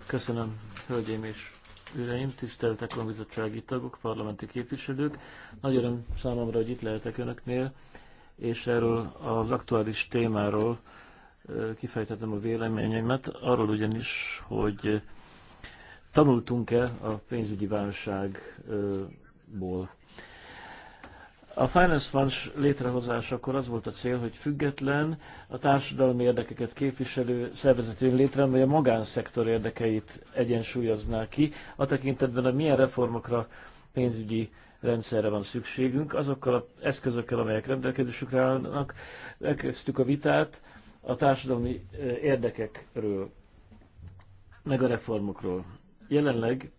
Köszönöm, hölgyeim és üreim, tisztelt bizottsági tagok, parlamenti képviselők. Nagy öröm számomra, hogy itt lehetek önöknél, és erről az aktuális témáról kifejtettem a véleményemet, arról ugyanis, hogy tanultunk-e a pénzügyi válságból. A Finance Funds létrehozásakor az volt a cél, hogy független, a társadalmi érdekeket képviselő szervezet jön létre, amely a magánszektor érdekeit egyensúlyozná ki, a tekintetben, hogy milyen reformokra pénzügyi rendszerre van szükségünk, azokkal az eszközökkel, amelyek rendelkezésükre állnak, elkezdtük a vitát a társadalmi eh, érdekekről, meg a reformokról. Jelenleg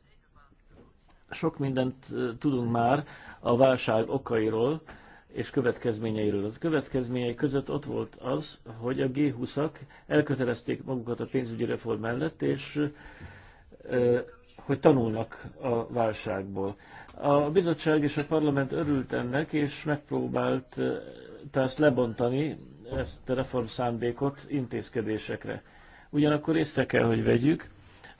sok mindent eh, tudunk már, a válság okairól és következményeiről. A következményei között ott volt az, hogy a G20-ak elkötelezték magukat a pénzügyi reform mellett, és hogy tanulnak a válságból. A bizottság és a parlament örült ennek, és megpróbált ezt lebontani, ezt a reform szándékot intézkedésekre. Ugyanakkor észre kell, hogy vegyük,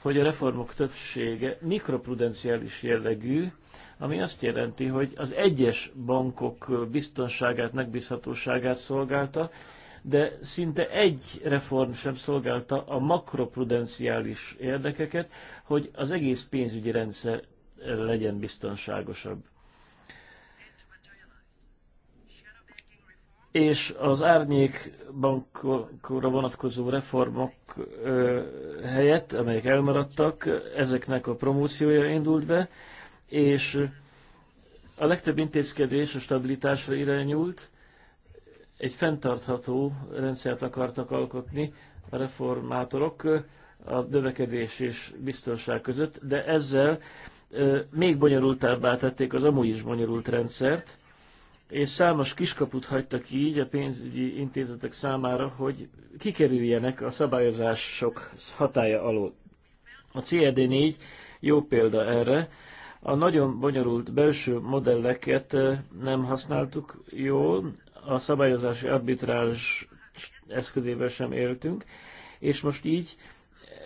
hogy a reformok többsége mikroprudenciális jellegű, ami azt jelenti, hogy az egyes bankok biztonságát, megbízhatóságát szolgálta, de szinte egy reform sem szolgálta a makroprudenciális érdekeket, hogy az egész pénzügyi rendszer legyen biztonságosabb. És az árnyék bankokra vonatkozó reformok helyett, amelyek elmaradtak, ezeknek a promóciója indult be, és a legtöbb intézkedés a stabilitásra irányult, egy fenntartható rendszert akartak alkotni a reformátorok a növekedés és biztonság között, de ezzel még bonyolultábbá tették az amúgy is bonyolult rendszert, és számos kiskaput hagytak így a pénzügyi intézetek számára, hogy kikerüljenek a szabályozások hatája alól. A CRD4 e jó példa erre, a nagyon bonyolult belső modelleket nem használtuk jól, a szabályozási arbitrázs eszközével sem éltünk, és most így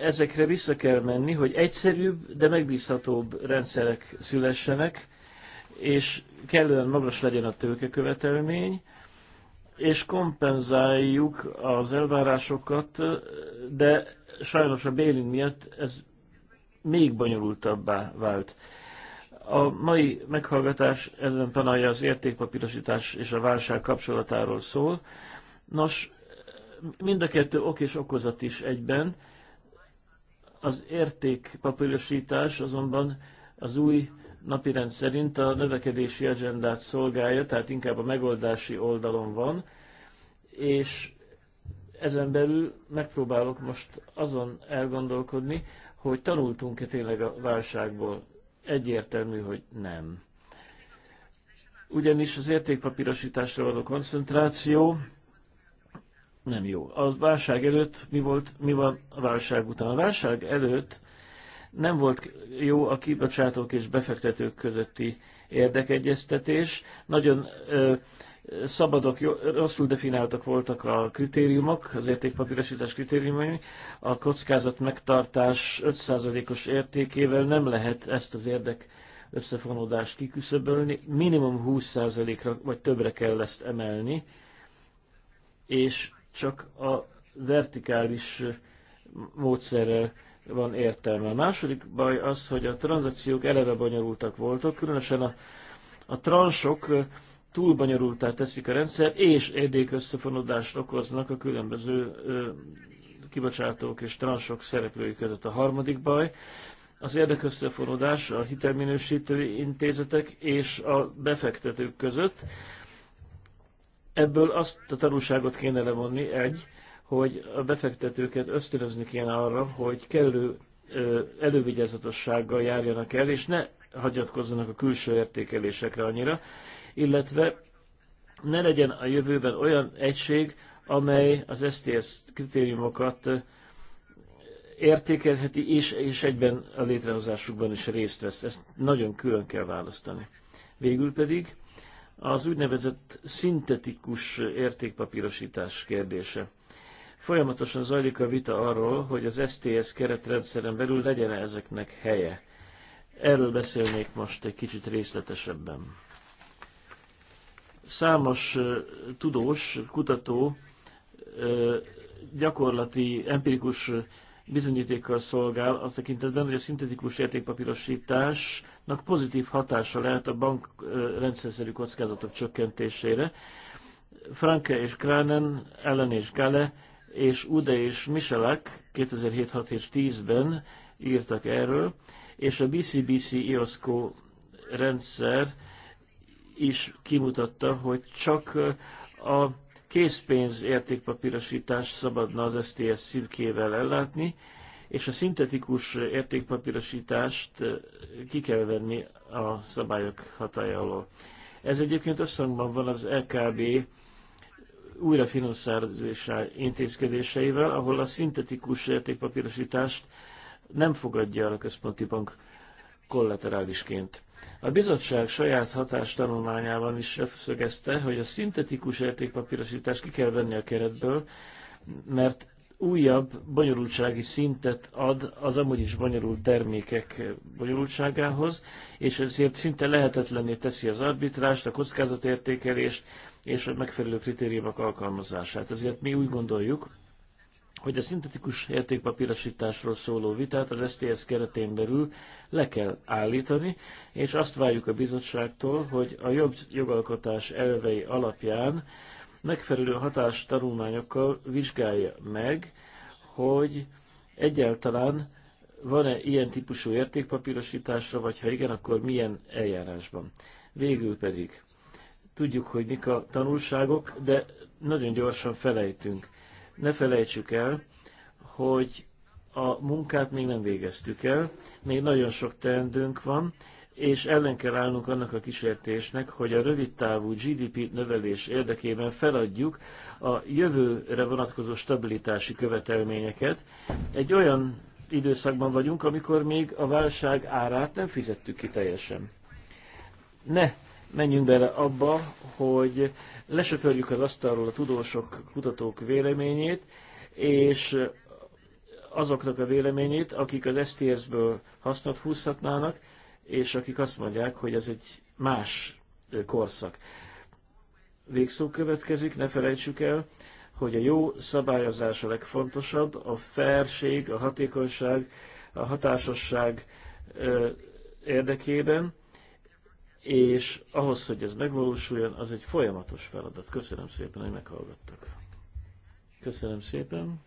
ezekre vissza kell menni, hogy egyszerűbb, de megbízhatóbb rendszerek szülessenek, és kellően magas legyen a tőkekövetelmény, és kompenzáljuk az elvárásokat, de sajnos a bélünk miatt ez még bonyolultabbá vált. A mai meghallgatás ezen tanulja az értékpapírosítás és a válság kapcsolatáról szól. Nos, mind a kettő ok és okozat is egyben. Az értékpapírosítás azonban az új napirend szerint a növekedési agendát szolgálja, tehát inkább a megoldási oldalon van, és ezen belül megpróbálok most azon elgondolkodni, hogy tanultunk-e tényleg a válságból egyértelmű, hogy nem. Ugyanis az értékpapírosításra való koncentráció nem jó. A válság előtt mi volt, mi van a válság után? A válság előtt nem volt jó a kibocsátók és befektetők közötti érdekegyeztetés. Nagyon ö, szabadok, jó rosszul definiáltak voltak a kritériumok, az értékpapírosítás kritériumai, a kockázat megtartás 5%-os értékével nem lehet ezt az érdek összefonódást kiküszöbölni, minimum 20%-ra vagy többre kell ezt emelni, és csak a vertikális módszerrel van értelme. A második baj az, hogy a tranzakciók eleve bonyolultak voltak, különösen a, a transok túl bonyolultá teszik a rendszer, és érdék összefonódást okoznak a különböző kibocsátók és transzok szereplői között. A harmadik baj, az érdekösszefonódás a hitelminősítő intézetek és a befektetők között. Ebből azt a tanulságot kéne levonni egy, hogy a befektetőket ösztönözni kéne arra, hogy kellő elővigyázatossággal járjanak el, és ne hagyatkozzanak a külső értékelésekre annyira, illetve ne legyen a jövőben olyan egység, amely az STS kritériumokat értékelheti, és, és egyben a létrehozásukban is részt vesz. Ezt nagyon külön kell választani. Végül pedig az úgynevezett szintetikus értékpapírosítás kérdése. Folyamatosan zajlik a vita arról, hogy az STS keretrendszeren belül legyen -e ezeknek helye. Erről beszélnék most egy kicsit részletesebben. Számos tudós, kutató gyakorlati, empirikus bizonyítékkal szolgál a tekintetben, hogy a szintetikus értékpapírosításnak pozitív hatása lehet a bank rendszerszerű kockázatok csökkentésére. Franke és Kránen, Ellen és Gale és Ude és Michelak 2007 6 és 10-ben írtak erről, és a BCBC IOSCO rendszer is kimutatta, hogy csak a készpénz értékpapírosítás szabadna az STS szürkével ellátni, és a szintetikus értékpapírosítást ki kell venni a szabályok hatája alól. Ez egyébként összhangban van az LKB újrafinanszározása intézkedéseivel, ahol a szintetikus értékpapírosítást nem fogadja el a központi bank kollaterálisként. A bizottság saját hatástanulmányában is szögezte, hogy a szintetikus értékpapírosítást ki kell venni a keretből, mert újabb bonyolultsági szintet ad az amúgy is bonyolult termékek bonyolultságához, és ezért szinte lehetetlenné teszi az arbitrást, a kockázatértékelést és a megfelelő kritériumok alkalmazását. Ezért mi úgy gondoljuk, hogy a szintetikus értékpapírosításról szóló vitát az STS keretén belül le kell állítani, és azt várjuk a bizottságtól, hogy a jobb jogalkotás elvei alapján megfelelő hatás tanulmányokkal vizsgálja meg, hogy egyáltalán van-e ilyen típusú értékpapírosításra, vagy ha igen, akkor milyen eljárásban. Végül pedig tudjuk, hogy mik a tanulságok, de nagyon gyorsan felejtünk ne felejtsük el, hogy a munkát még nem végeztük el, még nagyon sok teendőnk van, és ellen kell állnunk annak a kísértésnek, hogy a rövidtávú GDP növelés érdekében feladjuk a jövőre vonatkozó stabilitási követelményeket. Egy olyan időszakban vagyunk, amikor még a válság árát nem fizettük ki teljesen. Ne menjünk bele abba, hogy lesöpörjük az asztalról a tudósok, kutatók véleményét, és azoknak a véleményét, akik az STS-ből hasznot húzhatnának, és akik azt mondják, hogy ez egy más korszak. Végszó következik, ne felejtsük el, hogy a jó szabályozás a legfontosabb, a felség, a hatékonyság, a hatásosság érdekében, és ahhoz, hogy ez megvalósuljon, az egy folyamatos feladat. Köszönöm szépen, hogy meghallgattak. Köszönöm szépen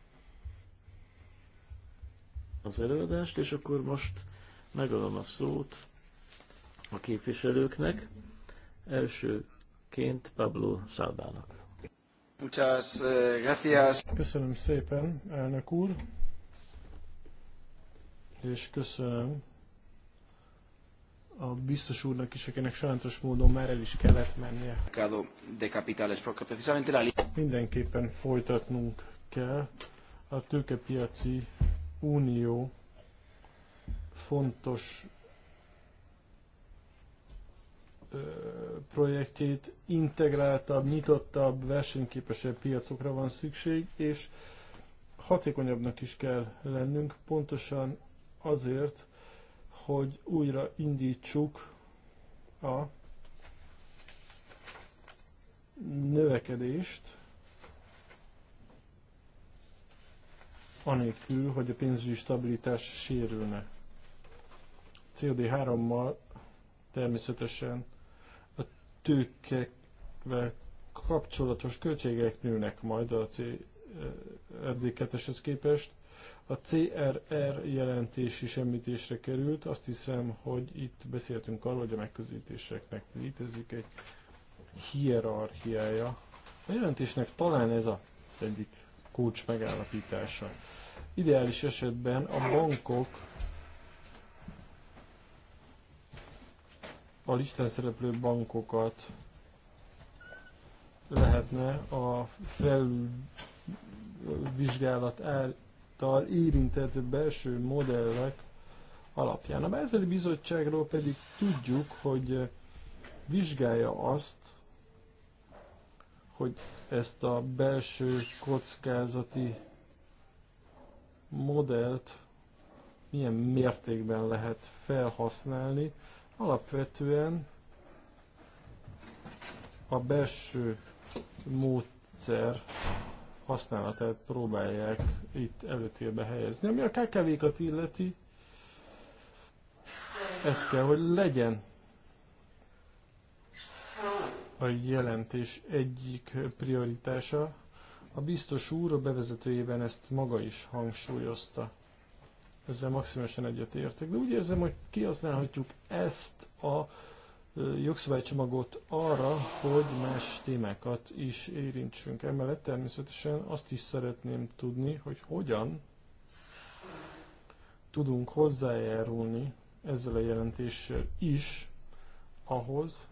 az előadást, és akkor most megadom a szót a képviselőknek. Elsőként Pablo Szálbának. Eh, köszönöm szépen, elnök úr, és köszönöm a biztos úrnak is, akinek sajnos módon már el is kellett mennie. Mindenképpen folytatnunk kell. A tőkepiaci unió fontos projektjét integráltabb, nyitottabb, versenyképesebb piacokra van szükség, és hatékonyabbnak is kell lennünk, pontosan azért, hogy újra indítsuk a növekedést, anélkül, hogy a pénzügyi stabilitás sérülne. COD3-mal természetesen a tőkevel kapcsolatos költségek nőnek majd a crd eh, 2 eshez képest, a CRR jelentés is említésre került. Azt hiszem, hogy itt beszéltünk arról, hogy a megközelítéseknek létezik egy hierarchiája. A jelentésnek talán ez a egyik kulcs megállapítása. Ideális esetben a bankok a listán szereplő bankokat lehetne a felvizsgálat által érintett belső modellek alapján. A Bázeli Bizottságról pedig tudjuk, hogy vizsgálja azt, hogy ezt a belső kockázati modellt milyen mértékben lehet felhasználni. Alapvetően a belső módszer használatát próbálják itt előtérbe helyezni. Ami a KKV-kat illeti, ez kell, hogy legyen a jelentés egyik prioritása. A biztos úr a bevezetőjében ezt maga is hangsúlyozta. Ezzel maximálisan egyetértek, de úgy érzem, hogy kihasználhatjuk ezt a jogszabálycsomagot arra, hogy más témákat is érintsünk. Emellett természetesen azt is szeretném tudni, hogy hogyan tudunk hozzájárulni ezzel a jelentéssel is ahhoz,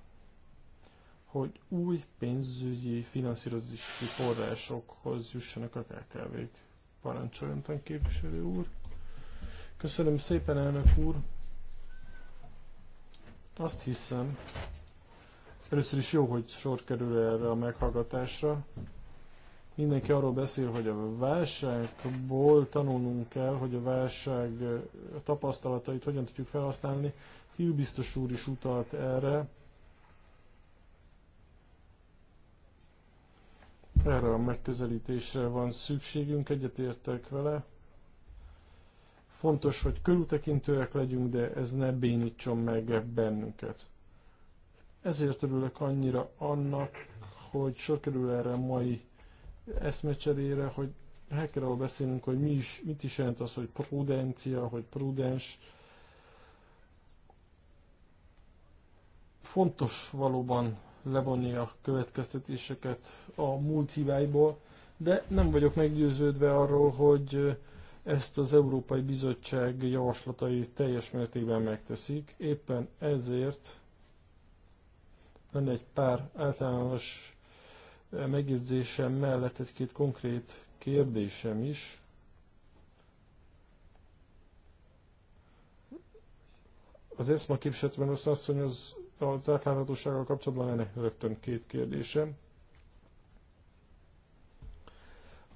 hogy új pénzügyi finanszírozási forrásokhoz jussanak a KKV-k. Parancsoljon, képviselő úr! Köszönöm szépen, elnök úr! Azt hiszem, először is jó, hogy sor kerül erre a meghallgatásra. Mindenki arról beszél, hogy a válságból tanulnunk kell, hogy a válság tapasztalatait hogyan tudjuk felhasználni. Hill biztos úr is utalt erre. Erre a megközelítésre van szükségünk, egyetértek vele. Fontos, hogy körültekintőek legyünk, de ez ne bénítson meg bennünket. Ezért örülök annyira annak, hogy sor kerül erre a mai eszmecserére, hogy el kell beszélnünk, hogy mi is, mit is jelent az, hogy prudencia, hogy prudens. Fontos valóban levonni a következtetéseket a múlt hibáiból, de nem vagyok meggyőződve arról, hogy ezt az Európai Bizottság javaslatai teljes mértékben megteszik. Éppen ezért van egy pár általános megjegyzésem mellett egy-két konkrét kérdésem is. Az ESMA képviseletben mondja, hogy az, az átláthatósággal kapcsolatban lenne rögtön két kérdésem.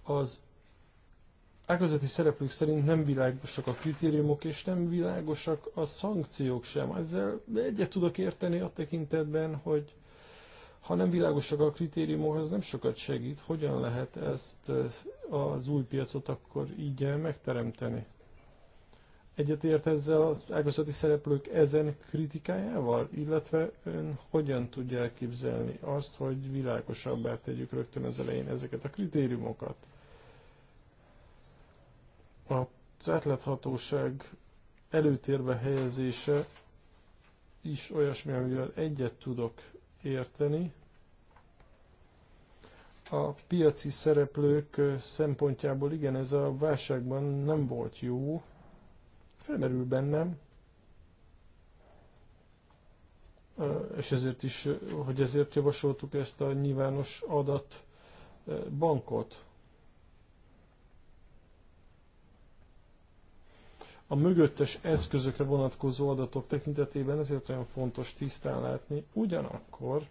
Az ágazati szereplők szerint nem világosak a kritériumok, és nem világosak a szankciók sem. Ezzel egyet tudok érteni a tekintetben, hogy ha nem világosak a kritériumok, az nem sokat segít. Hogyan lehet ezt eh, az új piacot akkor így megteremteni? ért ezzel az ágazati szereplők ezen kritikájával, illetve ön hogyan tudja elképzelni azt, hogy világosabbá tegyük rögtön az elején ezeket a kritériumokat? a cetlethatóság előtérbe helyezése is olyasmi, amivel egyet tudok érteni. A piaci szereplők szempontjából igen, ez a válságban nem volt jó. Felmerül bennem, és ezért is, hogy ezért javasoltuk ezt a nyilvános adat bankot. a mögöttes eszközökre vonatkozó adatok tekintetében ezért olyan fontos tisztán látni. Ugyanakkor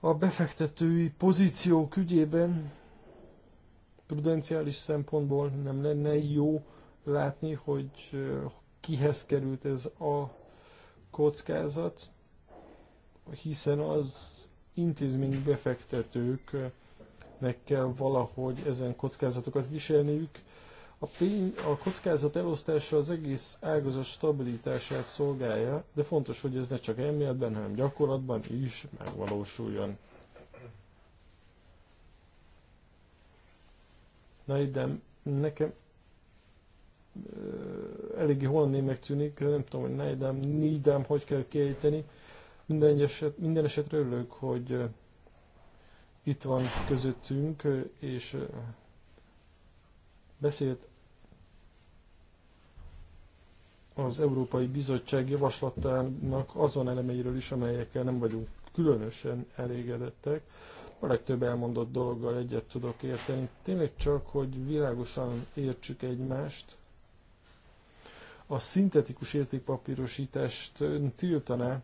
a befektetői pozíciók ügyében prudenciális szempontból nem lenne jó látni, hogy eh, kihez került ez a kockázat, hiszen az intézményi befektetőknek kell valahogy ezen kockázatokat viselniük, a, pénz, a kockázat elosztása az egész ágazat stabilitását szolgálja, de fontos, hogy ez ne csak elméletben, hanem gyakorlatban is megvalósuljon. Na ide, nekem eléggé hollandnémnek tűnik, nem tudom, hogy nejdem, nídem, hogy kell kiejteni. Minden, eset, minden esetre örülök, hogy itt van közöttünk, és beszélt az Európai Bizottság javaslatának azon elemeiről is, amelyekkel nem vagyunk különösen elégedettek. A legtöbb elmondott dologgal egyet tudok érteni. Tényleg csak, hogy világosan értsük egymást. A szintetikus értékpapírosítást tiltaná,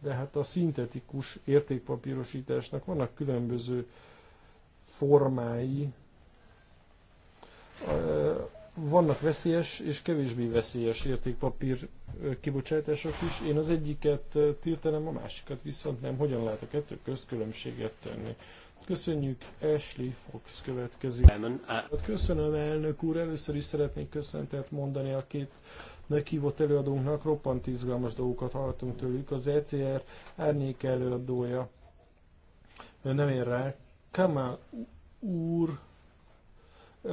de hát a szintetikus értékpapírosításnak vannak különböző formái vannak veszélyes és kevésbé veszélyes értékpapír kibocsátások is. Én az egyiket tiltenem, a másikat viszont nem. Hogyan lehet a kettő közt különbséget tenni? Köszönjük, Ashley Fox következik. Uh, hát köszönöm, elnök úr. Először is szeretnék köszöntet mondani a két meghívott előadónknak. Roppant izgalmas dolgokat hallottunk tőlük. Az ECR árnyék előadója nem ér rá. Kamal úr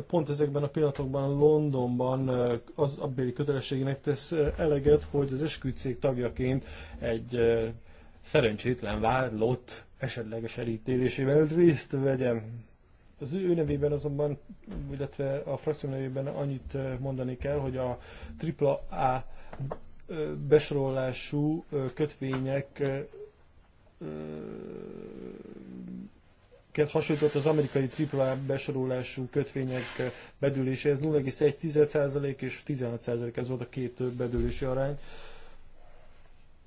pont ezekben a pillanatokban Londonban az abbéli kötelességének tesz eleget, hogy az esküdtszék tagjaként egy szerencsétlen vádlott esetleges elítélésével részt vegyen. Az ő nevében azonban, illetve a frakció nevében annyit mondani kell, hogy a AAA besorolású kötvények hasonlított az amerikai AAA besorolású kötvények bedőléséhez 0,1% és 16% ez volt a két bedülési arány.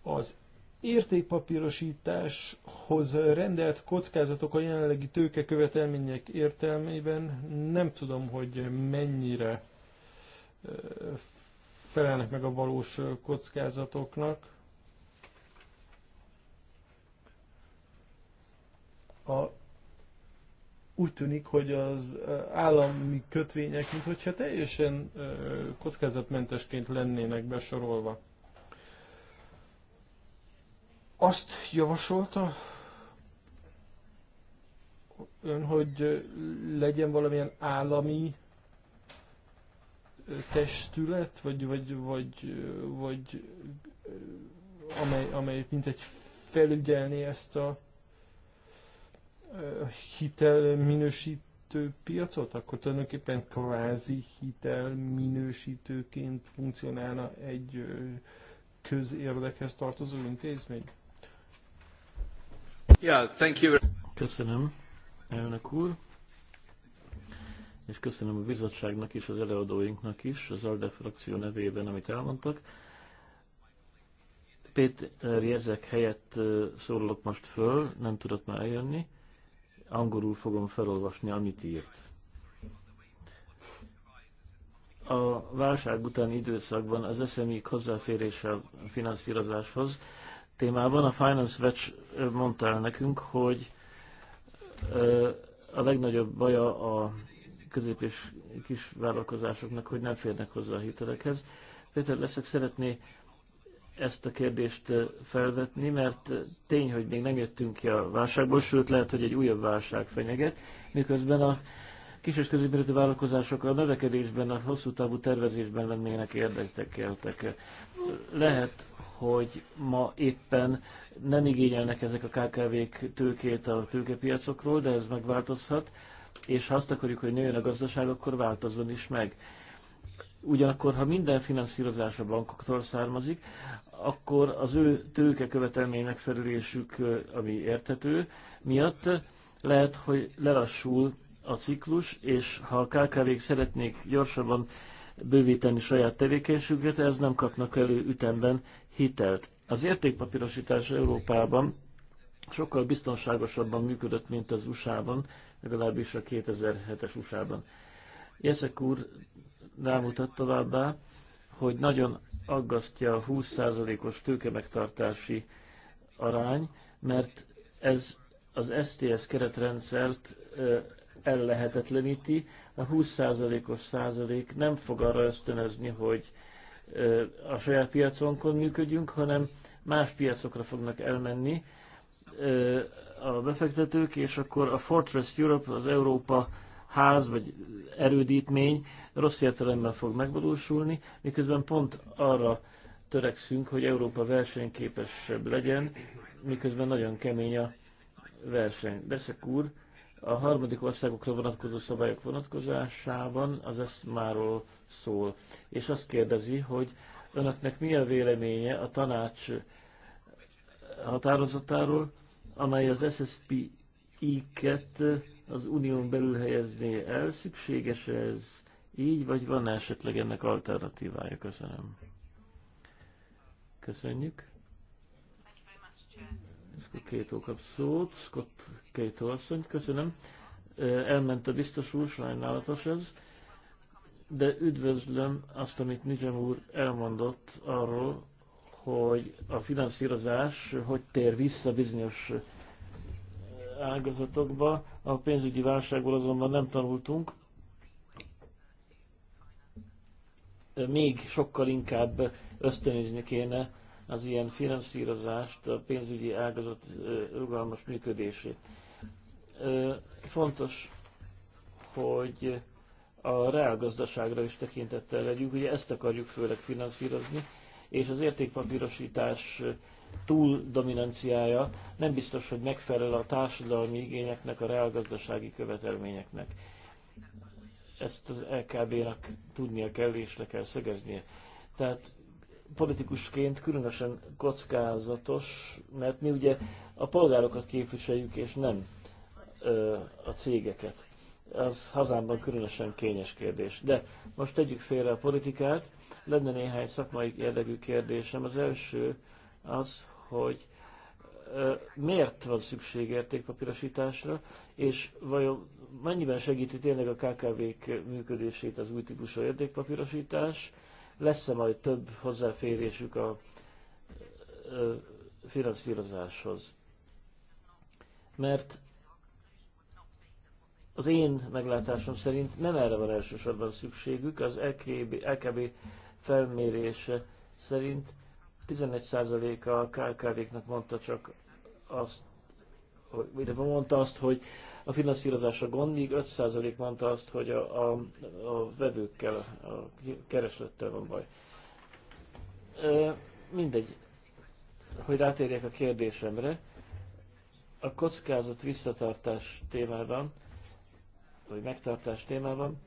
Az értékpapírosításhoz rendelt kockázatok a jelenlegi követelmények értelmében nem tudom, hogy mennyire felelnek meg a valós kockázatoknak. A úgy tűnik, hogy az állami kötvények, mintha teljesen kockázatmentesként lennének besorolva. Azt javasolta ön, hogy legyen valamilyen állami testület, vagy, vagy, vagy, vagy amely, amely mint egy felügyelni ezt a hitelminősítő piacot, akkor tulajdonképpen kvázi hitelminősítőként funkcionálna egy közérdekhez tartozó intézmény? Yeah, thank you. Köszönöm, elnök úr, és köszönöm a bizottságnak is, az előadóinknak is, az ALDE frakció nevében, amit elmondtak. Péter Jezek helyett szólok most föl, nem tudott már eljönni. Angolul fogom felolvasni, amit írt. A válság utáni időszakban az SMI hozzáférése a finanszírozáshoz témában a Finance Watch mondta el nekünk, hogy a legnagyobb baja a közép és kis vállalkozásoknak, hogy nem férnek hozzá a hitelekhez. Péter Leszek szeretné ezt a kérdést felvetni, mert tény, hogy még nem jöttünk ki a válságból, sőt lehet, hogy egy újabb válság fenyeget, miközben a kis és középméretű vállalkozások a növekedésben, a hosszú távú tervezésben lennének érdekeltek. Lehet, hogy ma éppen nem igényelnek ezek a KKV-k tőkét a tőkepiacokról, de ez megváltozhat, és ha azt akarjuk, hogy nőjön a gazdaság, akkor változzon is meg. Ugyanakkor, ha minden finanszírozás a bankoktól származik, akkor az ő tőke követelmény megfelelésük, ami érthető, miatt lehet, hogy lelassul a ciklus, és ha a KKV-k szeretnék gyorsabban bővíteni saját tevékenységüket, ez nem kapnak elő ütemben hitelt. Az értékpapírosítás Európában sokkal biztonságosabban működött, mint az USA-ban, legalábbis a 2007-es USA-ban. Jeszek úr rámutat továbbá, hogy nagyon aggasztja a 20%-os tőkemegtartási arány, mert ez az STS keretrendszert ellehetetleníti. A 20%-os százalék nem fog arra ösztönözni, hogy a saját piaconkon működjünk, hanem más piacokra fognak elmenni a befektetők, és akkor a Fortress Europe, az Európa ház vagy erődítmény rossz értelemben fog megvalósulni, miközben pont arra törekszünk, hogy Európa versenyképesebb legyen, miközben nagyon kemény a verseny. Beszek úr, a harmadik országokra vonatkozó szabályok vonatkozásában az ezt máról szól, és azt kérdezi, hogy önöknek mi a véleménye a tanács határozatáról, amely az SSP-iket az unión belül helyezni el? Szükséges ez így, vagy van -e esetleg ennek alternatívája? Köszönöm. Köszönjük. Scott Kato kap szót. Scott Kato asszony, köszönöm. Elment a biztos úr, sajnálatos ez de üdvözlöm azt, amit Nizsem úr elmondott arról, hogy a finanszírozás hogy tér vissza bizonyos ágazatokba. A pénzügyi válságból azonban nem tanultunk. Még sokkal inkább ösztönözni kéne az ilyen finanszírozást, a pénzügyi ágazat rugalmas működését. Fontos, hogy a reálgazdaságra is tekintettel legyünk, ugye ezt akarjuk főleg finanszírozni, és az értékpapírosítás túl dominanciája nem biztos, hogy megfelel a társadalmi igényeknek, a reálgazdasági követelményeknek. Ezt az LKB-nak tudnia kell és le kell szegeznie. Tehát politikusként különösen kockázatos, mert mi ugye a polgárokat képviseljük, és nem ö, a cégeket. Az hazámban különösen kényes kérdés. De most tegyük félre a politikát, lenne néhány szakmai érdekű kérdésem. Az első, az, hogy miért van szükség értékpapírosításra, és vajon mennyiben segíti tényleg a KKV-k működését az új típusú értékpapírosítás, lesz-e majd több hozzáférésük a finanszírozáshoz. Mert az én meglátásom szerint nem erre van elsősorban szükségük, az LKB, LKB felmérése szerint 11%-a a, a kkv knak mondta csak azt, hogy, mondta azt, hogy a finanszírozása gond, míg 5% mondta azt, hogy a, a, a vevőkkel, a kereslettel van baj. mindegy, hogy rátérjek a kérdésemre, a kockázat visszatartás témában, vagy megtartás témában,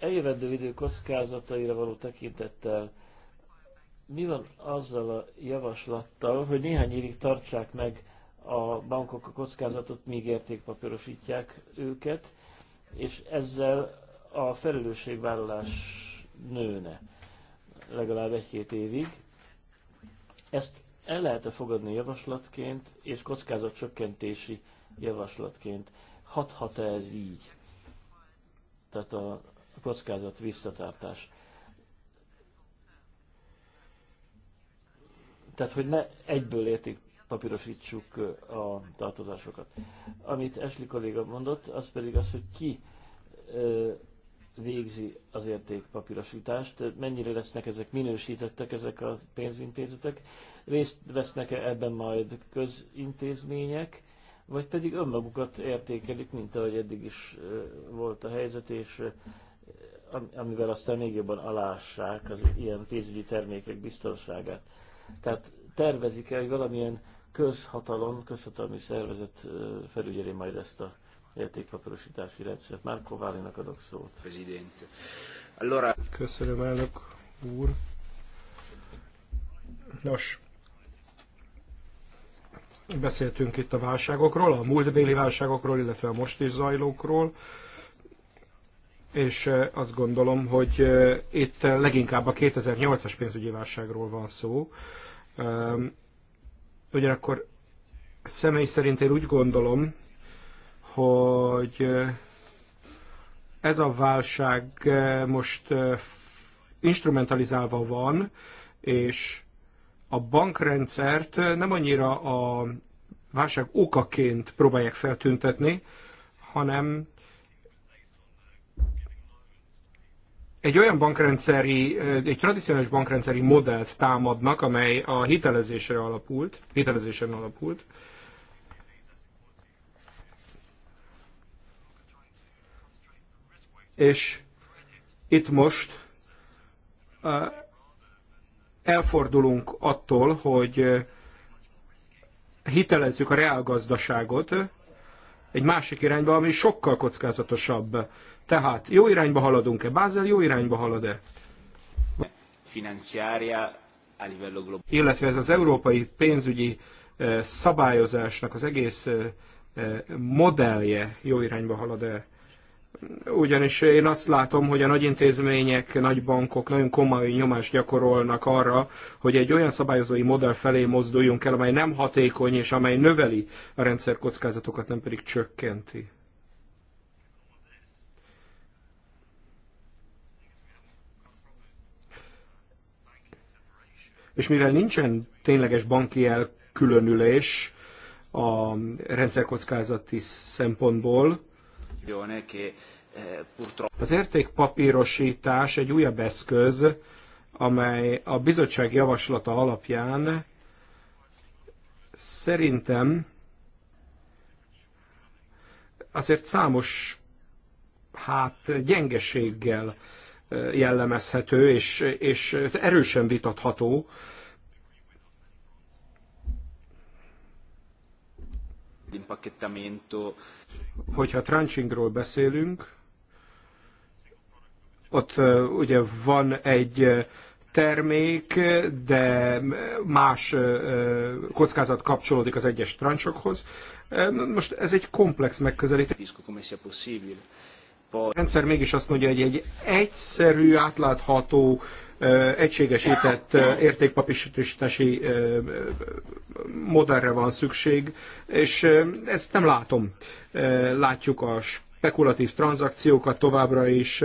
eljövendő idő kockázataira való tekintettel mi van azzal a javaslattal, hogy néhány évig tartsák meg a bankok a kockázatot, míg értékpapírosítják őket, és ezzel a felelősségvállalás nőne legalább egy-két évig. Ezt el lehet -e fogadni javaslatként, és kockázatcsökkentési javaslatként. Hathat-e ez így? Tehát a, kockázat visszatartás. Tehát, hogy ne egyből értik papírosítsuk a tartozásokat. Amit Esli kolléga mondott, az pedig az, hogy ki végzi az értékpapírosítást, mennyire lesznek ezek minősítettek, ezek a pénzintézetek, részt vesznek-e ebben majd közintézmények, vagy pedig önmagukat értékelik, mint ahogy eddig is volt a helyzet, és amivel aztán még jobban alássák az ilyen pénzügyi termékek biztonságát. Tehát tervezik el, hogy valamilyen közhatalom, közhatalmi szervezet felügyeli majd ezt a értékpapírosítási rendszert. Már Kovárinak adok szót. Allora... Köszönöm, elnök úr. Nos, beszéltünk itt a válságokról, a múltbéli válságokról, illetve a most is zajlókról és azt gondolom, hogy itt leginkább a 2008-as pénzügyi válságról van szó. Ugyanakkor személy szerint én úgy gondolom, hogy ez a válság most instrumentalizálva van, és a bankrendszert nem annyira a válság okaként próbálják feltüntetni, hanem egy olyan bankrendszeri, egy tradicionális bankrendszeri modellt támadnak, amely a hitelezésre alapult, hitelezésen alapult. És itt most elfordulunk attól, hogy hitelezzük a reálgazdaságot egy másik irányba, ami sokkal kockázatosabb. Tehát jó irányba haladunk-e? Bázel jó irányba halad-e? Illetve ez az európai pénzügyi eh, szabályozásnak az egész eh, eh, modellje jó irányba halad-e? Ugyanis én azt látom, hogy a nagy intézmények, nagy bankok nagyon komoly nyomást gyakorolnak arra, hogy egy olyan szabályozói modell felé mozduljunk el, amely nem hatékony és amely növeli a rendszer kockázatokat, nem pedig csökkenti. és mivel nincsen tényleges banki elkülönülés a rendszerkockázati szempontból, az értékpapírosítás egy újabb eszköz, amely a bizottság javaslata alapján szerintem azért számos hát gyengeséggel jellemezhető, és, és erősen vitatható. Hogyha trunchingról beszélünk, ott ugye van egy termék, de más kockázat kapcsolódik az egyes trancsokhoz. Most ez egy komplex megközelítés. A rendszer mégis azt mondja, hogy egy egyszerű, átlátható, egységesített értékpapírsítási modellre van szükség, és ezt nem látom. Látjuk a spekulatív tranzakciókat továbbra is,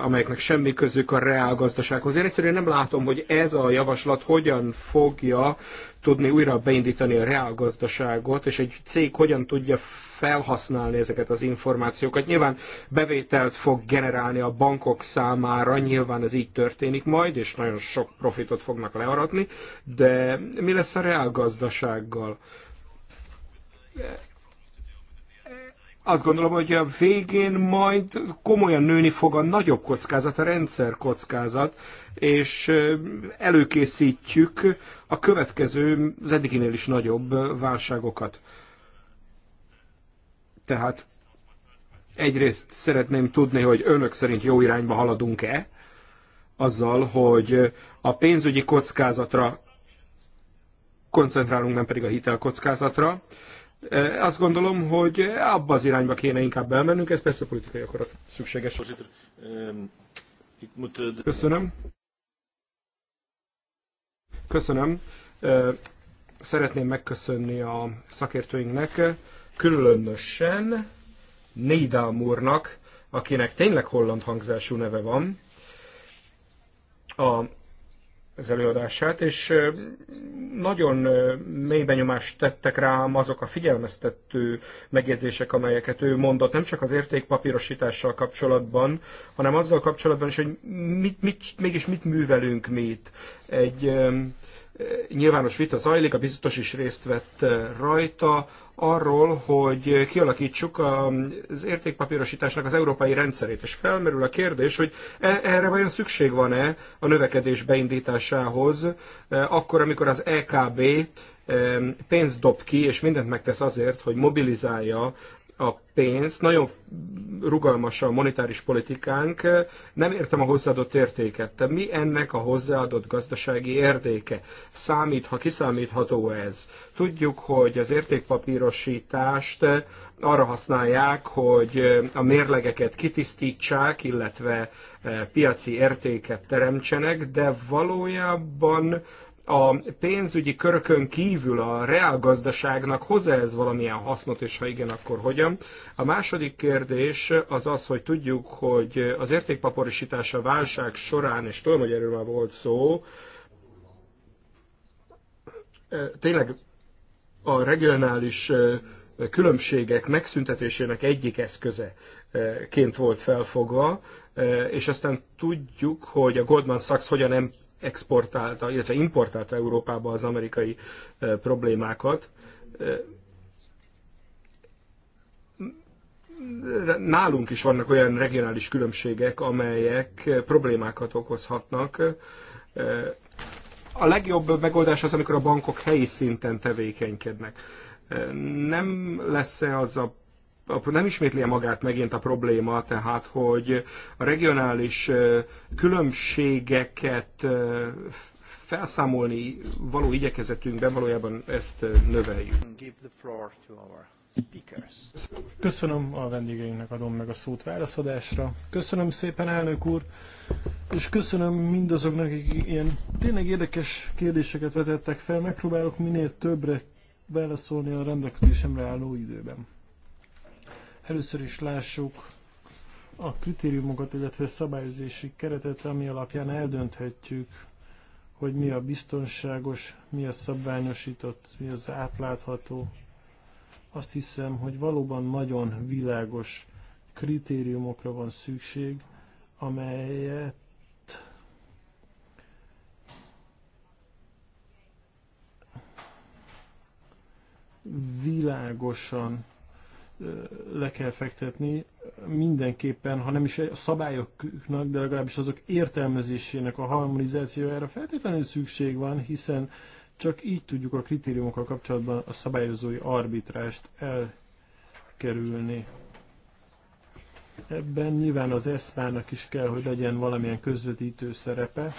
amelyeknek semmi közük a reál gazdasághoz. Én egyszerűen nem látom, hogy ez a javaslat hogyan fogja tudni újra beindítani a reál gazdaságot, és egy cég hogyan tudja felhasználni ezeket az információkat. Nyilván bevételt fog generálni a bankok számára, nyilván ez így történik majd, és nagyon sok profitot fognak learatni, de mi lesz a gazdasággal? azt gondolom, hogy a végén majd komolyan nőni fog a nagyobb kockázat, a rendszer kockázat, és előkészítjük a következő, az eddiginél is nagyobb válságokat. Tehát egyrészt szeretném tudni, hogy önök szerint jó irányba haladunk-e, azzal, hogy a pénzügyi kockázatra koncentrálunk, nem pedig a hitelkockázatra. kockázatra azt gondolom, hogy abba az irányba kéne inkább elmennünk, ez persze politikai akarat szükséges. Köszönöm. Köszönöm. Szeretném megköszönni a szakértőinknek, különösen Nédám úrnak, akinek tényleg holland hangzású neve van, a az előadását, és nagyon mély benyomást tettek rám azok a figyelmeztető megjegyzések, amelyeket ő mondott, nem csak az értékpapírosítással kapcsolatban, hanem azzal kapcsolatban is, hogy mit, mit, mégis mit művelünk mi itt. Egy nyilvános vita zajlik, a biztos is részt vett rajta, arról, hogy kialakítsuk az értékpapírosításnak az európai rendszerét. És felmerül a kérdés, hogy e, erre vajon szükség van-e a növekedés beindításához, e, akkor, amikor az EKB e, pénzt dob ki, és mindent megtesz azért, hogy mobilizálja a pénz nagyon rugalmas a monetáris politikánk, nem értem a hozzáadott értéket. De mi ennek a hozzáadott gazdasági értéke? Számít, ha kiszámítható ez? Tudjuk, hogy az értékpapírosítást arra használják, hogy a mérlegeket kitisztítsák, illetve eh, piaci értéket teremtsenek, de valójában a pénzügyi körökön kívül a reálgazdaságnak hozzá ez valamilyen hasznot, és ha igen, akkor hogyan? A második kérdés az az, hogy tudjuk, hogy az értékpaporisítás a válság során, és tudom, hogy erről már volt szó, e, tényleg a regionális e, különbségek megszüntetésének egyik eszköze e, ként volt felfogva, és aztán tudjuk, hogy a Goldman Sachs hogyan exportálta, illetve importálta Európába az amerikai problémákat. Nálunk is vannak olyan regionális különbségek, amelyek problémákat okozhatnak. A legjobb megoldás az, amikor a bankok helyi szinten tevékenykednek. Nem lesz-e az a nem ismétli magát megint a probléma, tehát hogy a regionális különbségeket felszámolni való igyekezetünkben valójában ezt növeljük. Köszönöm a vendégeinknek, adom meg a szót válaszadásra. Köszönöm szépen, elnök úr, és köszönöm mindazoknak, akik ilyen tényleg érdekes kérdéseket vetettek fel. Megpróbálok minél többre válaszolni a rendelkezésemre álló időben. Először is lássuk a kritériumokat, illetve szabályozási keretet, ami alapján eldönthetjük, hogy mi a biztonságos, mi a szabványosított, mi az átlátható. Azt hiszem, hogy valóban nagyon világos kritériumokra van szükség, amelyet világosan le kell fektetni, mindenképpen, ha nem is a szabályoknak, de legalábbis azok értelmezésének a harmonizációjára feltétlenül szükség van, hiszen csak így tudjuk a kritériumokkal kapcsolatban a szabályozói arbitrást elkerülni. Ebben nyilván az ESZPÁ-nak is kell, hogy legyen valamilyen közvetítő szerepe.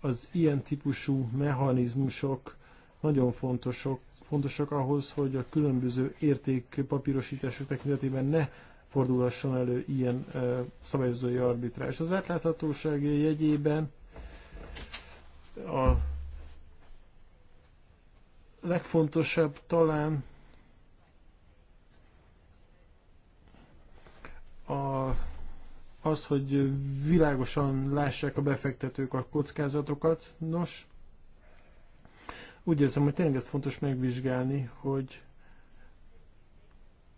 Az ilyen típusú mechanizmusok nagyon fontosok fontosak ahhoz, hogy a különböző értékpapírosítások tekintetében ne fordulhasson elő ilyen ö, szabályozói arbitrás. Az átláthatóság jegyében a legfontosabb talán a, az, hogy világosan lássák a befektetők a kockázatokat. Nos, úgy érzem, hogy tényleg ezt fontos megvizsgálni, hogy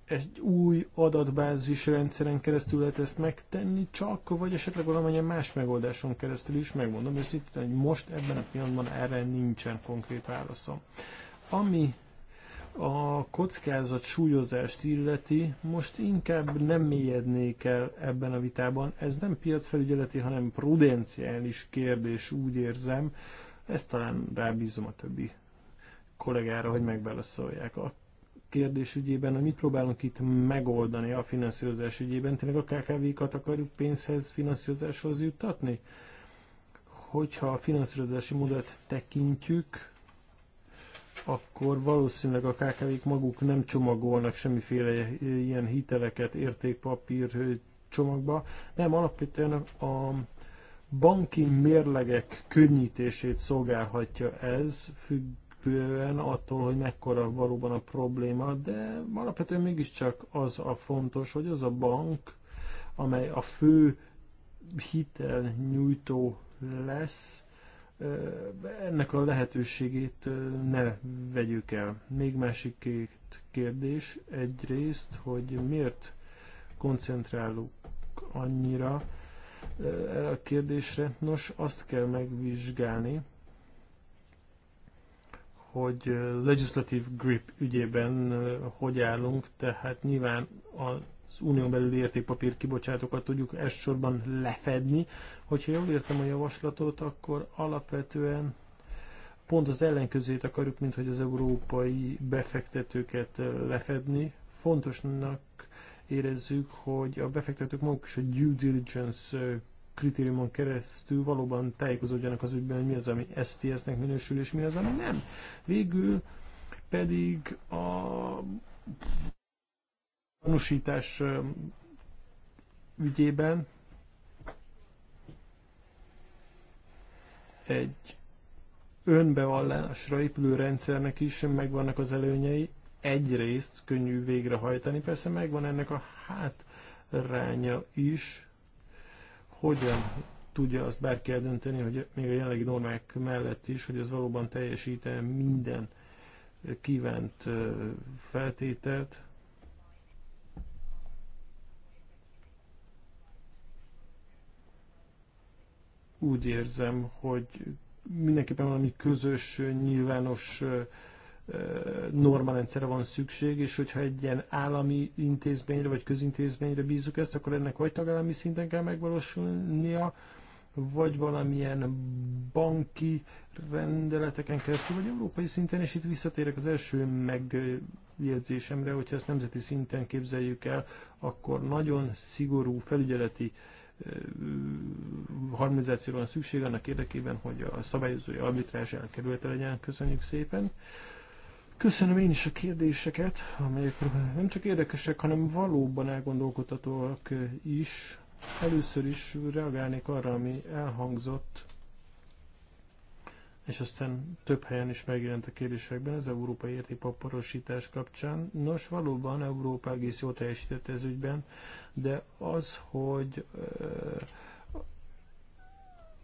egy új adatbázis rendszeren keresztül lehet ezt megtenni, csak vagy esetleg valamilyen más megoldáson keresztül is, megmondom őszintén, hogy most ebben a pillanatban erre nincsen konkrét válaszom. Ami a kockázat súlyozást illeti, most inkább nem mélyednék el ebben a vitában. Ez nem piacfelügyeleti, hanem prudenciális kérdés, úgy érzem. Ezt talán rábízom a többi kollégára, hogy megbeleszolják. a kérdés ügyében, hogy mit próbálunk itt megoldani a finanszírozás ügyében. Tényleg a KKV-kat akarjuk pénzhez, finanszírozáshoz juttatni? Hogyha a finanszírozási modellt tekintjük, akkor valószínűleg a KKV-k maguk nem csomagolnak semmiféle ilyen hiteleket értékpapír csomagba, nem alapvetően a banki mérlegek könnyítését szolgálhatja ez, függően attól, hogy mekkora valóban a probléma, de alapvetően mégiscsak az a fontos, hogy az a bank, amely a fő hitelnyújtó lesz, ennek a lehetőségét ne vegyük el. Még másik két kérdés. Egyrészt, hogy miért koncentrálunk annyira erre a kérdésre. Nos, azt kell megvizsgálni, hogy legislative grip ügyében hogy állunk, tehát nyilván az unión belüli értékpapír kibocsátókat tudjuk elsősorban lefedni. Hogyha jól értem a javaslatot, akkor alapvetően pont az ellenközét akarjuk, mint hogy az európai befektetőket lefedni. Fontosnak érezzük, hogy a befektetők maguk is a due diligence kritériumon keresztül valóban tájékozódjanak az ügyben, hogy mi az, ami STS-nek minősül, és mi az, ami nem. Végül pedig a tanúsítás ügyében egy önbevallásra épülő rendszernek is megvannak az előnyei, egyrészt könnyű végrehajtani, persze megvan ennek a hátránya is, hogyan tudja azt bárki eldönteni, hogy még a jelenlegi normák mellett is, hogy ez valóban teljesít -e minden kívánt feltételt. Úgy érzem, hogy mindenképpen valami közös, nyilvános normarendszerre van szükség, és hogyha egy ilyen állami intézményre vagy közintézményre bízzuk ezt, akkor ennek vagy tagállami szinten kell megvalósulnia, vagy valamilyen banki rendeleteken keresztül, vagy európai szinten, és itt visszatérek az első megjegyzésemre, hogyha ezt nemzeti szinten képzeljük el, akkor nagyon szigorú felügyeleti harmonizációra van szükség annak érdekében, hogy a szabályozói arbitrás elkerülete legyen. Köszönjük szépen! Köszönöm én is a kérdéseket, amelyek nem csak érdekesek, hanem valóban elgondolkodhatóak is. Először is reagálnék arra, ami elhangzott, és aztán több helyen is megjelent a kérdésekben az európai értékpaparosítás kapcsán. Nos, valóban Európa egész jól teljesített ez ügyben, de az, hogy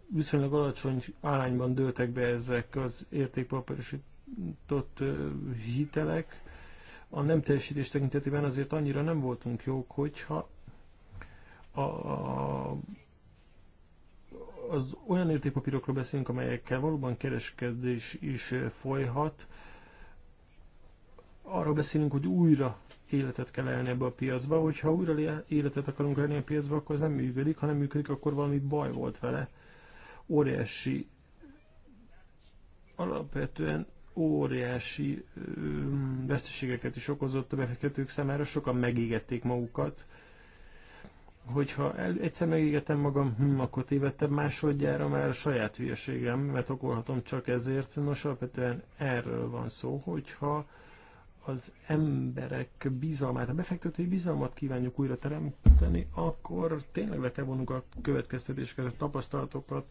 viszonylag alacsony arányban dőltek be ezek az értékpaparosítások, nyújtott hitelek a nem teljesítés tekintetében azért annyira nem voltunk jók, hogyha a, az olyan értékpapírokról beszélünk, amelyekkel valóban kereskedés is folyhat, arról beszélünk, hogy újra életet kell elni ebbe a piacba, hogyha újra életet akarunk elni a piacba, akkor ez nem működik, ha nem működik, akkor valami baj volt vele. Óriási alapvetően óriási veszteségeket is okozott a befektetők számára, sokan megégették magukat. Hogyha el, egyszer megégetem magam, hm, akkor tévedtem másodjára már a saját hülyeségem, mert okolhatom csak ezért. Nos, alapvetően erről van szó, hogyha az emberek bizalmát, a befektetői bizalmat kívánjuk újra teremteni, akkor tényleg le kell vonunk a következtetéseket, a tapasztalatokat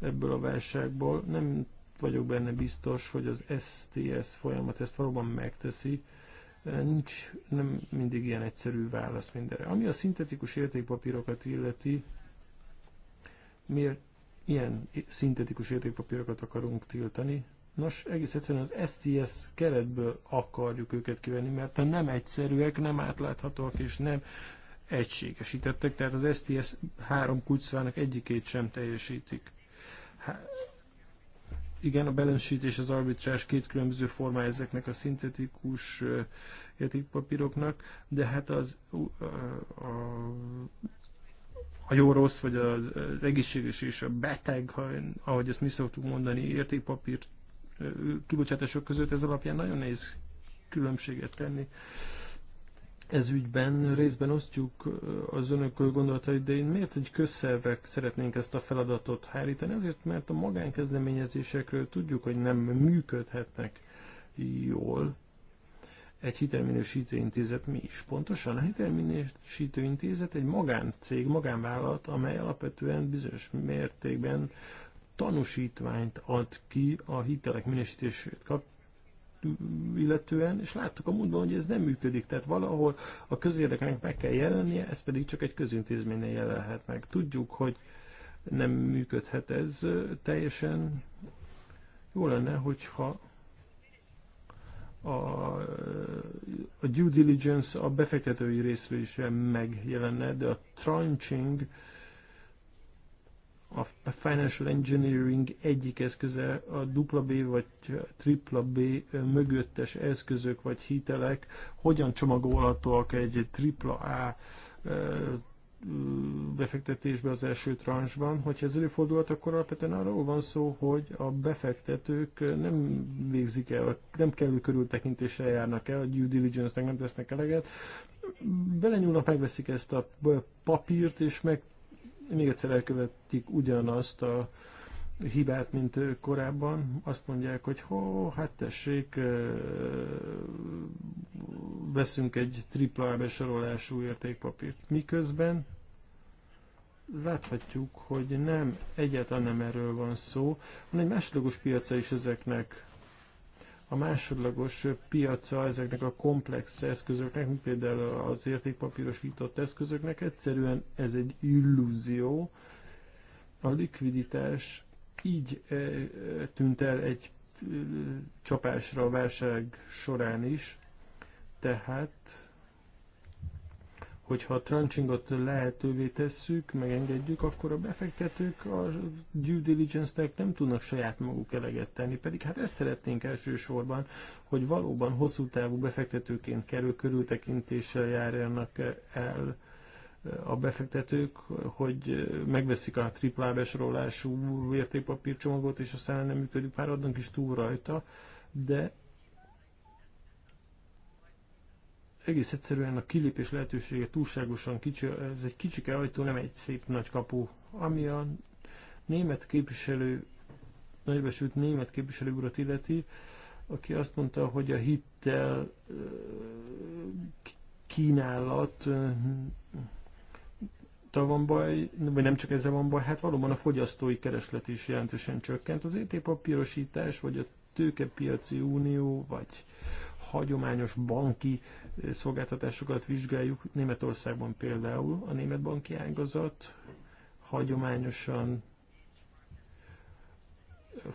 ebből a válságból. Nem vagyok benne biztos, hogy az STS folyamat ezt valóban megteszi. Nincs nem mindig ilyen egyszerű válasz mindenre. Ami a szintetikus értékpapírokat illeti, miért ilyen szintetikus értékpapírokat akarunk tiltani? Nos, egész egyszerűen az STS keretből akarjuk őket kivenni, mert nem egyszerűek, nem átláthatóak és nem egységesítettek, tehát az STS három kulcszának egyikét sem teljesítik igen, a balance és az arbitrás két különböző forma ezeknek a szintetikus értékpapíroknak, de hát az a, a, a jó-rossz, vagy az egészséges és a beteg, ha, ahogy ezt mi szoktuk mondani, értékpapír kibocsátások között ez alapján nagyon nehéz különbséget tenni ez ügyben részben osztjuk az önök gondolatait, de én miért egy közszervek szeretnénk ezt a feladatot hárítani? Azért, mert a magánkezdeményezésekről tudjuk, hogy nem működhetnek jól. Egy hitelminősítő intézet mi is? Pontosan a hitelminősítő intézet egy magáncég, magánvállalat, amely alapvetően bizonyos mértékben tanúsítványt ad ki a hitelek minősítését kapcsolatban illetően, és láttuk a múltban, hogy ez nem működik, tehát valahol a közérdeknek meg kell jelennie, ez pedig csak egy közintézményen jelenhet meg. Tudjuk, hogy nem működhet ez teljesen. Jó lenne, hogyha a, a due diligence a befektetői részről is megjelenne, de a tranching a financial engineering egyik eszköze a dupla B vagy tripla B mögöttes eszközök vagy hitelek hogyan csomagolhatóak egy tripla A eh, befektetésbe az első transzban. Hogyha ez előfordulhat, akkor alapvetően arról van szó, hogy a befektetők nem végzik el, nem kellő körültekintésre járnak el, a due diligence-nek nem tesznek eleget. Belenyúlnak, megveszik ezt a papírt, és meg még egyszer elkövetik ugyanazt a hibát, mint korábban. Azt mondják, hogy hó, hát tessék, veszünk egy tripla besorolású értékpapírt. Miközben láthatjuk, hogy nem egyáltalán nem erről van szó, hanem egy másodlagos piaca is ezeknek a másodlagos piaca ezeknek a komplex eszközöknek, mint például az értékpapírosított eszközöknek, egyszerűen ez egy illúzió. A likviditás így eh, tűnt el egy eh, csapásra a válság során is, tehát hogyha a trunchingot lehetővé tesszük, megengedjük, akkor a befektetők a due diligence-nek nem tudnak saját maguk eleget tenni, pedig hát ezt szeretnénk elsősorban, hogy valóban hosszú távú befektetőként kerül körültekintéssel járjanak el a befektetők, hogy megveszik a tripláb besorolású értékpapírcsomagot, és aztán nem működik, pár adnak is túl rajta, de egész egyszerűen a kilépés lehetősége túlságosan kicsi, ez egy kicsike ajtó, nem egy szép nagy kapu. Ami a német képviselő, nagybesült német képviselő urat illeti, aki azt mondta, hogy a hittel eh, kínálat eh, hm, van baj, vagy nem csak ezzel van baj, hát valóban a fogyasztói kereslet is jelentősen csökkent. Az ET papírosítás, vagy a tőkepiaci unió, vagy hagyományos banki eh, szolgáltatásokat vizsgáljuk, Németországban például a német banki ágazat hagyományosan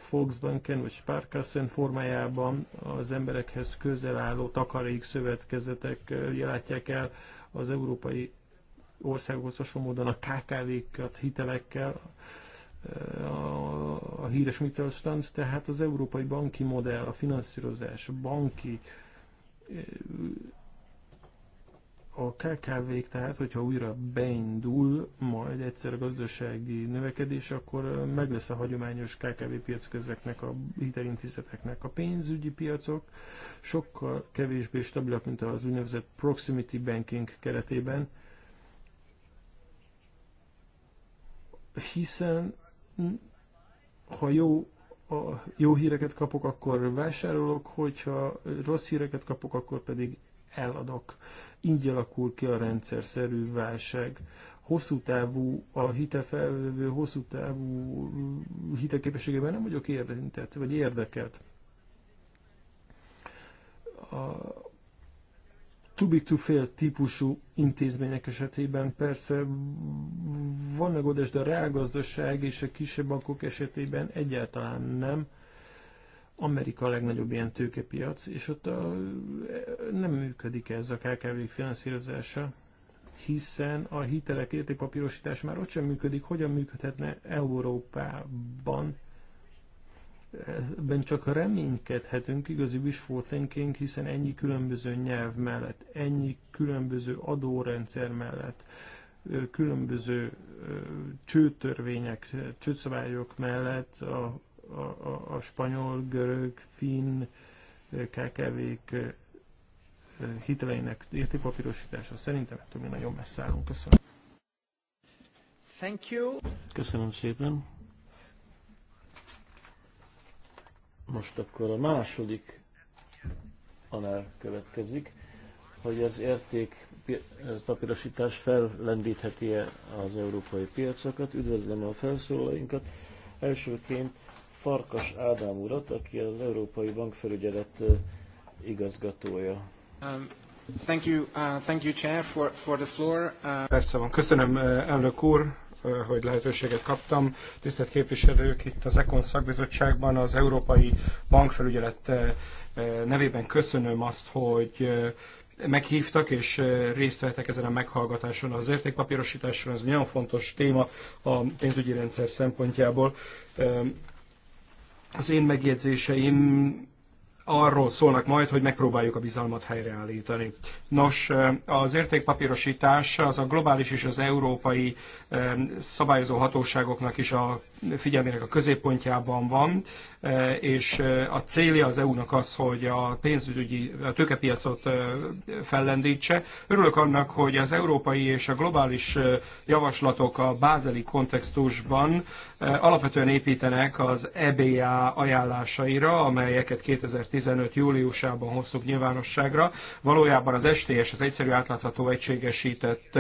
Volksbanken vagy Sparkassen formájában az emberekhez közel álló takarék szövetkezetek eh, látják el az európai országokhoz hasonló módon a KKV-kat hitelekkel, eh, a híres Mittelstand, tehát az európai banki modell, a finanszírozás, banki a KKV-k, tehát hogyha újra beindul majd egyszer a gazdasági növekedés, akkor meg lesz a hagyományos KKV piacok ezeknek a hitelintézeteknek. A pénzügyi piacok sokkal kevésbé stabilak, mint az úgynevezett proximity banking keretében, hiszen ha jó a jó híreket kapok, akkor vásárolok, hogyha rossz híreket kapok, akkor pedig eladok. Így alakul ki a szerű válság. Hosszú távú, a hitefelvevő hosszú távú hiteképességében nem vagyok érintett, vagy érdekelt. A too big to fail típusú intézmények esetében persze van megoldás, de a reálgazdaság és a kisebb bankok esetében egyáltalán nem. Amerika a legnagyobb ilyen tőkepiac, és ott a, nem működik ez a KKV finanszírozása, hiszen a hitelek értékpapírosítás már ott sem működik, hogyan működhetne Európában ben csak reménykedhetünk, igazi wishful thinking, hiszen ennyi különböző nyelv mellett, ennyi különböző adórendszer mellett, különböző csőtörvények, csőszabályok mellett a, a, a, a spanyol, görög, finn KKV-k hiteleinek értékpapírosítása szerintem ettől mi nagyon messze állunk. Köszönöm. Thank you. Köszönöm szépen. Most akkor a második anál következik, hogy az érték papírosítás fellendítheti -e az európai piacokat. Üdvözlöm a felszólalóinkat. Elsőként Farkas Ádám urat, aki az Európai Bankfelügyelet igazgatója. Um, thank you, uh, thank you, Chair, for, for the floor. Uh... Persze van. Köszönöm, elnök úr, Eh, hogy lehetőséget kaptam. Tisztelt képviselők, itt az Econ szakbizottságban az Európai Bankfelügyelet eh, eh, nevében köszönöm azt, hogy meghívtak és részt vettek ezen a meghallgatáson. Az értékpapírosításon ez egy nagyon fontos téma a pénzügyi rendszer szempontjából. Az én megjegyzéseim arról szólnak majd, hogy megpróbáljuk a bizalmat helyreállítani. Nos, az értékpapírosítás az a globális és az európai szabályozó hatóságoknak is a figyelmének a középpontjában van, eh, és eh, a célja az EU-nak az, hogy a pénzügyi, a tőkepiacot eh, fellendítse. Örülök annak, hogy az európai és a globális javaslatok a bázeli kontextusban alapvetően építenek az EBA ajánlásaira, amelyeket 2015. júliusában hoztuk nyilvánosságra. Valójában az STS, az egyszerű átlátható egységesített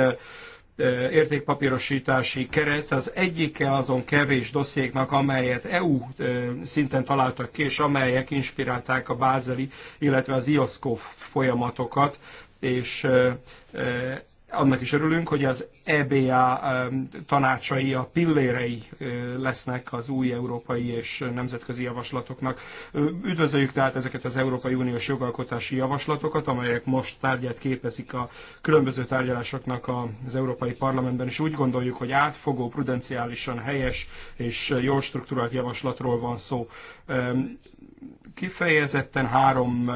értékpapírosítási keret az egyike azon kevés dossziéknak, amelyet EU szinten találtak ki, és amelyek inspirálták a bázeli, illetve az IOSCO folyamatokat, és annak is örülünk, hogy az EBA tanácsai, a pillérei lesznek az új európai és nemzetközi javaslatoknak. Üdvözöljük tehát ezeket az Európai Uniós jogalkotási javaslatokat, amelyek most tárgyát képezik a különböző tárgyalásoknak az Európai Parlamentben, és úgy gondoljuk, hogy átfogó, prudenciálisan helyes és jól struktúrált javaslatról van szó. Kifejezetten három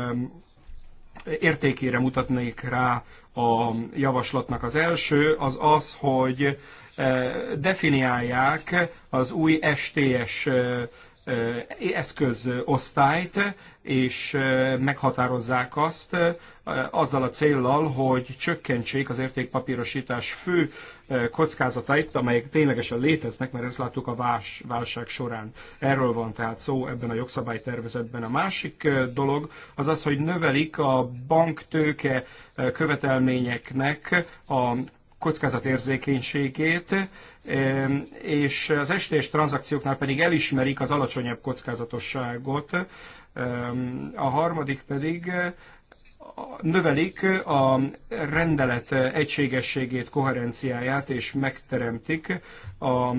értékére mutatnék rá a javaslatnak. Az első az az, hogy eh, definiálják az új STS eszközosztályt, és meghatározzák azt azzal a céllal, hogy csökkentsék az értékpapírosítás fő kockázatait, amelyek ténylegesen léteznek, mert ezt láttuk a vás, válság során. Erről van tehát szó ebben a jogszabálytervezetben. A másik dolog az az, hogy növelik a banktőke követelményeknek a kockázatérzékenységét, és az estés tranzakcióknál pedig elismerik az alacsonyabb kockázatosságot. A harmadik pedig növelik a rendelet egységességét, koherenciáját, és megteremtik a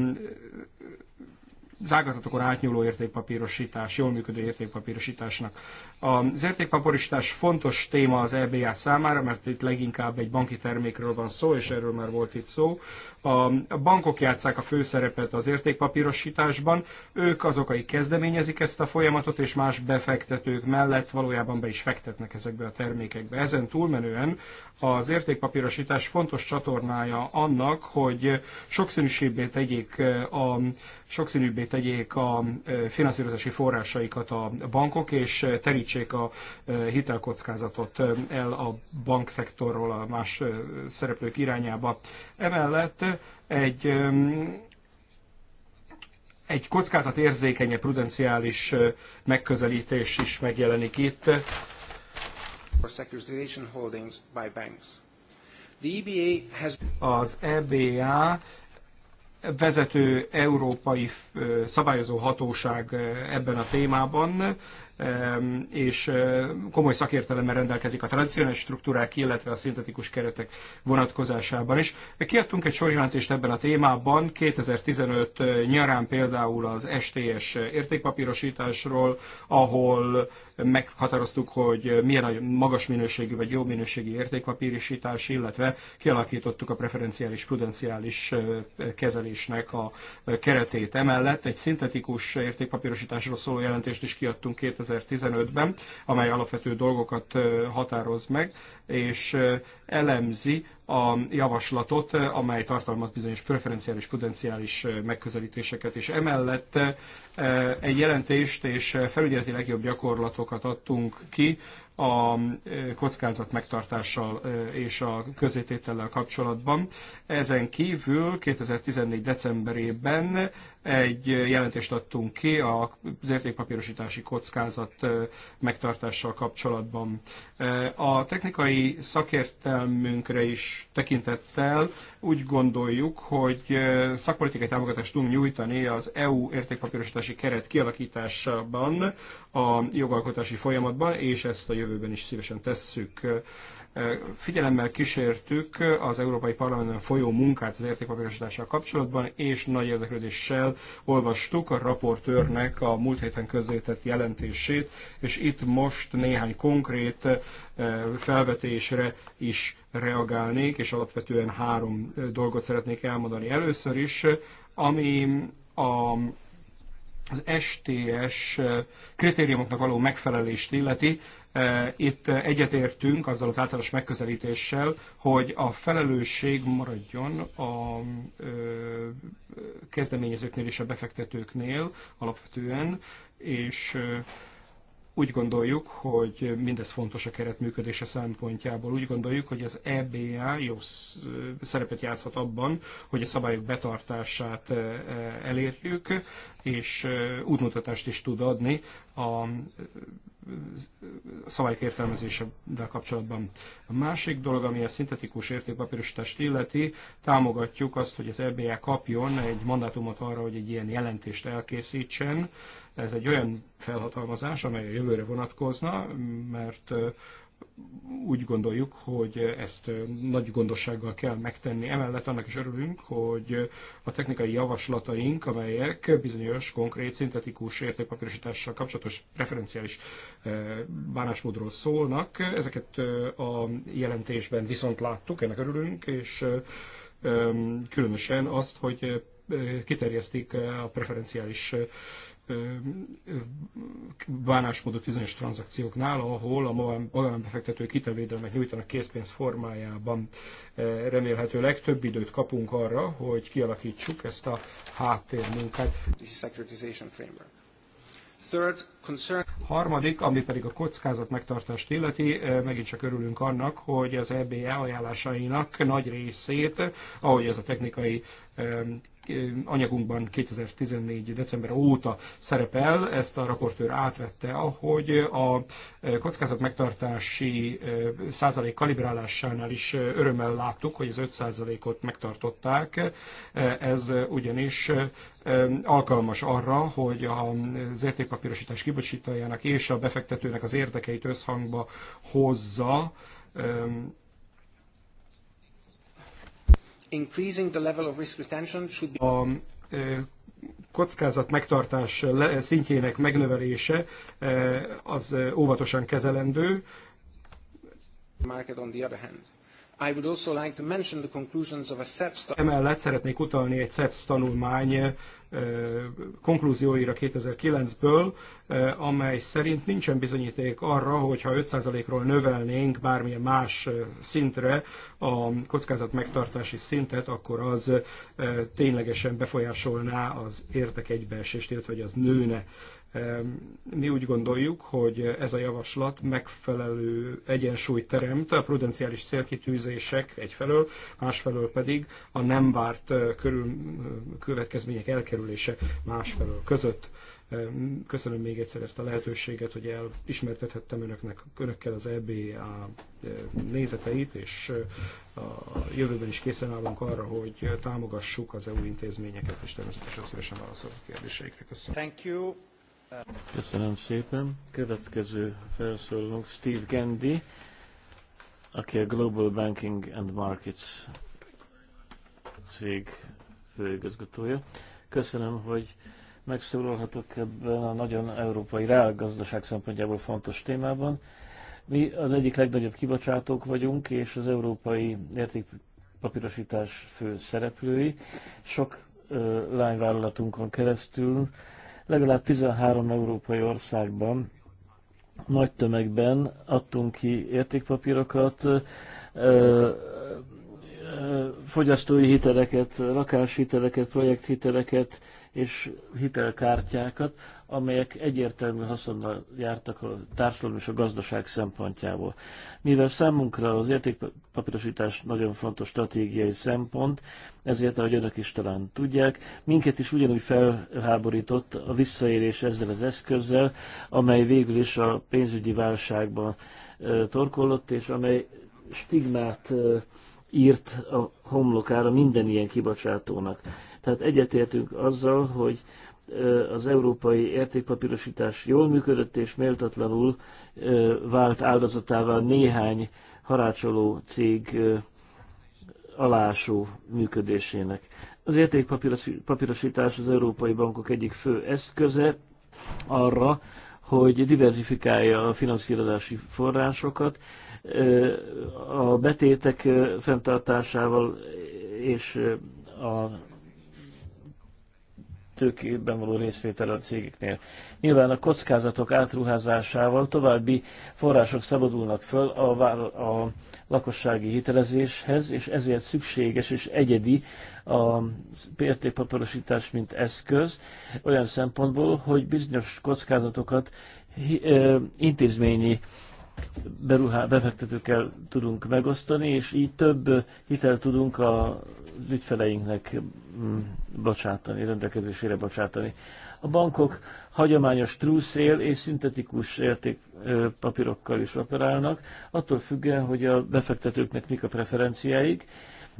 az ágazatokon átnyúló értékpapírosítás, jól működő értékpapírosításnak. Az értékpapírosítás fontos téma az EBA számára, mert itt leginkább egy banki termékről van szó, és erről már volt itt szó. A bankok játszák a főszerepet az értékpapírosításban, ők azok, akik kezdeményezik ezt a folyamatot, és más befektetők mellett valójában be is fektetnek ezekbe a termékekbe. Ezen túlmenően az értékpapírosítás fontos csatornája annak, hogy sokszínűsébbé tegyék a, sokszínűbbé tegyék a e, finanszírozási forrásaikat a bankok, és terítsék a e, hitelkockázatot el a bankszektorról a más e, szereplők irányába. Emellett egy egy kockázatérzékenye prudenciális megközelítés is megjelenik itt. E Az EBA vezető európai szabályozó hatóság ebben a témában és komoly szakértelemmel rendelkezik a tradicionális struktúrák, illetve a szintetikus keretek vonatkozásában is. Kiadtunk egy sorjelentést ebben a témában, 2015 nyarán például az STS értékpapírosításról, ahol meghatároztuk, hogy milyen a magas minőségű vagy jó minőségű értékpapírosítás, illetve kialakítottuk a preferenciális, prudenciális kezelésnek a keretét. Emellett egy szintetikus értékpapírosításról szóló jelentést is kiadtunk 2015 2015-ben, amely alapvető dolgokat határoz meg, és elemzi a javaslatot, amely tartalmaz bizonyos preferenciális, potenciális megközelítéseket, és emellett egy jelentést és felügyeleti legjobb gyakorlatokat adtunk ki a kockázat megtartással és a közététellel kapcsolatban. Ezen kívül 2014. decemberében egy jelentést adtunk ki az értékpapírosítási kockázat megtartással kapcsolatban. A technikai szakértelmünkre is tekintettel úgy gondoljuk, hogy szakpolitikai támogatást tudunk nyújtani az EU értékpapírosítási keret kialakításában a jogalkotási folyamatban, és ezt a jövő jövőben is szívesen tesszük. Figyelemmel kísértük az Európai Parlamentben folyó munkát az értékpapírosítással kapcsolatban, és nagy érdeklődéssel olvastuk a raportőrnek a múlt héten közzétett jelentését, és itt most néhány konkrét felvetésre is reagálnék, és alapvetően három dolgot szeretnék elmondani. Először is, ami a az STS kritériumoknak való megfelelést illeti, itt egyetértünk azzal az általános megközelítéssel, hogy a felelősség maradjon a kezdeményezőknél és a befektetőknél alapvetően, és úgy gondoljuk, hogy mindez fontos a keret működése szempontjából. Úgy gondoljuk, hogy az EBA jó szerepet játszhat abban, hogy a szabályok betartását e, e, elérjük, és e, útmutatást is tud adni a szabályok értelmezésével kapcsolatban. A másik dolog, ami a szintetikus értékpapírosítást illeti, támogatjuk azt, hogy az EBA kapjon egy mandátumot arra, hogy egy ilyen jelentést elkészítsen. Ez egy olyan felhatalmazás, amely a jövőre vonatkozna, mert úgy gondoljuk, hogy ezt nagy gondossággal kell megtenni. Emellett annak is örülünk, hogy a technikai javaslataink, amelyek bizonyos konkrét szintetikus értékpapírosítással kapcsolatos preferenciális eh, bánásmódról szólnak, ezeket eh, a jelentésben viszont láttuk, ennek örülünk, és eh, különösen azt, hogy kiterjesztik a preferenciális bánásmódot bizonyos tranzakcióknál, ahol a magánbefektető hitelvédelmet nyújtanak készpénz formájában. Remélhetőleg több időt kapunk arra, hogy kialakítsuk ezt a háttérmunkát. Third, concern... Harmadik, ami pedig a kockázat megtartást illeti, megint csak örülünk annak, hogy az EBA e ajánlásainak nagy részét, ahogy ez a technikai anyagunkban 2014. december óta szerepel, ezt a raportőr átvette, ahogy a kockázat megtartási százalék kalibrálásánál is örömmel láttuk, hogy az 5 százalékot megtartották. Ez ugyanis alkalmas arra, hogy az értékpapírosítás kibocsitójának és a befektetőnek az érdekeit összhangba hozza, Increasing the level of risk retention should be... A e, kockázat megtartás e, szintjének megnövelése e, az óvatosan kezelendő. Market on the other hand. I would also like to mention the conclusions of a SEPS Emellett szeretnék utalni egy SEPS tanulmány konklúzióira 2009-ből, amely szerint nincsen bizonyíték arra, hogy ha 5%-ról növelnénk bármilyen más szintre a kockázat megtartási szintet, akkor az ténylegesen befolyásolná az értek egybeesést, illetve hogy az nőne. Mi úgy gondoljuk, hogy ez a javaslat megfelelő egyensúlyt teremt a prudenciális célkitűzések egyfelől, másfelől pedig a nem várt körül, következmények elkerülése másfelől között. Köszönöm még egyszer ezt a lehetőséget, hogy elismertethettem önöknek, önökkel az EBA nézeteit, és a jövőben is készen állunk arra, hogy támogassuk az EU intézményeket, és természetesen szívesen válaszolok a kérdéseikre. Köszönöm. Thank you. Köszönöm szépen. Következő felszólalunk Steve Gandy, aki a Global Banking and Markets cég főigazgatója. Köszönöm, hogy megszólalhatok ebben a nagyon európai reálgazdaság szempontjából fontos témában. Mi az egyik legnagyobb kibocsátók vagyunk, és az európai értékpapírosítás fő szereplői. Sok ö, lányvállalatunkon keresztül Legalább 13 európai országban nagy tömegben adtunk ki értékpapírokat, fogyasztói hiteleket, lakáshiteleket, projekthiteleket és hitelkártyákat amelyek egyértelmű haszonnal jártak a társadalom és a gazdaság szempontjából. Mivel számunkra az értékpapírosítás nagyon fontos stratégiai szempont, ezért, ahogy önök is talán tudják, minket is ugyanúgy felháborított a visszaérés ezzel az eszközzel, amely végül is a pénzügyi válságban torkollott, és amely stigmát írt a homlokára minden ilyen kibocsátónak. Tehát egyetértünk azzal, hogy az európai értékpapírosítás jól működött és méltatlanul vált áldozatává néhány harácsoló cég alásó működésének. Az értékpapírosítás az európai bankok egyik fő eszköze arra, hogy diversifikálja a finanszírozási forrásokat, a betétek fenntartásával és a tőkében való részvétel a cégeknél. Nyilván a kockázatok átruházásával további források szabadulnak föl a, a lakossági hitelezéshez, és ezért szükséges és egyedi a értékpapírosítás, mint eszköz, olyan szempontból, hogy bizonyos kockázatokat intézményi beruhá, befektetőkkel tudunk megosztani, és így több hitel tudunk a ügyfeleinknek mm, bocsátani, rendelkezésére bocsátani. A bankok hagyományos trúszél és szintetikus értékpapírokkal is operálnak, attól függően, hogy a befektetőknek mik a preferenciáik,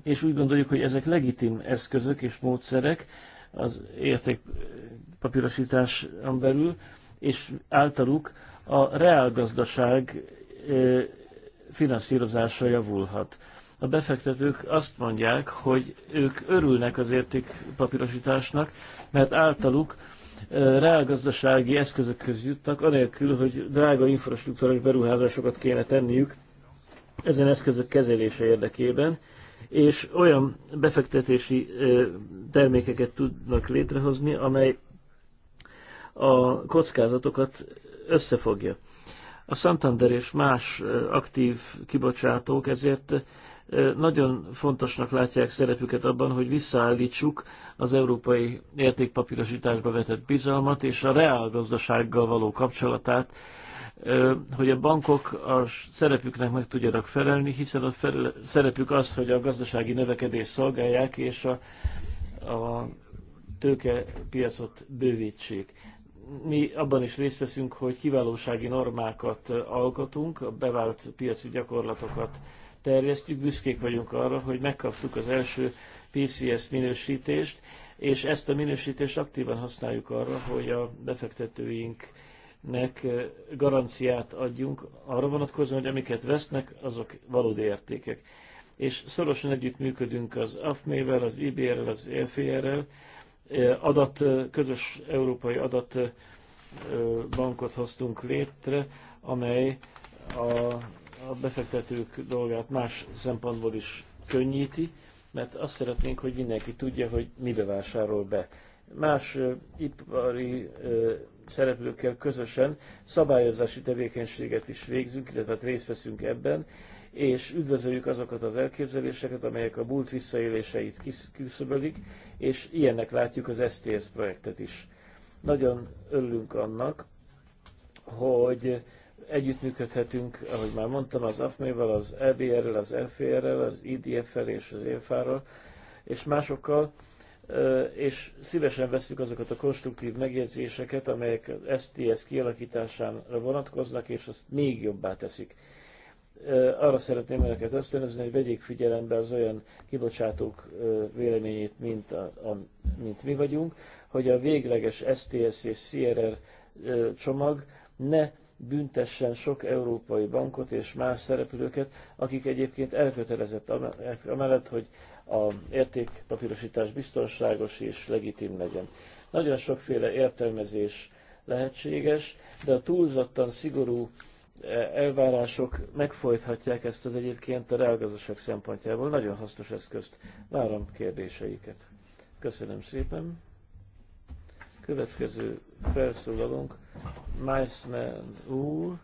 és úgy gondoljuk, hogy ezek legitim eszközök és módszerek az értékpapírosításon belül, és általuk a reálgazdaság finanszírozása javulhat. A befektetők azt mondják, hogy ők örülnek az értékpapírosításnak, mert általuk reálgazdasági eszközökhöz juttak, anélkül, hogy drága infrastruktúrás beruházásokat kéne tenniük ezen eszközök kezelése érdekében, és olyan befektetési termékeket tudnak létrehozni, amely a kockázatokat összefogja. A Santander és más aktív kibocsátók ezért nagyon fontosnak látják szerepüket abban, hogy visszaállítsuk az európai értékpapírosításba vetett bizalmat és a reálgazdasággal gazdasággal való kapcsolatát, hogy a bankok a szerepüknek meg tudjanak felelni, hiszen a fel, szerepük az, hogy a gazdasági növekedést szolgálják és a, a tőkepiacot bővítsék mi abban is részt veszünk, hogy kiválósági normákat eh, alkotunk, a bevált piaci gyakorlatokat terjesztjük, büszkék vagyunk arra, hogy megkaptuk az első PCS minősítést, és ezt a minősítést aktívan használjuk arra, hogy a befektetőinknek eh, garanciát adjunk arra vonatkozóan, hogy amiket vesznek, azok valódi értékek. És szorosan együttműködünk az AFME-vel, az IBR-rel, az EFR-rel, e adat, közös európai adatbankot hoztunk létre, amely a, a befektetők dolgát más szempontból is könnyíti, mert azt szeretnénk, hogy mindenki tudja, hogy mibe vásárol be. Más ipari szereplőkkel közösen szabályozási tevékenységet is végzünk, illetve részt veszünk ebben, és üdvözöljük azokat az elképzeléseket, amelyek a múlt visszaéléseit küszöbölik, és ilyennek látjuk az STS projektet is. Nagyon örülünk annak, hogy együttműködhetünk, ahogy már mondtam, az AFME-vel, az EBR-rel, az FR-rel, e az IDF-rel és az EFA-ral, és másokkal, és szívesen veszük azokat a konstruktív megjegyzéseket, amelyek az STS kialakítására vonatkoznak, és azt még jobbá teszik arra szeretném önöket ösztönözni, hogy vegyék figyelembe az olyan kibocsátók véleményét, mint, a, a, mint mi vagyunk, hogy a végleges STS és CRR csomag ne büntessen sok európai bankot és más szereplőket, akik egyébként elkötelezett amellett, hogy a értékpapírosítás biztonságos és legitim legyen. Nagyon sokféle értelmezés lehetséges, de a túlzottan szigorú elvárások megfojthatják ezt az egyébként a reálgazdaság szempontjából nagyon hasznos eszközt. Várom kérdéseiket. Köszönöm szépen. Következő felszólalunk Meissner úr,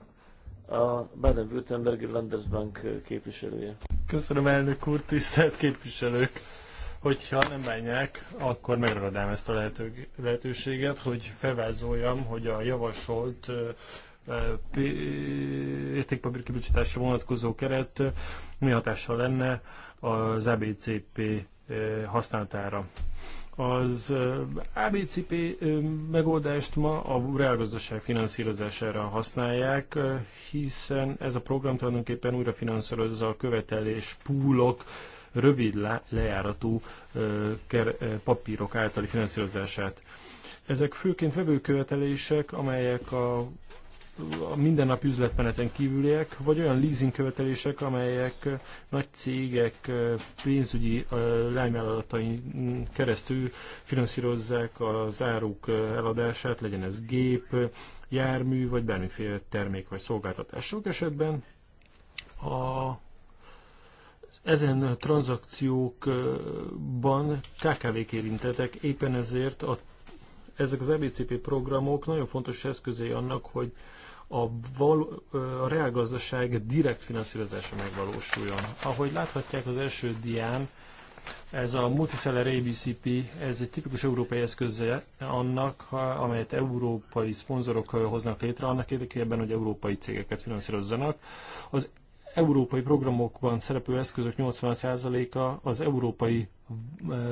a Baden-Württembergi Landesbank képviselője. Köszönöm elnök úr, tisztelt képviselők! Hogyha nem bánják, akkor megragadám ezt a lehető, lehetőséget, hogy felvázoljam, hogy a javasolt értékpapírkibocsátásra vonatkozó keret mi hatással lenne az ABCP használatára. Az ABCP megoldást ma a reálgazdaság finanszírozására használják, hiszen ez a program tulajdonképpen újra finanszírozza a követelés púlok rövid lejáratú papírok általi finanszírozását. Ezek főként vevőkövetelések, amelyek a a mindennap üzletmeneten kívüliek, vagy olyan leasing követelések, amelyek nagy cégek pénzügyi lányvállalatai keresztül finanszírozzák az áruk eladását, legyen ez gép, jármű, vagy bármiféle termék vagy szolgáltatás. Sok esetben a ezen tranzakciókban KKV-k érintetek, éppen ezért a ezek az EBCP programok nagyon fontos eszközei annak, hogy a, való, a reálgazdaság direkt finanszírozása megvalósuljon. Ahogy láthatják az első dián, ez a Multiseller ABCP, ez egy tipikus európai eszköze annak, amelyet európai szponzorok hoznak létre, annak érdekében, hogy európai cégeket finanszírozzanak. Az európai programokban szereplő eszközök 80%-a az európai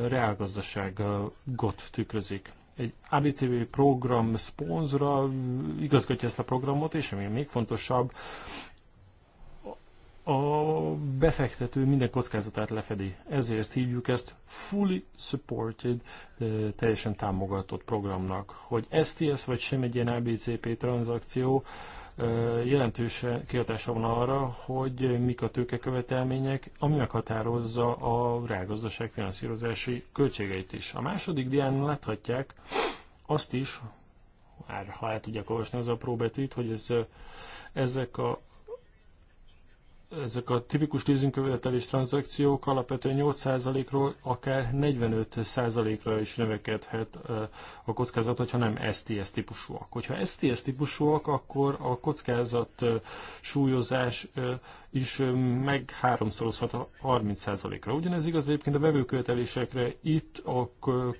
reálgazdaságot tükrözik egy ABCV program szponzora igazgatja ezt a programot, és ami még fontosabb, a befektető minden kockázatát lefedi. Ezért hívjuk ezt fully supported, teljesen támogatott programnak. Hogy STS vagy sem egy ilyen ABCP tranzakció, jelentős kiadása van arra, hogy mik a tőkekövetelmények, ami meghatározza a reálgazdaság finanszírozási költségeit is. A második dián láthatják azt is, már ha el tudják olvasni az apró betűt, hogy ez, ezek a ezek a tipikus leasingkövetelés tranzakciók alapvetően 8%-ról akár 45%-ra is növekedhet a kockázat, hogyha nem STS típusúak. Hogyha STS típusúak, akkor a kockázat súlyozás is meg háromszorozhat a 30%-ra. Ugyanez igaz egyébként a vevőkövetelésekre. Itt a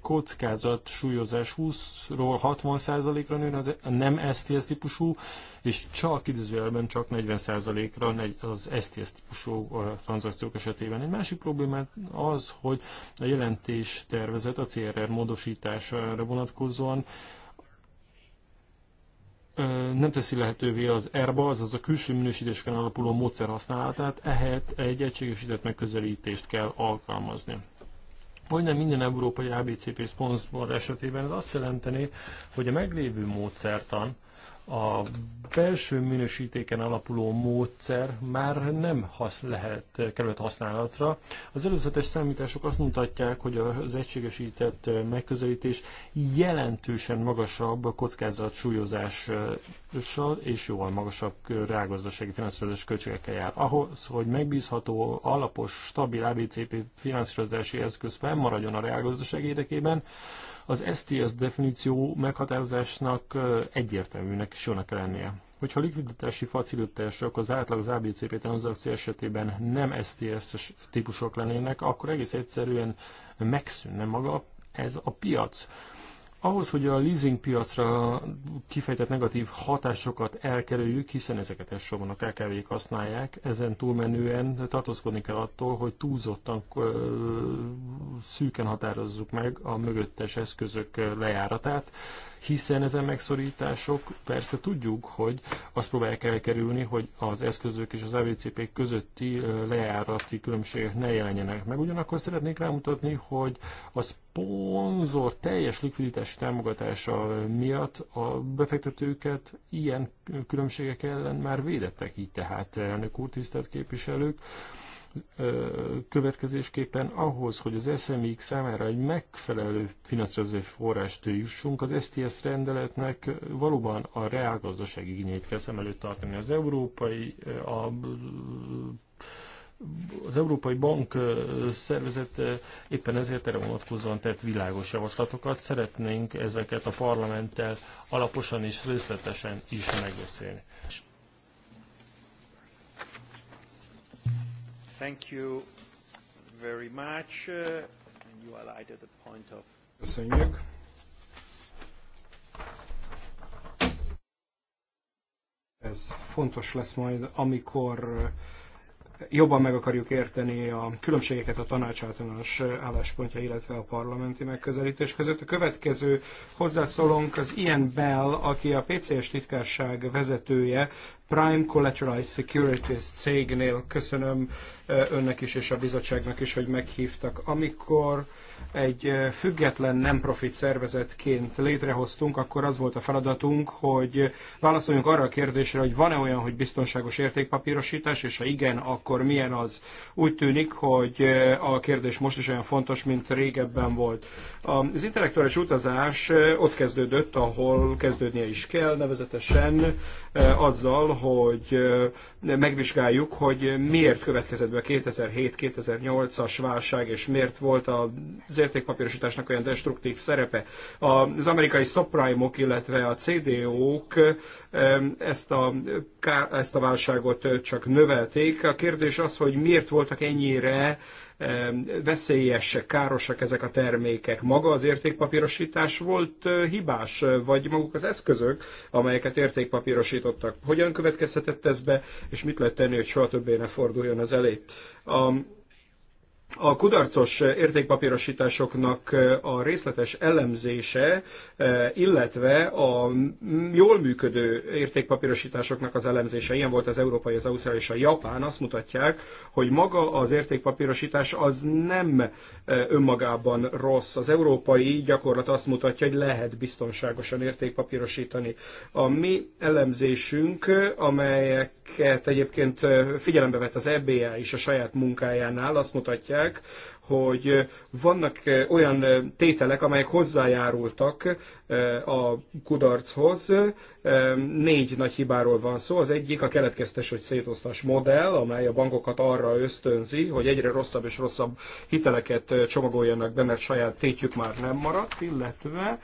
kockázat súlyozás 20-ról 60%-ra nő, az e- nem STS típusú, és csak időzőjelben csak 40%-ra az STS típusú tranzakciók esetében. Egy másik problémát az, hogy a jelentés tervezet a CRR módosítására vonatkozóan nem teszi lehetővé az ERBA, azaz a külső minősítésken alapuló módszer használatát, ehhez egy egységesített megközelítést kell alkalmazni. Majdnem minden európai ABCP szponzor esetében ez azt jelenteni, hogy a meglévő módszertan, a belső minősítéken alapuló módszer már nem hasz, lehet, került használatra. Az előzetes számítások azt mutatják, hogy az egységesített megközelítés jelentősen magasabb a kockázat súlyozással és jóval magasabb rágazdasági finanszírozási költségekkel jár. Ahhoz, hogy megbízható, alapos, stabil ABCP finanszírozási eszköz fennmaradjon a rágazdaság érdekében, az STS definíció meghatározásnak egyértelműnek is jónak lennie. Hogyha a likviditási facilitások az átlag az ABCP tranzakció esetében nem sts típusok lennének, akkor egész egyszerűen megszűnne maga ez a piac. Ahhoz, hogy a leasing piacra kifejtett negatív hatásokat elkerüljük, hiszen ezeket elsősorban a KKV-k használják, ezen túlmenően tartózkodni kell attól, hogy túlzottan szűken határozzuk meg a mögöttes eszközök lejáratát hiszen ezen megszorítások persze tudjuk, hogy azt próbálják elkerülni, hogy az eszközök és az AVCP közötti lejárati különbségek ne jelenjenek meg. Ugyanakkor szeretnék rámutatni, hogy a szponzor teljes likviditási támogatása miatt a befektetőket ilyen különbségek ellen már védettek így tehát, elnök úr, tisztelt képviselők következésképpen ahhoz, hogy az SMX számára egy megfelelő finanszírozási forrást jussunk, az STS rendeletnek valóban a reálgazdaság igényeit kell szem előtt tartani. Az európai, a, az Európai Bank szervezet éppen ezért erre vonatkozóan tett világos javaslatokat. Szeretnénk ezeket a parlamenttel alaposan és részletesen is megbeszélni. Thank you very much. Uh, and you highlighted the point of... Köszönjük. Ez fontos lesz majd, amikor jobban meg akarjuk érteni a különbségeket a tanács álláspontja, illetve a parlamenti megközelítés között. A következő hozzászólónk az Ian Bell, aki a PCS titkárság vezetője, Prime Collateral Securities cégnél. Köszönöm önnek is és a bizottságnak is, hogy meghívtak. Amikor egy független nem profit szervezetként létrehoztunk, akkor az volt a feladatunk, hogy válaszoljunk arra a kérdésre, hogy van-e olyan, hogy biztonságos értékpapírosítás, és ha igen, akkor milyen az. Úgy tűnik, hogy a kérdés most is olyan fontos, mint régebben volt. Az intellektuális utazás ott kezdődött, ahol kezdődnie is kell, nevezetesen azzal, hogy megvizsgáljuk, hogy miért következett be a 2007-2008-as válság, és miért volt a az értékpapírosításnak olyan destruktív szerepe. Az amerikai subprime-ok, -ok, illetve a CDO-k ezt a, ezt a válságot csak növelték. A kérdés az, hogy miért voltak ennyire veszélyesek, károsak ezek a termékek. Maga az értékpapírosítás volt hibás, vagy maguk az eszközök, amelyeket értékpapírosítottak. Hogyan következhetett ez be, és mit lehet tenni, hogy soha többé ne forduljon ez elé? A a kudarcos értékpapírosításoknak a részletes elemzése, illetve a jól működő értékpapírosításoknak az elemzése, ilyen volt az európai, az ausztrál és a japán, azt mutatják, hogy maga az értékpapírosítás az nem önmagában rossz. Az európai gyakorlat azt mutatja, hogy lehet biztonságosan értékpapírosítani. A mi elemzésünk, amelyeket egyébként figyelembe vett az EBA is a saját munkájánál, azt mutatják, mutatják, hogy eh, vannak eh, olyan eh, tételek, amelyek hozzájárultak a kudarchoz. Négy nagy hibáról van szó. Az egyik a keletkeztes vagy szétosztás modell, amely a bankokat arra ösztönzi, hogy egyre rosszabb és rosszabb hiteleket csomagoljanak be, mert saját tétjük már nem maradt, illetve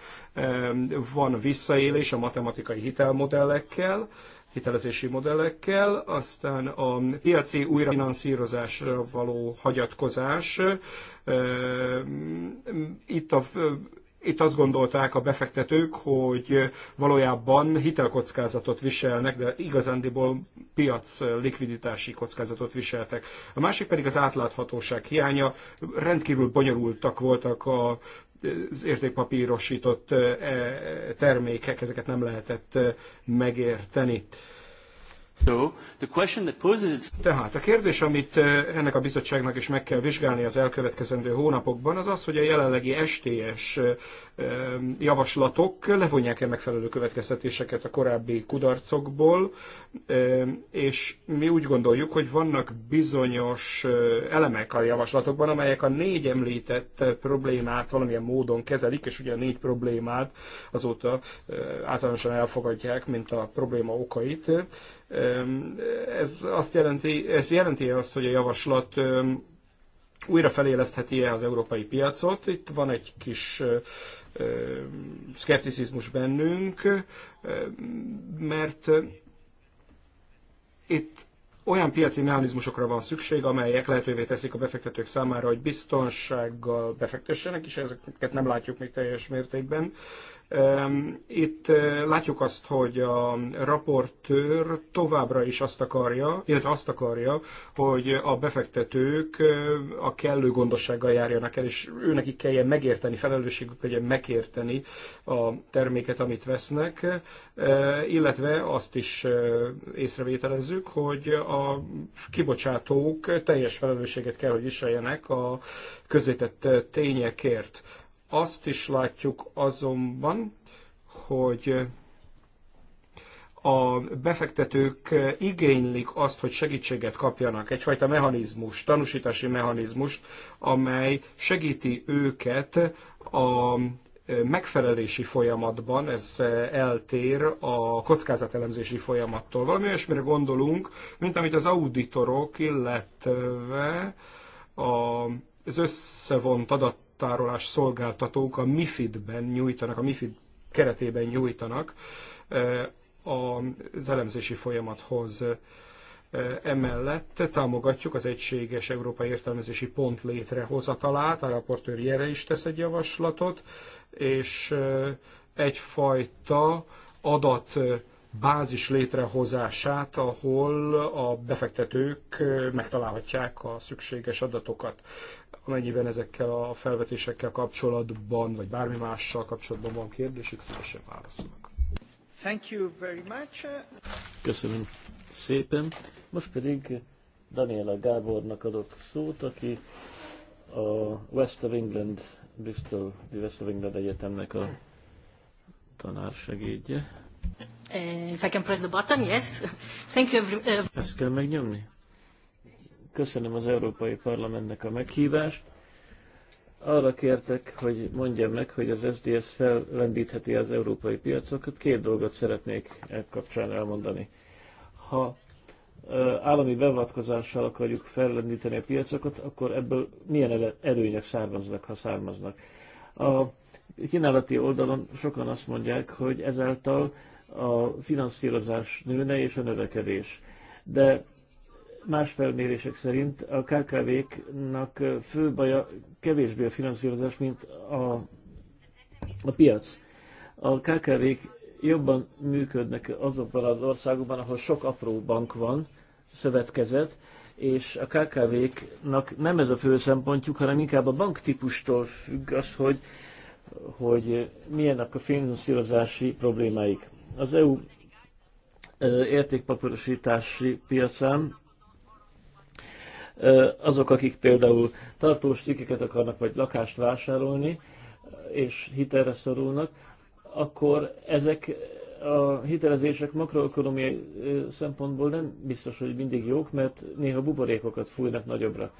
van visszaélés a matematikai hitelmodellekkel, hitelezési modellekkel, aztán a piaci újrafinanszírozásra való hagyatkozás. Itt a itt azt gondolták a befektetők, hogy valójában hitelkockázatot viselnek, de igazándiból piac likviditási kockázatot viseltek. A másik pedig az átláthatóság hiánya. Rendkívül bonyolultak voltak a az értékpapírosított eh, termékek, ezeket nem lehetett eh, megérteni. Tehát a kérdés, amit ennek a bizottságnak is meg kell vizsgálni az elkövetkezendő hónapokban, az az, hogy a jelenlegi STS javaslatok levonják-e megfelelő következtetéseket a korábbi kudarcokból, és mi úgy gondoljuk, hogy vannak bizonyos elemek a javaslatokban, amelyek a négy említett problémát valamilyen módon kezelik, és ugye a négy problémát azóta általánosan elfogadják, mint a probléma okait ez, azt jelenti, ez jelenti azt, hogy a javaslat újra felélesztheti-e az európai piacot. Itt van egy kis szkepticizmus bennünk, mert itt olyan piaci mechanizmusokra van szükség, amelyek lehetővé teszik a befektetők számára, hogy biztonsággal befektessenek, és ezeket nem látjuk még teljes mértékben. Itt látjuk azt, hogy a raportőr továbbra is azt akarja, illetve azt akarja, hogy a befektetők a kellő gondossággal járjanak el, és őnekik kelljen megérteni, felelősségük legyen megérteni a terméket, amit vesznek, illetve azt is észrevételezzük, hogy a kibocsátók teljes felelősséget kell, hogy viseljenek a közétett tényekért. Azt is látjuk azonban, hogy a befektetők igénylik azt, hogy segítséget kapjanak, egyfajta mechanizmus, tanúsítási mechanizmus, amely segíti őket a megfelelési folyamatban, ez eltér a kockázatelemzési folyamattól. Valami olyasmire gondolunk, mint amit az auditorok, illetve az összevont adat adattárolás szolgáltatók a MIFID-ben nyújtanak, a MIFID keretében nyújtanak eh, az elemzési folyamathoz. Eh, emellett támogatjuk az egységes európai értelmezési pont létrehozatalát, a raportőr erre is tesz egy javaslatot, és eh, egyfajta adat bázis létrehozását, ahol a befektetők megtalálhatják a szükséges adatokat. Amennyiben ezekkel a felvetésekkel kapcsolatban, vagy bármi mással kapcsolatban van kérdésük, szívesen válaszolok. Thank you very much. Köszönöm szépen. Most pedig Daniela Gábornak adok szót, aki a West of England, Bristol, West of England Egyetemnek a tanársegédje. If I can press the button, yes. Thank you. Every... Uh, Ezt kell megnyomni? Köszönöm az Európai Parlamentnek a meghívást. Arra kértek, hogy mondjam meg, hogy az SDS fellendítheti az európai piacokat. Két dolgot szeretnék e kapcsán elmondani. Ha állami beavatkozással akarjuk fellendíteni a piacokat, akkor ebből milyen előnyök származnak, ha származnak. A kínálati oldalon sokan azt mondják, hogy ezáltal a finanszírozás nőne és a növekedés. De más felmérések szerint a KKV-knak fő baja kevésbé a finanszírozás, mint a, a piac. A KKV-k jobban működnek azokban az országokban, ahol sok apró bank van, szövetkezet, és a KKV-knak nem ez a fő szempontjuk, hanem inkább a banktípustól függ az, hogy hogy milyenek a finanszírozási problémáik. Az EU értékpapírosítási piacán azok, akik például tartós cikkeket akarnak, vagy lakást vásárolni, és hitelre szorulnak, akkor ezek a hitelezések makroökonomiai szempontból nem biztos, hogy mindig jók, mert néha buborékokat fújnak nagyobbra.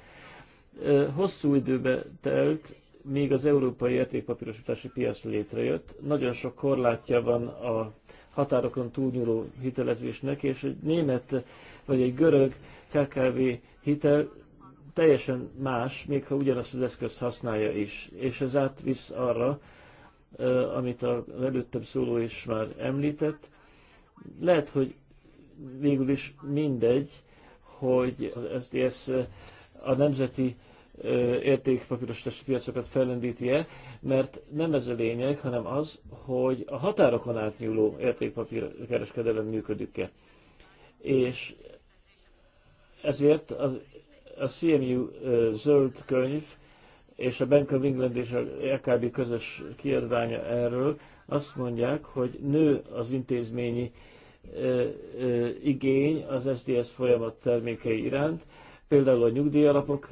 Hosszú időbe telt még az európai értékpapírosítási piac létrejött, nagyon sok korlátja van a határokon túlnyúló hitelezésnek, és egy német vagy egy görög KKV hitel teljesen más, még ha ugyanazt az eszközt használja is. És ez átvisz arra, amit a előttem szóló is már említett. Lehet, hogy végül is mindegy, hogy az SZDSZ a nemzeti értékpapíros piacokat fellendíti-e, mert nem ez a lényeg, hanem az, hogy a határokon átnyúló értékpapírkereskedelem működik-e. És ezért az, a CMU zöld könyv és a Bank of England és a LKB közös kiadványa erről azt mondják, hogy nő az intézményi igény az SDS folyamat termékei iránt, például a nyugdíjalapok,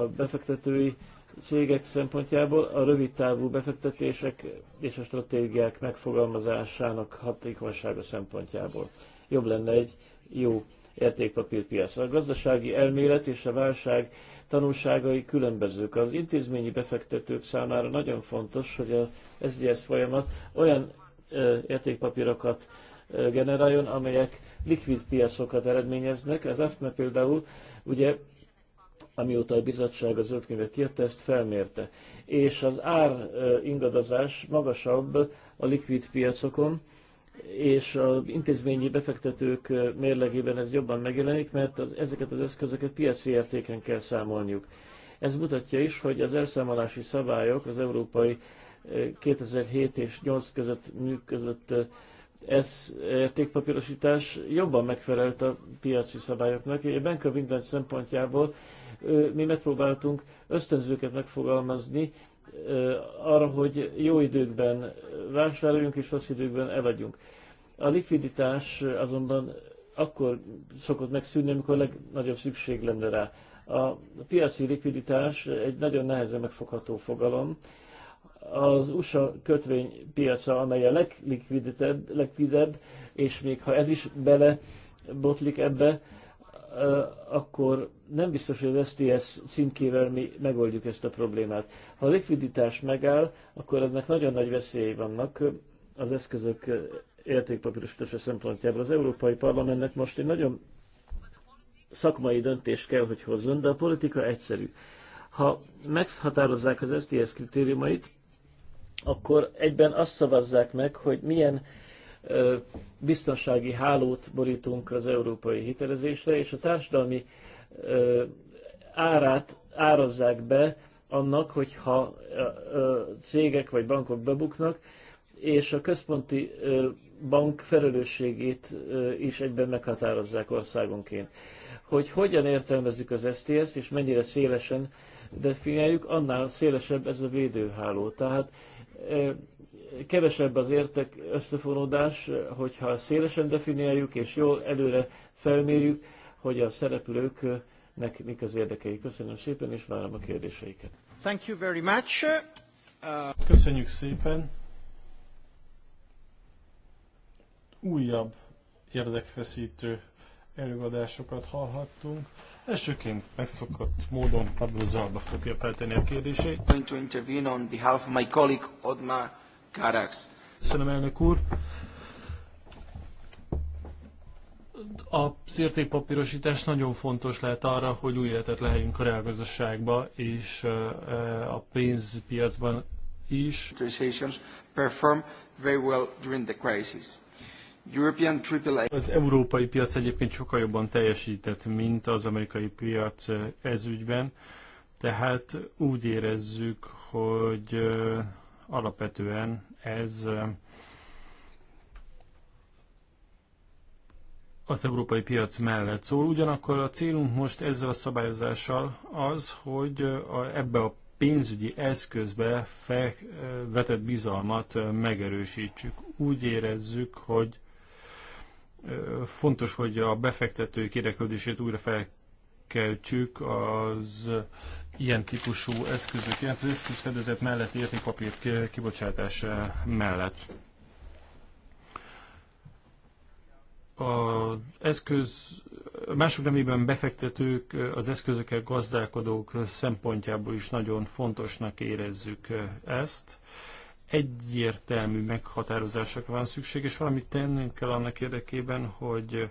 a befektetői cégek szempontjából a rövid távú befektetések és a stratégiák megfogalmazásának hatékonysága szempontjából. Jobb lenne egy jó értékpapírpiac. A gazdasági elmélet és a válság tanulságai különbözők. Az intézményi befektetők számára nagyon fontos, hogy az SZDSZ folyamat olyan értékpapírokat generáljon, amelyek likvid piacokat eredményeznek. Az AFME például Ugye, amióta a bizottság az zöldkönyvet kiadta, ezt felmérte. És az ár ingadozás magasabb a likvid piacokon, és az intézményi befektetők mérlegében ez jobban megjelenik, mert az, ezeket az eszközöket piaci értéken kell számolniuk. Ez mutatja is, hogy az elszámolási szabályok az európai 2007 és 8 között működött ez értékpapírosítás jobban megfelelt a piaci szabályoknak. A Bank of England szempontjából mi megpróbáltunk ösztönzőket megfogalmazni arra, hogy jó időkben vásároljunk és rossz időkben eladjunk. A likviditás azonban akkor szokott megszűnni, amikor legnagyobb szükség lenne rá. A piaci likviditás egy nagyon nehezen megfogható fogalom, az USA kötvénypiaca, amely a leglikvidebb, leglikvidebb, és még ha ez is bele botlik ebbe, akkor nem biztos, hogy az STS címkével mi megoldjuk ezt a problémát. Ha a likviditás megáll, akkor ennek nagyon nagy veszélyei vannak az eszközök értékpapírosítása szempontjából. Az Európai Parlamentnek most egy nagyon szakmai döntést kell, hogy hozzon, de a politika egyszerű. Ha meghatározzák az STS kritériumait, akkor egyben azt szavazzák meg, hogy milyen biztonsági hálót borítunk az európai hitelezésre, és a társadalmi árát árazzák be annak, hogyha cégek vagy bankok bebuknak, és a központi bank felelősségét is egyben meghatározzák országonként. Hogy hogyan értelmezzük az STS-t, és mennyire szélesen definiáljuk, annál szélesebb ez a védőháló. Tehát kevesebb az értek összefonódás, hogyha szélesen definiáljuk és jól előre felmérjük, hogy a szereplőknek mik az érdekei. Köszönöm szépen, és várom a kérdéseiket. Thank you very much. Uh... Köszönjük szépen. Újabb érdekfeszítő előadásokat hallhattunk. Elsőként megszokott módon Pablo Zalba fogja feltenni a kérdését. Going to intervene on behalf of my colleague Odmar Karax. Köszönöm, elnök úr. A szértékpapírosítás nagyon fontos lehet arra, hogy új életet lehelyünk a reálgazdaságba és a pénzpiacban is. Perform very well during the crisis. Az európai piac egyébként sokkal jobban teljesített, mint az amerikai piac eh, ezügyben, tehát úgy érezzük, hogy eh, alapvetően ez eh, az európai piac mellett szól. Ugyanakkor a célunk most ezzel a szabályozással az, hogy a, ebbe a pénzügyi eszközbe fe, vetett bizalmat megerősítsük. Úgy érezzük, hogy Fontos, hogy a befektetők érdeklődését újra felkeltsük az ilyen típusú eszközök, az eszközfedezet mellett értékpapír kibocsátás eh, mellett. az eszköz, mások nemében befektetők, eh, az eszközökkel gazdálkodók szempontjából is nagyon fontosnak érezzük eh, ezt egyértelmű meghatározásokra van szükség, és valamit tennünk kell annak érdekében, hogy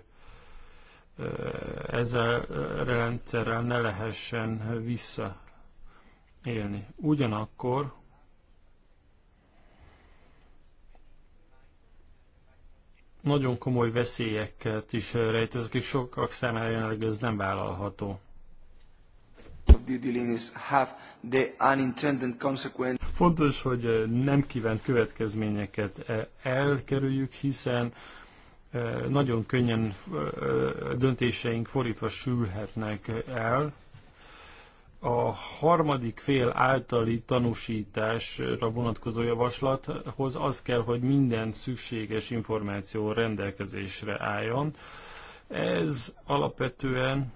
ezzel a rendszerrel ne lehessen visszaélni. Ugyanakkor nagyon komoly veszélyeket is rejt, akik sokak számára jelenleg ez nem vállalható. Fontos, hogy eh, nem kívánt következményeket eh, elkerüljük, hiszen eh, nagyon könnyen döntéseink fordítva sülhetnek el. A harmadik fél általi tanúsításra vonatkozó javaslathoz az kell, hogy minden szükséges információ rendelkezésre álljon. Ez alapvetően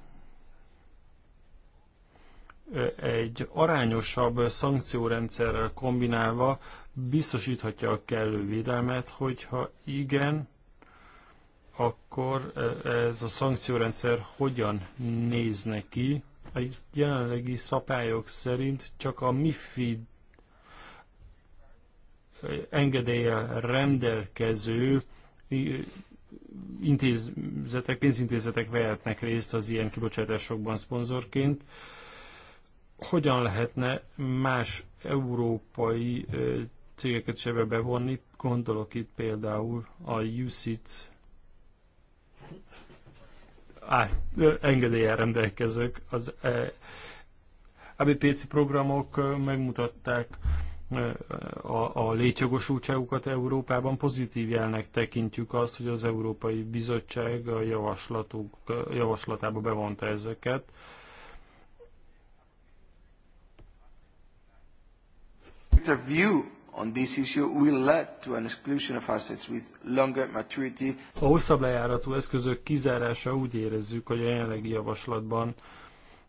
egy arányosabb szankciórendszerrel kombinálva biztosíthatja a kellő védelmet, hogyha igen, akkor e, ez a szankciórendszer hogyan nézne ki? A jelenlegi szabályok szerint csak a MIFID e, engedélye rendelkező intézetek, pénzintézetek vehetnek részt az ilyen kibocsátásokban szponzorként hogyan lehetne más európai cégeket sebe bevonni, gondolok itt például a UCITS engedélyen rendelkezők, az ABPC programok megmutatták a, a létjogosultságukat Európában. Pozitív jelnek tekintjük azt, hogy az Európai Bizottság a javaslatuk, javaslatába bevonta ezeket. Their view on this issue will lead to an exclusion of assets with longer maturity. A hosszabb lejáratú eszközök kizárása úgy érezzük, hogy a jelenlegi javaslatban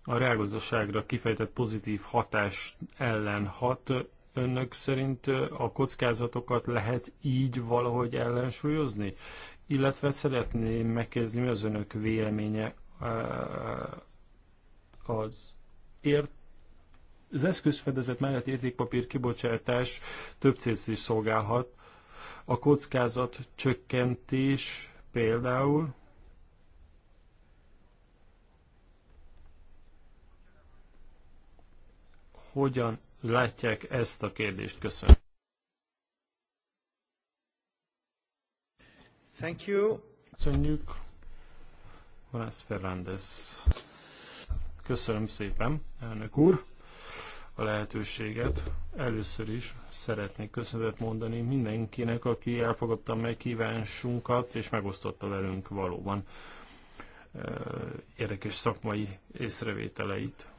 a reálgazdaságra kifejtett pozitív hatás ellen hat. Önök szerint a kockázatokat lehet így valahogy ellensúlyozni? Illetve szeretném megkérdezni, mi az önök véleménye eh, az ért az eszközfedezet mellett értékpapír kibocsátás több célt is szolgálhat. A kockázat csökkentés például, hogyan látják ezt a kérdést? Köszönöm. Thank you. Köszönjük. Juan Fernández. Köszönöm szépen, elnök úr a lehetőséget. Először is szeretnék köszönetet mondani mindenkinek, aki elfogadta meghívásunkat, és megosztotta velünk valóban érdekes szakmai észrevételeit.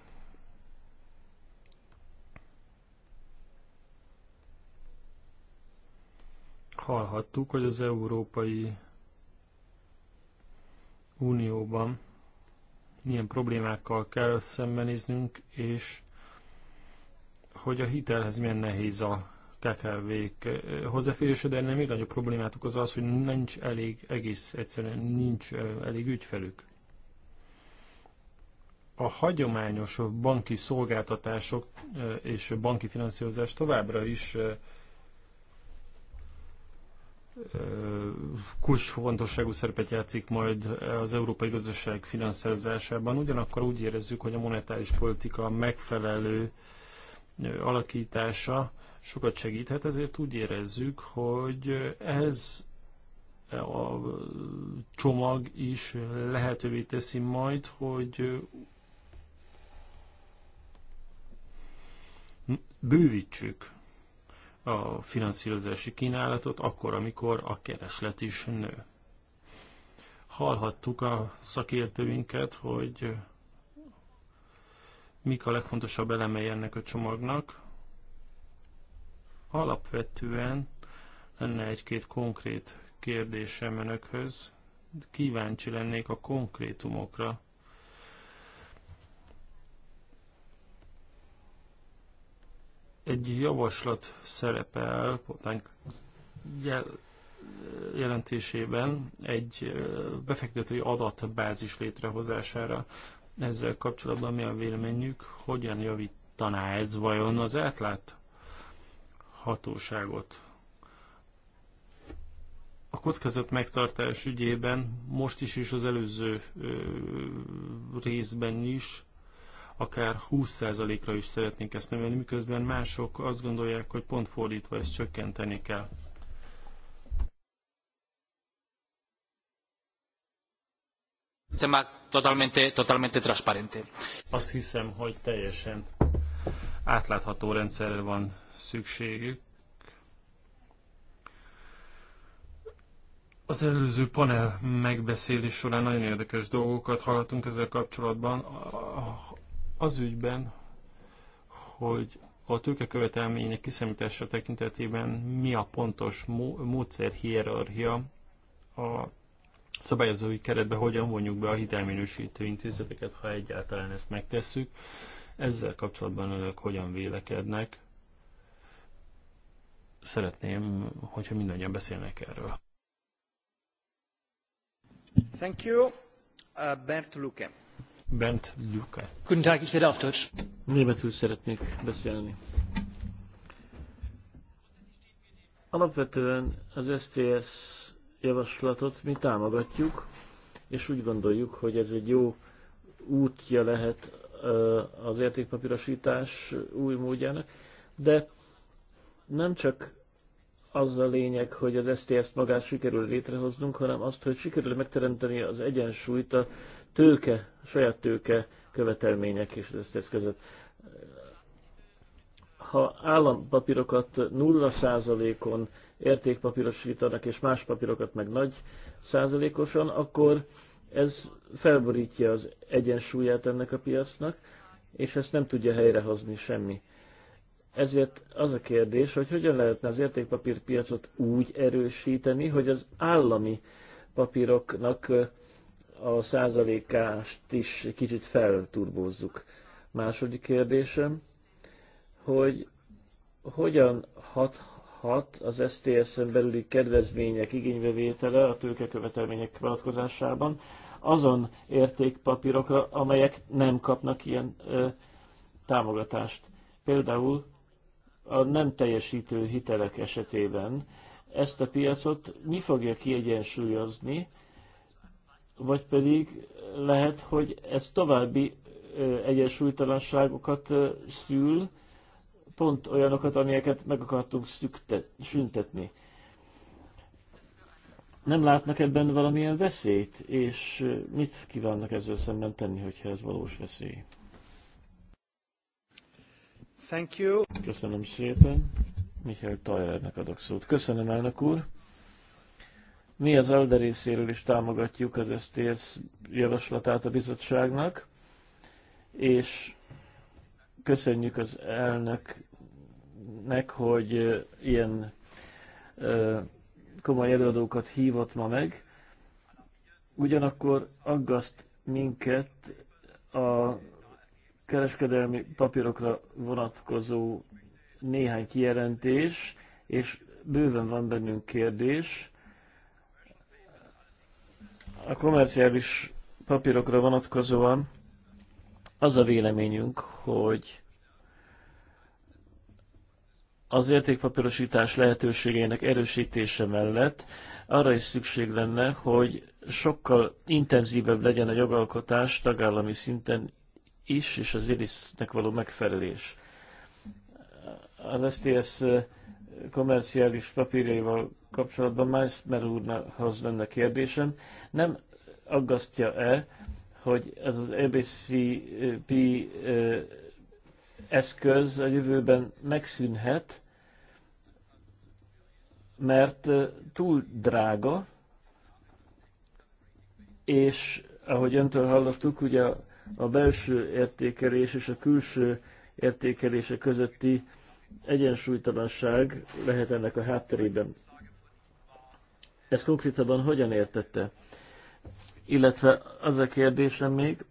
Hallhattuk, hogy az Európai Unióban milyen problémákkal kell szembenéznünk, és hogy a hitelhez milyen nehéz a KKV-k eh, hozzáférése, de nem még nagyobb problémátuk az az, hogy nincs elég, egész egyszerűen nincs eh, elég ügyfelük. A hagyományos banki szolgáltatások eh, és banki finanszírozás továbbra is fontosságú szerepet játszik majd az európai gazdaság finanszírozásában. Ugyanakkor úgy érezzük, hogy a monetáris politika megfelelő alakítása sokat segíthet, ezért úgy érezzük, hogy ez a csomag is lehetővé teszi majd, hogy bővítsük a finanszírozási kínálatot akkor, amikor a kereslet is nő. Hallhattuk a szakértőinket, hogy mik a legfontosabb elemei ennek a csomagnak. Alapvetően lenne egy-két konkrét kérdésem önökhöz. Kíváncsi lennék a konkrétumokra. Egy javaslat szerepel, potánk jelentésében egy befektetői adatbázis létrehozására ezzel kapcsolatban mi a véleményük, hogyan javítaná ez vajon az átlát hatóságot? A kockázat megtartás ügyében most is és az előző ö, részben is akár 20%-ra is szeretnénk ezt növelni, miközben mások azt gondolják, hogy pont fordítva ezt csökkenteni kell. Tema totalmente, totalmente transparente. Azt hiszem, hogy teljesen átlátható rendszerre van szükségük. Az előző panel megbeszélés során nagyon érdekes dolgokat hallottunk ezzel kapcsolatban. Az ügyben, hogy a tőkekövetelmények kiszámítása tekintetében mi a pontos módszer hierarchia a szabályozói keretbe hogyan vonjuk be a hitelminősítő intézeteket, ha egyáltalán ezt megtesszük. Ezzel kapcsolatban önök hogyan vélekednek? Szeretném, hogyha mindannyian beszélnek erről. Thank you. Uh, Bert Luke. Bent Luke. Guten Tag, ich werde auf Deutsch. Németül szeretnék beszélni. Alapvetően az STS javaslatot mi támogatjuk, és úgy gondoljuk, hogy ez egy jó útja lehet az értékpapírosítás új módjának, de nem csak az a lényeg, hogy az STS-t magát sikerül létrehoznunk, hanem azt, hogy sikerül megteremteni az egyensúlyt a tőke, a saját tőke követelmények és az STS között. Ha állampapírokat 0%-on értékpapírosítanak és más papírokat meg nagy százalékosan, akkor ez felborítja az egyensúlyát ennek a piacnak, és ezt nem tudja helyrehozni semmi. Ezért az a kérdés, hogy hogyan lehetne az értékpapírpiacot úgy erősíteni, hogy az állami papíroknak a százalékást is kicsit felturbózzuk. Második kérdésem, hogy hogyan hat, hat az sts en belüli kedvezmények igénybevétele a tőkekövetelmények vonatkozásában azon értékpapírokra, amelyek nem kapnak ilyen ö, támogatást. Például a nem teljesítő hitelek esetében ezt a piacot mi fogja kiegyensúlyozni, vagy pedig lehet, hogy ez további egyensúlytalanságokat szül, pont olyanokat, amelyeket meg akartunk szüntetni. Nem látnak ebben valamilyen veszélyt, és mit kívánnak ezzel szemben tenni, hogyha ez valós veszély? Thank you. Köszönöm szépen. Michael Tajernek adok szót. Köszönöm, elnök úr. Mi az ELDE részéről is támogatjuk az STS javaslatát a bizottságnak, és köszönjük az elnök nek, hogy ilyen komoly előadókat hívott ma meg. Ugyanakkor aggaszt minket a kereskedelmi papírokra vonatkozó néhány kijelentés, és bőven van bennünk kérdés. A komerciális papírokra vonatkozóan az a véleményünk, hogy az értékpapírosítás lehetőségeinek erősítése mellett arra is szükség lenne, hogy sokkal intenzívebb legyen a jogalkotás tagállami szinten is, és az irisznek való megfelelés. Az STS eh, komerciális papírjaival kapcsolatban Meissner úrhoz lenne kérdésem. Nem aggasztja-e, hogy ez az EBCP eh, eszköz a jövőben megszűnhet, mert túl drága, és ahogy öntől hallottuk, ugye a belső értékelés és a külső értékelése közötti egyensúlytalanság lehet ennek a hátterében. Ez konkrétabban hogyan értette? Illetve az a kérdésem még,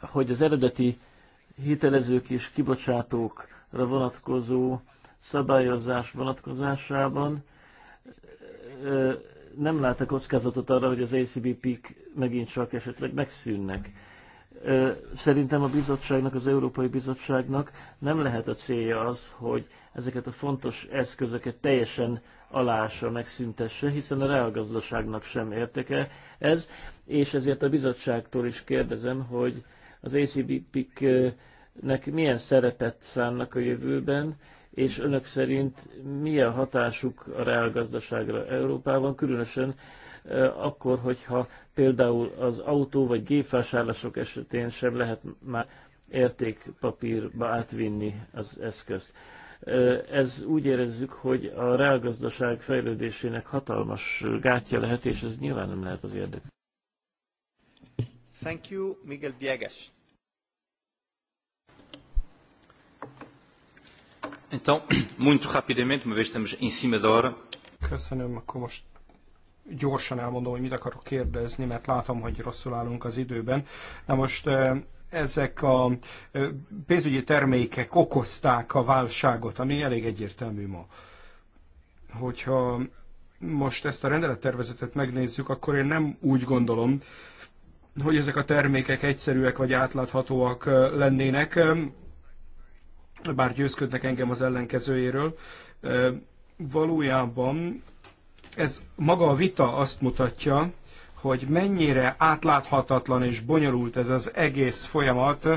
hogy az eredeti hitelezők és kibocsátókra vonatkozó szabályozás vonatkozásában nem lát a kockázatot arra, hogy az ACBP-k megint csak esetleg megszűnnek. Szerintem a bizottságnak, az Európai Bizottságnak nem lehet a célja az, hogy ezeket a fontos eszközöket teljesen alása megszüntesse, hiszen a reálgazdaságnak sem érteke ez, és ezért a bizottságtól is kérdezem, hogy az ACBP-nek milyen szerepet szánnak a jövőben, és önök szerint milyen hatásuk a reálgazdaságra Európában, különösen akkor, hogyha például az autó vagy gépvásárlások esetén sem lehet már értékpapírba átvinni az eszközt. Ez úgy érezzük, hogy a reálgazdaság fejlődésének hatalmas gátja lehet, és ez nyilván nem lehet az érdek. Thank you, Miguel Viegas. Então, muito rapidamente, uma vez estamos em cima da hora. Köszönöm, akkor most gyorsan elmondom, hogy mit akarok kérdezni, mert látom, hogy rosszul állunk az időben. Na most ezek a pénzügyi termékek okozták a válságot, ami elég egyértelmű ma. Hogyha most ezt a rendelettervezetet megnézzük, akkor én nem úgy gondolom, hogy ezek a termékek egyszerűek vagy átláthatóak lennének bár győzködnek engem az ellenkezőjéről. Valójában ez maga a vita azt mutatja, hogy mennyire átláthatatlan és bonyolult ez az egész folyamat.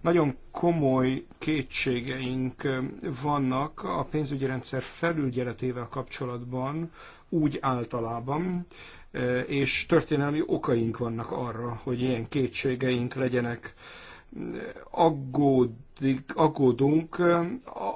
Nagyon komoly kétségeink vannak a pénzügyi rendszer felügyeletével kapcsolatban, úgy általában, és történelmi okaink vannak arra, hogy ilyen kétségeink legyenek. Aggód aggódunk, eh,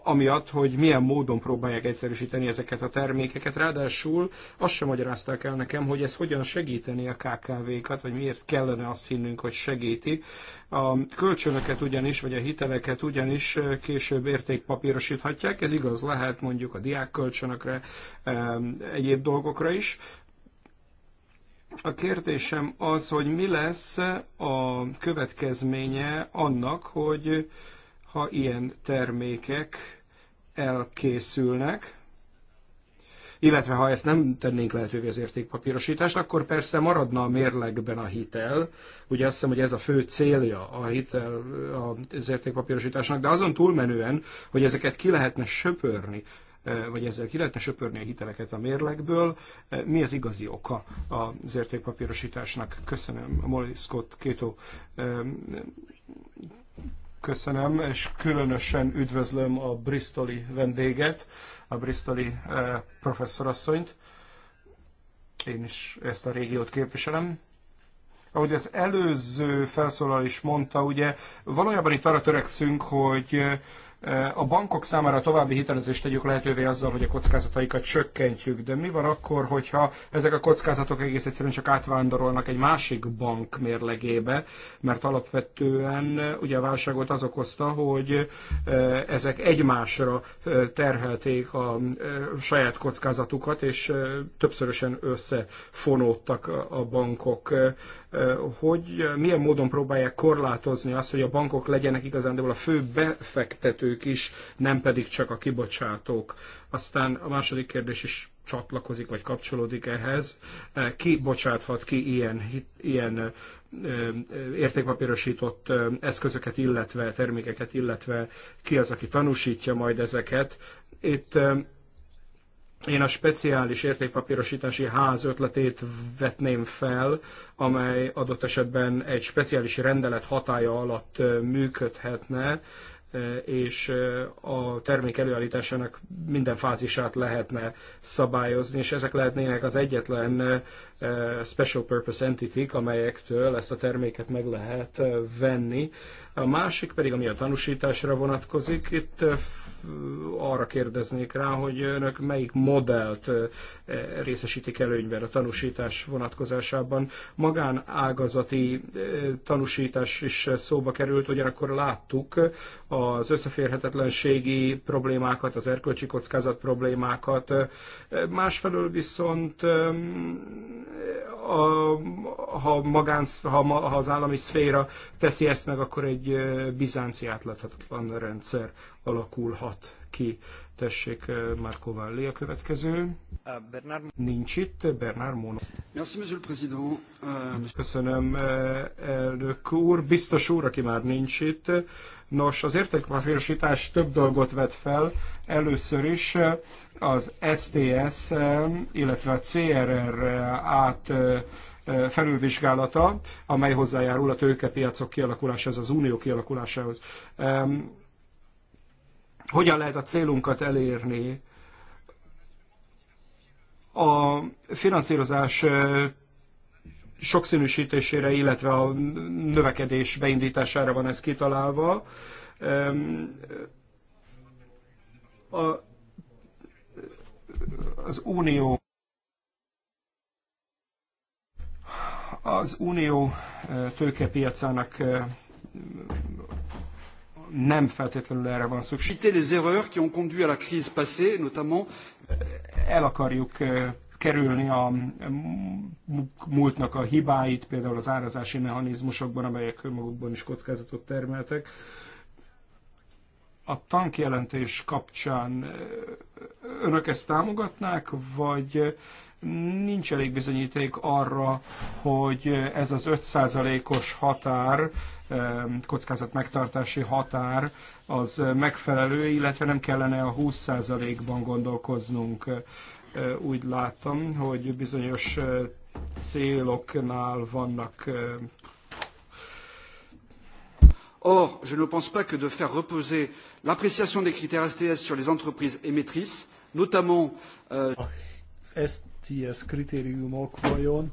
amiatt, hogy milyen módon próbálják egyszerűsíteni ezeket a termékeket. Ráadásul azt sem magyarázták el nekem, hogy ez hogyan segíteni a KKV-kat, vagy miért kellene azt hinnünk, hogy segíti. A kölcsönöket ugyanis, vagy a hiteleket ugyanis eh, később értékpapírosíthatják. Ez igaz lehet mondjuk a kölcsönökre, eh, egyéb dolgokra is. A kérdésem az, hogy mi lesz a következménye annak, hogy ha ilyen termékek elkészülnek, illetve ha ezt nem tennénk lehetővé az értékpapírosítást, akkor persze maradna a mérlegben a hitel. Ugye azt hiszem, hogy ez a fő célja a hitel az értékpapírosításnak, de azon túlmenően, hogy ezeket ki lehetne söpörni, e, vagy ezzel ki lehetne söpörni a hiteleket a mérlegből. E, mi az igazi oka az értékpapírosításnak? Köszönöm, Molly Scott Kétó. Köszönöm, és különösen üdvözlöm a bristoli vendéget, a bristoli eh, professzorasszonyt. Én is ezt a régiót képviselem. Ahogy az előző felszólal is mondta, ugye valójában itt arra törekszünk, hogy eh, a bankok számára további hitelezést tegyük lehetővé azzal, hogy a kockázataikat csökkentjük, de mi van akkor, hogyha ezek a kockázatok egész egyszerűen csak átvándorolnak egy másik bank mérlegébe, mert alapvetően ugye a válságot az okozta, hogy ezek egymásra terhelték a saját kockázatukat, és többszörösen összefonódtak a bankok hogy milyen módon próbálják korlátozni azt, hogy a bankok legyenek igazándiból a fő befektetők is, nem pedig csak a kibocsátók. Aztán a második kérdés is csatlakozik vagy kapcsolódik ehhez. Ki bocsáthat ki ilyen, ilyen értékpapírosított eszközöket, illetve termékeket, illetve ki az, aki tanúsítja majd ezeket. Itt én a speciális értékpapírosítási ház ötletét vetném fel, amely adott esetben egy speciális rendelet hatája alatt működhetne, és a termék előállításának minden fázisát lehetne szabályozni, és ezek lehetnének az egyetlen special purpose entity amelyektől ezt a terméket meg lehet venni. A másik pedig, ami a tanúsításra vonatkozik, itt arra kérdeznék rá, hogy önök melyik modellt részesítik előnyben a tanúsítás vonatkozásában. Magánágazati tanúsítás is szóba került, ugyanakkor láttuk az összeférhetetlenségi problémákat, az erkölcsi kockázat problémákat. Másfelől viszont a, ha, magán, ha, ha az állami szféra teszi ezt meg, akkor egy bizánci átláthatatlan rendszer alakulhat ki. Tessék, eh, Marco Valli a következő. Bernard... Nincs itt, Bernard Mono. Merci, monsieur le président. Euh, Köszönöm, eh, elnök úr. Biztos úr, aki már nincs itt. Nos, az értékpapírosítás több dolgot vet fel. Először is eh, az STS, illetve a CRR át felülvizsgálata, amely hozzájárul a tőkepiacok kialakulásához, az unió kialakulásához hogyan lehet a célunkat elérni. A finanszírozás sokszínűsítésére, illetve a növekedés beindítására van ez kitalálva. A, az unió az unió tőkepiacának nem feltétlenül erre van szükség. El akarjuk eh, kerülni a múltnak a hibáit, például az árazási mechanizmusokban, amelyek önmagukban is kockázatot termeltek. A tankjelentés kapcsán eh, önök ezt támogatnák, vagy nincs elég bizonyíték arra, hogy ez az 5%-os határ, eh, kockázat megtartási határ az megfelelő, illetve nem kellene a 20%-ban gondolkoznunk. Eh, úgy láttam, hogy bizonyos eh, céloknál vannak Or, je ne pense pas que de faire reposer l'appréciation des critères STS sur les entreprises émettrices, notamment... Euh... Ezt STS kritériumok vajon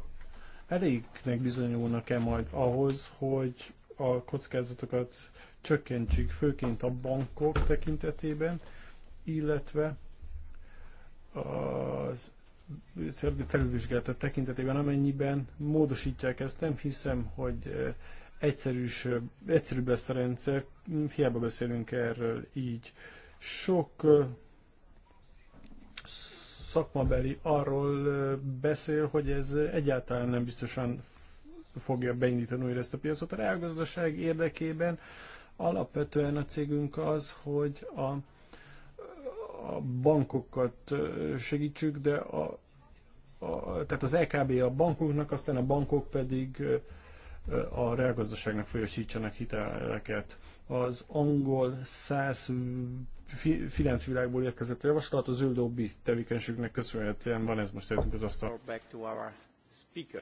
elégnek bizonyulnak-e majd ahhoz, hogy a kockázatokat csökkentsük, főként a bankok tekintetében, illetve az szerbi felülvizsgálata tekintetében, amennyiben módosítják ezt, nem hiszem, hogy eh, egyszerűs, eh, egyszerűbb lesz a rendszer, hiába beszélünk erről így. Sok eh, szakmabeli arról beszél, hogy ez egyáltalán nem biztosan fogja beindítani újra ezt a piacot. A reálgazdaság érdekében alapvetően a cégünk az, hogy a, a bankokat segítsük, de a, a, tehát az LKB a bankoknak, aztán a bankok pedig a reálgazdaságnak folyosítsanak hiteleket. Az angol száz finansz világból érkezett javaslat az ő lobby tevékenységnek köszönhetően van ez most előttünk az asztal.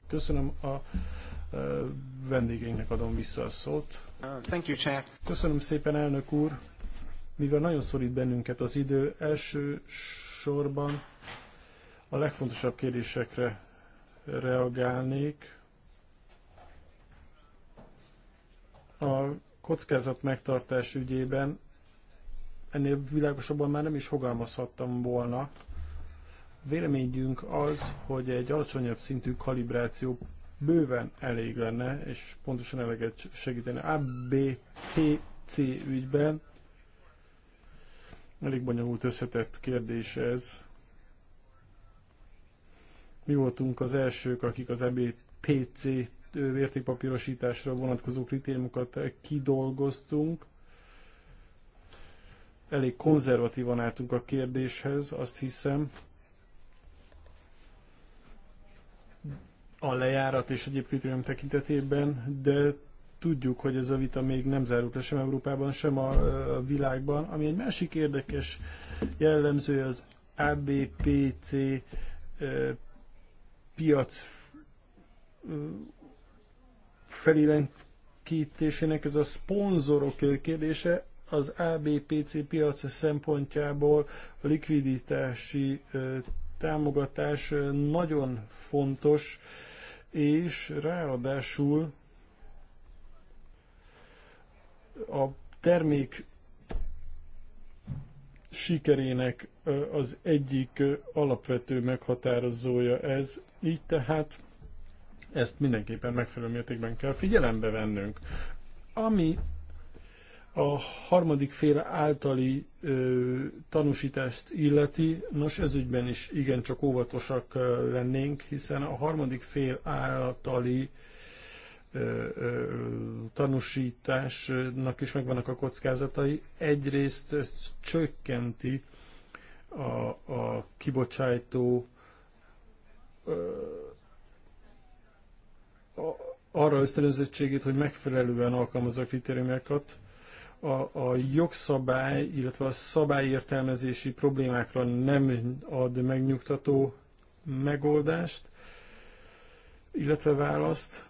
Köszönöm a vendégeinknek adom vissza a szót. Uh, Köszönöm szépen, elnök úr. Mivel nagyon szorít bennünket az idő, első sorban a legfontosabb kérdésekre reagálnék. a kockázat megtartás ügyében ennél világosabban már nem is fogalmazhattam volna. Véleményünk az, hogy egy alacsonyabb szintű kalibráció bőven elég lenne, és pontosan eleget segíteni. A, B, P, C ügyben elég bonyolult összetett kérdés ez. Mi voltunk az elsők, akik az EBPC értékpapírosításra vonatkozó kritériumokat kidolgoztunk. Elég konzervatívan álltunk a kérdéshez, azt hiszem. A lejárat és egyéb kritérium tekintetében, de tudjuk, hogy ez a vita még nem zárult le sem Európában, sem a, világban. Ami egy másik érdekes jellemző az ABPC piac felélenkítésének ez a szponzorok kérdése, az ABPC piac szempontjából a likviditási támogatás nagyon fontos, és ráadásul a termék sikerének az egyik alapvető meghatározója ez. Így tehát ezt mindenképpen megfelelő mértékben kell figyelembe vennünk. Ami a harmadik fél általi ö, tanúsítást illeti, nos ez ügyben is igencsak óvatosak ö, lennénk, hiszen a harmadik fél általi ö, ö, tanúsításnak is megvannak a kockázatai. Egyrészt ez csökkenti a, a kibocsátó ö, arra ösztönözettségét, hogy megfelelően alkalmazza a kritériumokat, a, a jogszabály, illetve a szabályértelmezési problémákra nem ad megnyugtató megoldást, illetve választ.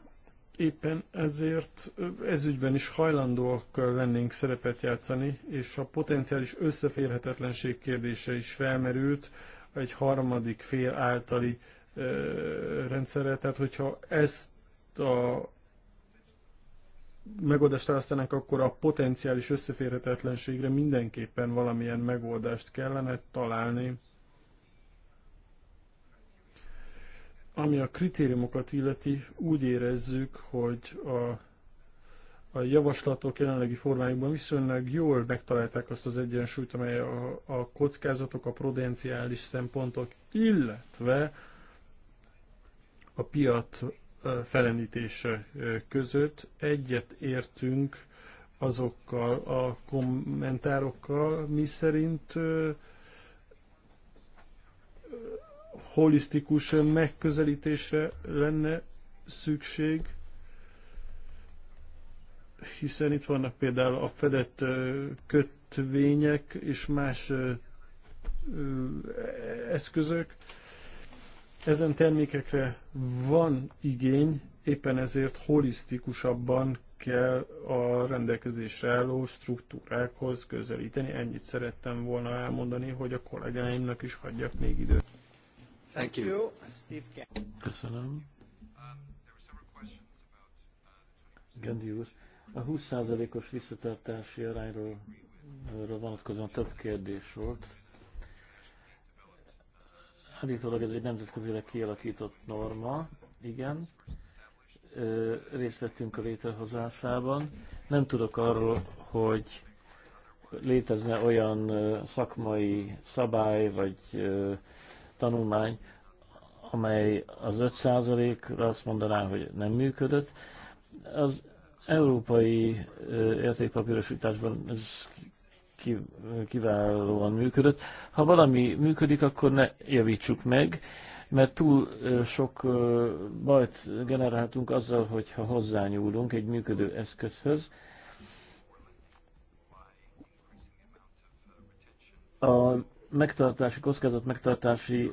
Éppen ezért ezügyben is hajlandóak lennénk szerepet játszani, és a potenciális összeférhetetlenség kérdése is felmerült egy harmadik fél általi rendszerre. Tehát, hogyha ezt a megoldást választanánk, akkor a potenciális összeférhetetlenségre mindenképpen valamilyen megoldást kellene találni. Ami a kritériumokat illeti, úgy érezzük, hogy a, a javaslatok jelenlegi formájukban viszonylag jól megtalálták azt az egyensúlyt, amely a, a kockázatok, a prudenciális szempontok, illetve a piac felemlítése között. Egyet értünk azokkal a kommentárokkal, mi szerint holisztikus megközelítésre lenne szükség, hiszen itt vannak például a fedett kötvények és más eszközök, ezen termékekre van igény, éppen ezért holisztikusabban kell a rendelkezésre álló struktúrákhoz közelíteni. Ennyit szerettem volna elmondani, hogy a kollégáimnak is hagyjak még időt. Thank you. Köszönöm. Gendi úr, a 20%-os visszatartási arányról vonatkozóan több kérdés volt. Állítólag ez egy nemzetközileg kialakított norma, igen. Ö, részt vettünk a létrehozásában. Nem tudok arról, hogy létezne olyan szakmai szabály vagy ö, tanulmány, amely az 5%-ra azt mondaná, hogy nem működött. Az európai értékpapírosításban ez kiválóan működött. Ha valami működik, akkor ne javítsuk meg, mert túl sok bajt generáltunk azzal, hogyha hozzányúlunk egy működő eszközhöz. A megtartási, kockázat megtartási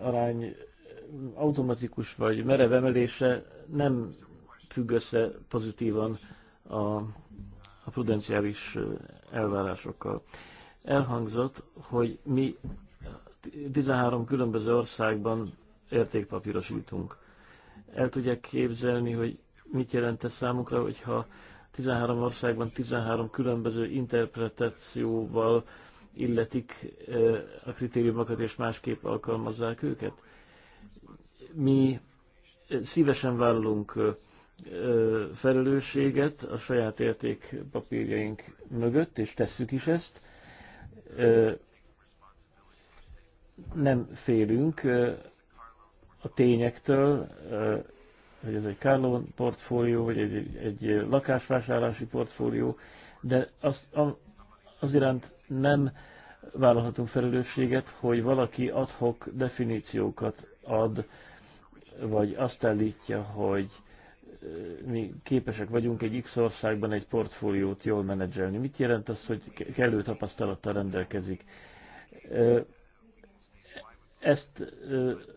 arány automatikus vagy merev emelése nem függ össze pozitívan a a prudenciális elvárásokkal. Elhangzott, hogy mi 13 különböző országban értékpapírosítunk. El tudják képzelni, hogy mit jelent ez számukra, hogyha 13 országban 13 különböző interpretációval illetik a kritériumokat, és másképp alkalmazzák őket? Mi szívesen vállalunk felelősséget a saját értékpapírjaink mögött, és tesszük is ezt. Nem félünk a tényektől, hogy ez egy Carlon portfólió, vagy egy, egy lakásvásárlási portfólió, de az, az iránt nem vállalhatunk felelősséget, hogy valaki adhok definíciókat ad, vagy azt állítja, hogy mi képesek vagyunk egy X országban egy portfóliót jól menedzselni. Mit jelent az, hogy kellő tapasztalattal rendelkezik? Ezt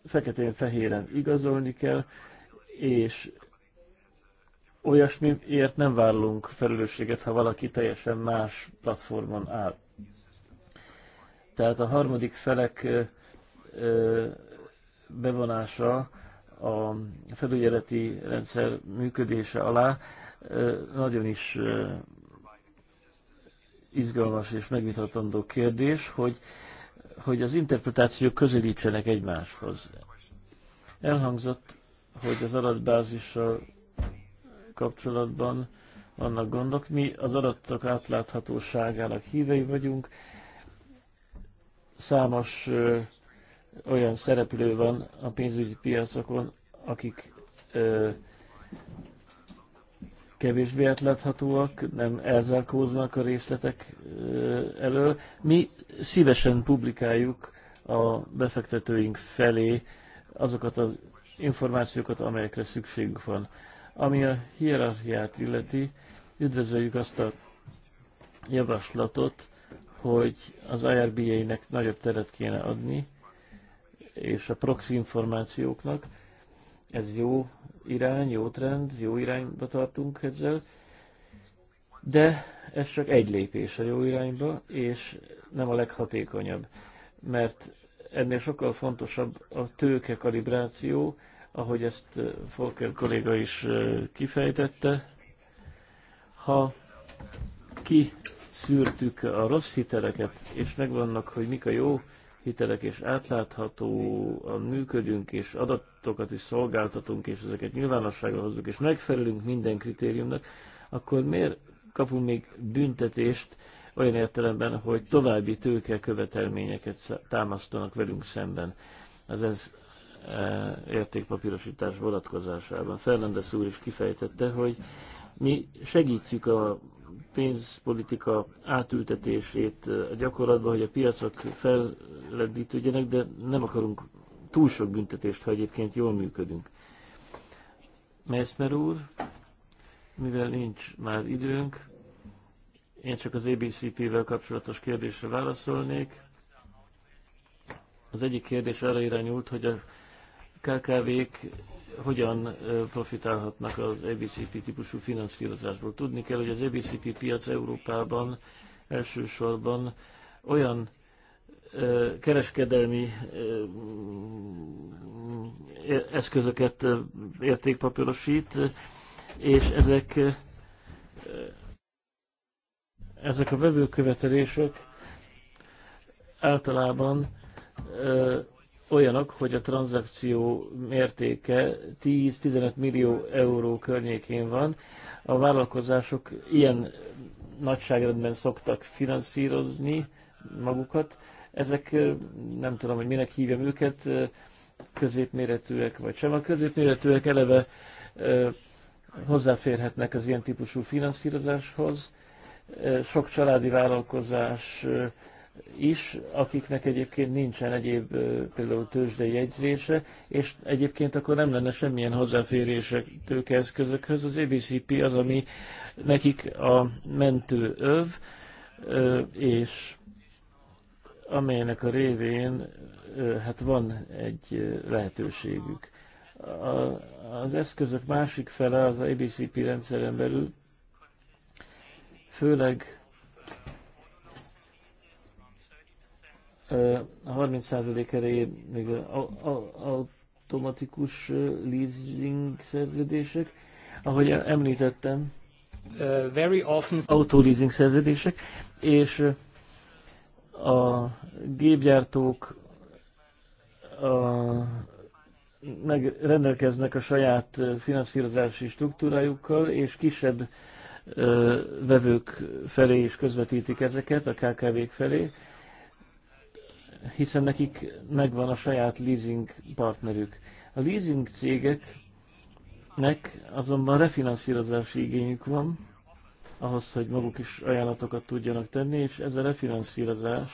feketén-fehéren igazolni kell, és olyasmiért nem vállalunk felelősséget, ha valaki teljesen más platformon áll. Tehát a harmadik felek bevonása a felügyeleti rendszer működése alá nagyon is izgalmas és megvitatandó kérdés, hogy, hogy az interpretációk közelítsenek egymáshoz. Elhangzott, hogy az adatbázissal kapcsolatban vannak gondok. Mi az adatok átláthatóságának hívei vagyunk. Számos olyan szereplő van a pénzügyi piacokon, akik ö, kevésbé átláthatóak, nem elzárkóznak a részletek ö, elől. Mi szívesen publikáljuk a befektetőink felé azokat az információkat, amelyekre szükségük van. Ami a hierarchiát illeti, üdvözöljük azt a javaslatot, hogy az IRBA-nek nagyobb teret kéne adni, és a proxy információknak. Ez jó irány, jó trend, jó irányba tartunk ezzel, de ez csak egy lépés a jó irányba, és nem a leghatékonyabb, mert ennél sokkal fontosabb a tőke kalibráció, ahogy ezt eh, Volker kolléga is eh, kifejtette. Ha kiszűrtük a rossz hiteleket, és megvannak, hogy mik a jó hitelek, és átláthatóan működünk, és adatokat is szolgáltatunk, és ezeket nyilvánosságra hozzuk, és megfelelünk minden kritériumnak, akkor miért kapunk még büntetést olyan értelemben, hogy további tőke követelményeket támasztanak velünk szemben? Az ez e, értékpapírosítás vonatkozásában. Fernandez úr is kifejtette, hogy mi segítjük a pénzpolitika átültetését a gyakorlatban, hogy a piacok fellendítődjenek, de nem akarunk túl sok büntetést, ha egyébként jól működünk. Meszmer úr, mivel nincs már időnk, én csak az ABCP-vel kapcsolatos kérdésre válaszolnék. Az egyik kérdés arra irányult, hogy a KKV-k hogyan profitálhatnak az EBCP típusú finanszírozásból. Tudni kell, hogy az EBCP piac Európában elsősorban olyan kereskedelmi eszközöket értékpapírosít, és ezek ezek a vevőkövetelések általában olyanok, hogy a tranzakció mértéke 10-15 millió euró környékén van. A vállalkozások ilyen nagyságrendben szoktak finanszírozni magukat. Ezek, nem tudom, hogy minek hívjam őket, középméretűek vagy sem. A középméretűek eleve hozzáférhetnek az ilyen típusú finanszírozáshoz. Sok családi vállalkozás is, akiknek egyébként nincsen egyéb például tőzsdei jegyzése, és egyébként akkor nem lenne semmilyen hozzáférése tőkeeszközökhöz. Az ABCP az, ami nekik a mentő öv, és amelynek a révén hát van egy lehetőségük. A, az eszközök másik fele az ABCP rendszeren belül, főleg a 30% elé még automatikus leasing szerződések, ahogy említettem, uh, very often autoleasing szerződések, és a gépgyártók a, meg rendelkeznek a saját finanszírozási struktúrájukkal, és kisebb ö, vevők felé is közvetítik ezeket, a KKV-k felé hiszen nekik megvan a saját leasing partnerük. A leasing cégeknek azonban refinanszírozási igényük van, ahhoz, hogy maguk is ajánlatokat tudjanak tenni, és ez a refinanszírozás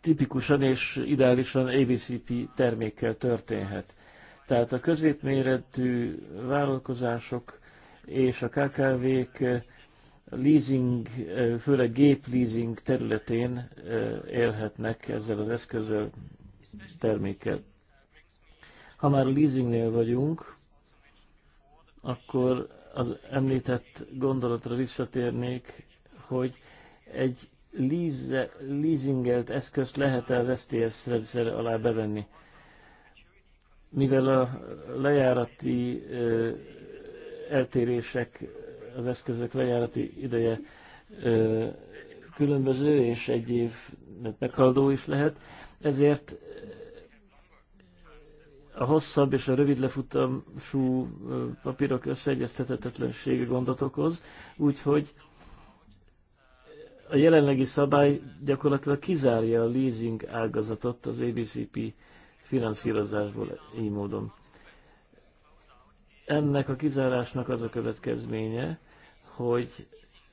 tipikusan és ideálisan ABCP termékkel történhet. Tehát a középméretű vállalkozások és a KKV-k leasing, főleg leasing területén élhetnek ezzel az eszközzel, termékkel. Ha már leasingnél vagyunk, akkor az említett gondolatra visszatérnék, hogy egy leasingelt eszközt lehet -e az STS rendszer alá bevenni. Mivel a lejárati eltérések az eszközök lejárati ideje különböző, és egy év meghaladó is lehet. Ezért a hosszabb és a rövid lefutamsú papírok összeegyeztethetetlensége gondot okoz, úgyhogy a jelenlegi szabály gyakorlatilag kizárja a leasing ágazatot az ABCP finanszírozásból így módon. Ennek a kizárásnak az a következménye, hogy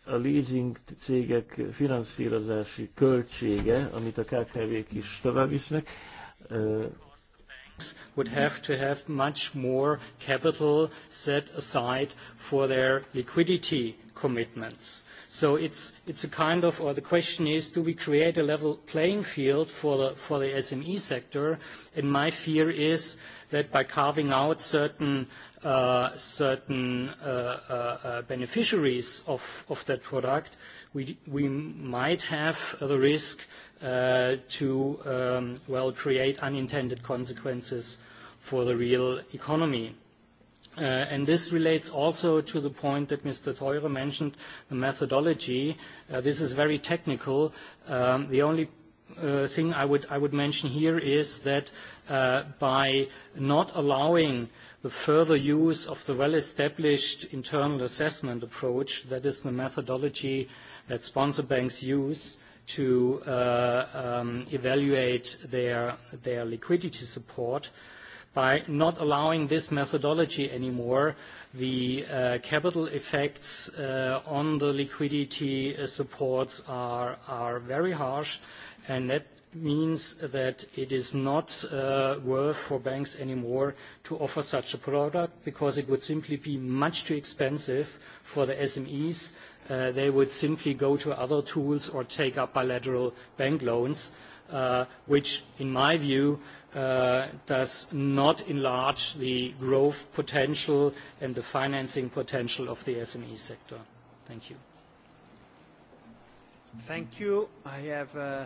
a leasing cégek finanszírozási költsége, amit a KKV-k is továbbvisznek, would have to have much more capital set aside for their liquidity commitments. So it's, it's a kind of, or the question is, do we create a level playing field for the, for the SME sector? And my fear is that by carving out certain Uh, certain uh, uh, beneficiaries of, that product, we, might have the risk to, um, well, create unintended consequences for the real economy. and this relates also to the point that Mr. Theurer mentioned, the methodology. this is very technical. Um, the only thing I would, mention here is that by not allowing the further use of the well-established internal assessment approach, that is the methodology that sponsor banks use to uh, um, evaluate their, their liquidity support. By not allowing this methodology anymore, the uh, capital effects uh, on the liquidity uh, supports are, are very harsh, and that means that it is not uh, worth for banks anymore to offer such a product because it would simply be much too expensive for the SMEs. Uh, they would simply go to other tools or take up bilateral bank loans, uh, which in my view uh, does not enlarge the growth potential and the financing potential of the SME sector. Thank you. Thank you. I have uh,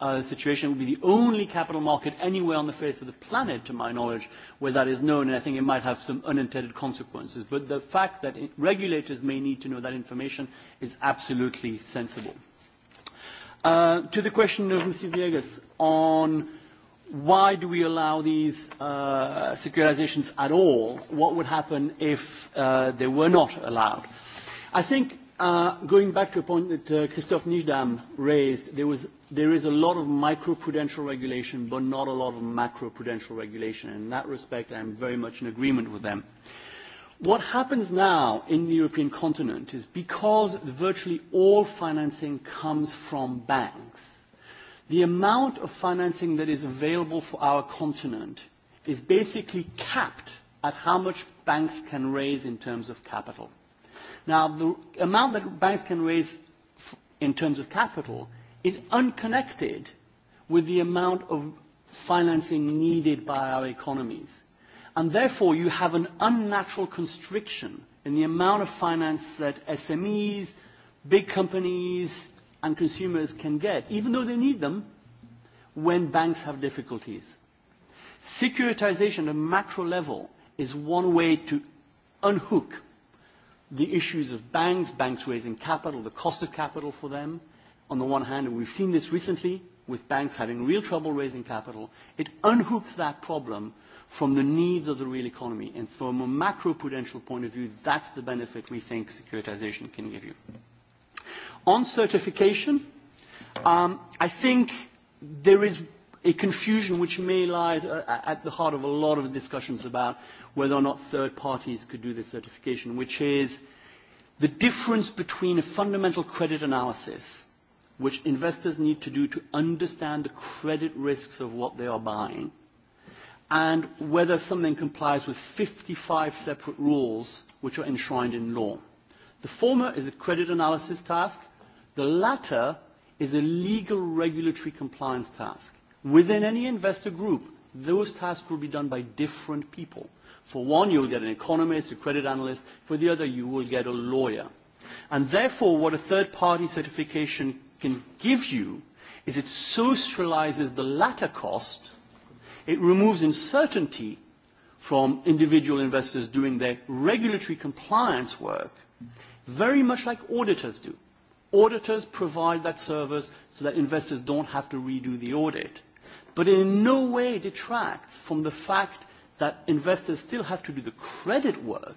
uh, situation. It would be the only capital market anywhere on the face of the planet, to my knowledge, where that is known, and I think it might have some unintended consequences. But the fact that it, regulators may need to know that information is absolutely sensible. Uh, to the question of Mr. Villegas on why do we allow these uh, securitizations at all? What would happen if uh, they were not allowed? I think uh, going back to a point that uh, Christophe Nijdam raised, there was there is a lot of microprudential regulation, but not a lot of macroprudential regulation. In that respect, I am very much in agreement with them. What happens now in the European continent is because virtually all financing comes from banks, the amount of financing that is available for our continent is basically capped at how much banks can raise in terms of capital. Now, the amount that banks can raise in terms of capital is unconnected with the amount of financing needed by our economies. And therefore, you have an unnatural constriction in the amount of finance that SMEs, big companies, and consumers can get, even though they need them, when banks have difficulties. Securitization at macro level is one way to unhook the issues of banks, banks raising capital, the cost of capital for them, on the one hand, and we've seen this recently with banks having real trouble raising capital, it unhooks that problem from the needs of the real economy. And from a macroprudential point of view, that's the benefit we think securitization can give you. On certification, um, I think there is a confusion which may lie uh, at the heart of a lot of discussions about whether or not third parties could do this certification, which is the difference between a fundamental credit analysis which investors need to do to understand the credit risks of what they are buying and whether something complies with 55 separate rules which are enshrined in law. The former is a credit analysis task. The latter is a legal regulatory compliance task. Within any investor group, those tasks will be done by different people. For one, you'll get an economist, a credit analyst. For the other, you will get a lawyer. And therefore, what a third-party certification can give you is it socializes the latter cost. It removes uncertainty from individual investors doing their regulatory compliance work, very much like auditors do. Auditors provide that service so that investors don't have to redo the audit. But in no way detracts from the fact that investors still have to do the credit work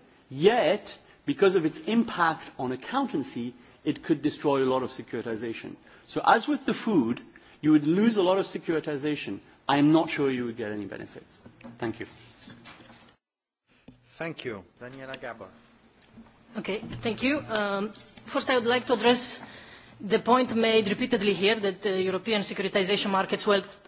Yet, because of its impact on accountancy, it could destroy a lot of securitization. So as with the food, you would lose a lot of securitization. I am not sure you would get any benefits. Thank you. Thank you. Daniela Gabor. Okay, thank you. Um, first, I would like to address the point made repeatedly here that the European securitization markets will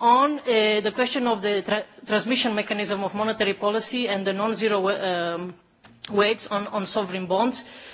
on uh, the question of the tra transmission mechanism of monetary policy and the non-zero um, weights on, on sovereign bonds. Uh,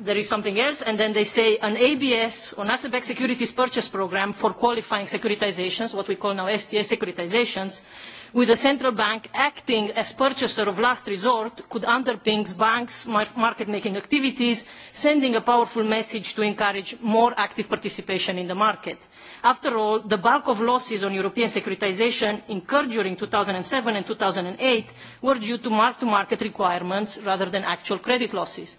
there is something else, and then they say an ABS, an asset-backed securities purchase program for qualifying securitizations, what we call now STS securitizations, with the central bank acting as purchaser of last resort could underpin banks' market-making activities, sending a powerful message to encourage more active participation in the market. After all, the bulk of losses on European securitization incurred during 2007 and 2008 were due to mark-to-market requirements rather than actual credit losses.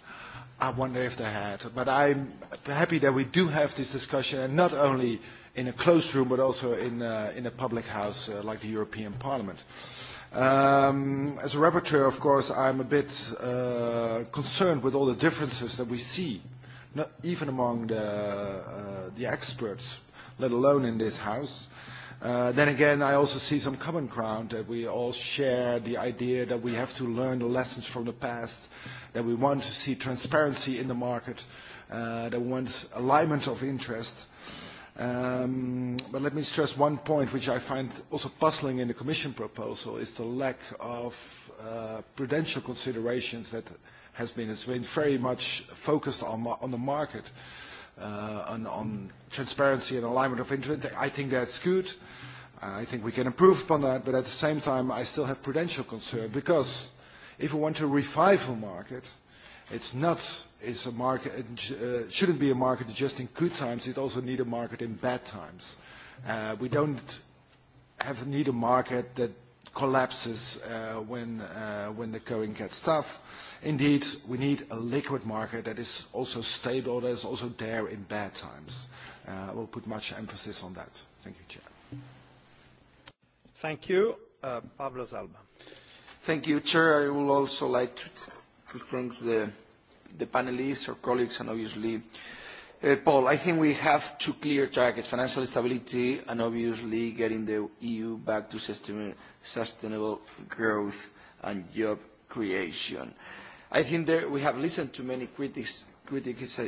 I wonder if they had. But I'm happy that we do have this discussion, and not only in a closed room, but also in, a, uh, in a public house uh, like the European Parliament. Um, as a rapporteur, of course, I'm a bit uh, concerned with all the differences that we see, not even among the, uh, the experts, let alone in this house. Uh, then again, I also see some common ground that we all share the idea that we have to learn the lessons from the past, that we want to see transparency in the market, uh, that we want alignment of interest. Um, but let me stress one point which I find also puzzling in the Commission proposal is the lack of uh, prudential considerations that has been, has been very much focused on, on the market. Uh, Uh, on, on transparency and alignment of interest. I think that's good. I think we can improve upon that, but at the same time, I still have prudential concern because if we want to revive a market, it's not it's a market it uh, shouldn't be a market just in good times. It also need a market in bad times. Uh, we don't have need a market that collapses uh, when uh, when the going gets tough Indeed, we need a liquid market that is also stable, that is also there in bad times. Uh, we'll put much emphasis on that. Thank you, Chair. Thank you. Uh, Pablo Zalba. Thank you, Chair. I would also like to, to thank the, the panelists, our colleagues, and obviously Uh, Paul, I think we have two clear targets, financial stability and obviously getting the EU back to sustainable growth and job creation. Uh, I think that we have listened to many critics, critics uh,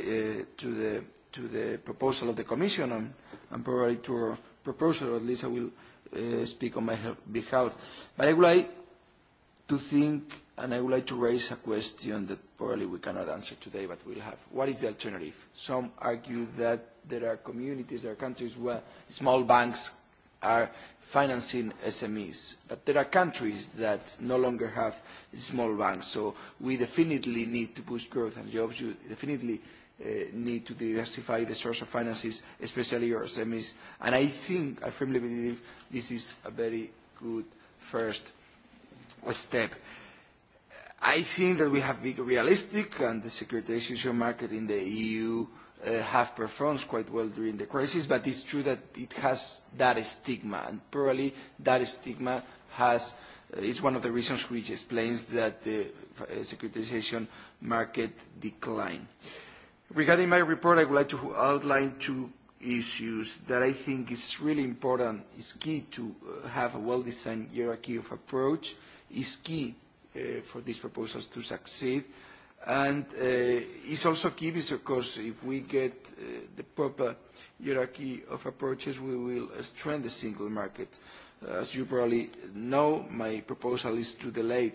to, the, to the proposal of the Commission and, and probably to our proposal, at least I will uh, speak on my behalf. But I would like to think and I would like to raise a question that probably we cannot answer today, but we'll have. What is the alternative? Some argue that there are communities, there are countries where small banks are financing SMEs. But there are countries that no longer have small banks, so we definitely need to boost growth and jobs. You definitely uh, need to diversify the source of finances, especially your SMEs. And I think, I firmly believe, this is a very good first step. I think that we have to be realistic, and the securitization market in the EU uh, Uh, have performed quite well during the crisis, but it's true that it has that stigma, and probably that stigma has, uh, is one of the reasons which explains that the uh, securitization market decline. Regarding my report, I would like to outline two issues that I think is really important, is key to uh, have a well-designed hierarchy of approach, is key uh, for these proposals to succeed, And uh, it's also key because of course, if we get uh, the proper hierarchy of approaches, we will uh, strengthen the single market. Uh, as you probably know, my proposal is to delay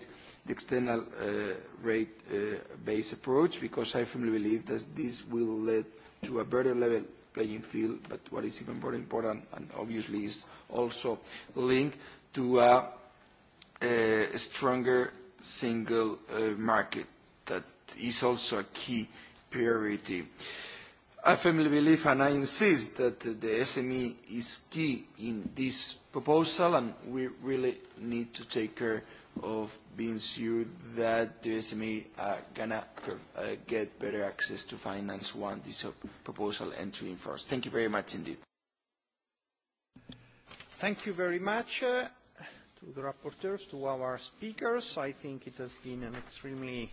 the external uh, rate-based uh, approach because I firmly believe that this will lead to a better level playing field, but what is even more important and obviously is also linked to a, a uh, stronger single uh, market that is also a key priority. I firmly believe, and I insist, that the SME is key in this proposal, and we really need to take care of being sure that the SME are going to uh, get better access to finance once this proposal enters in force. Thank you very much indeed. Thank you very much uh, to the rapporteurs, to our speakers. I think it has been an extremely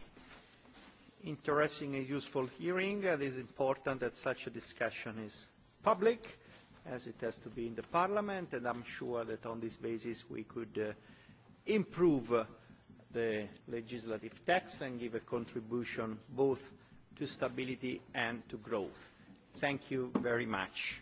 interesting and useful hearing. It is important that such a discussion is public, as it has to be in the Parliament, and I'm sure that on this basis we could uh, improve uh, the legislative text and give a contribution both to stability and to growth. Thank you very much.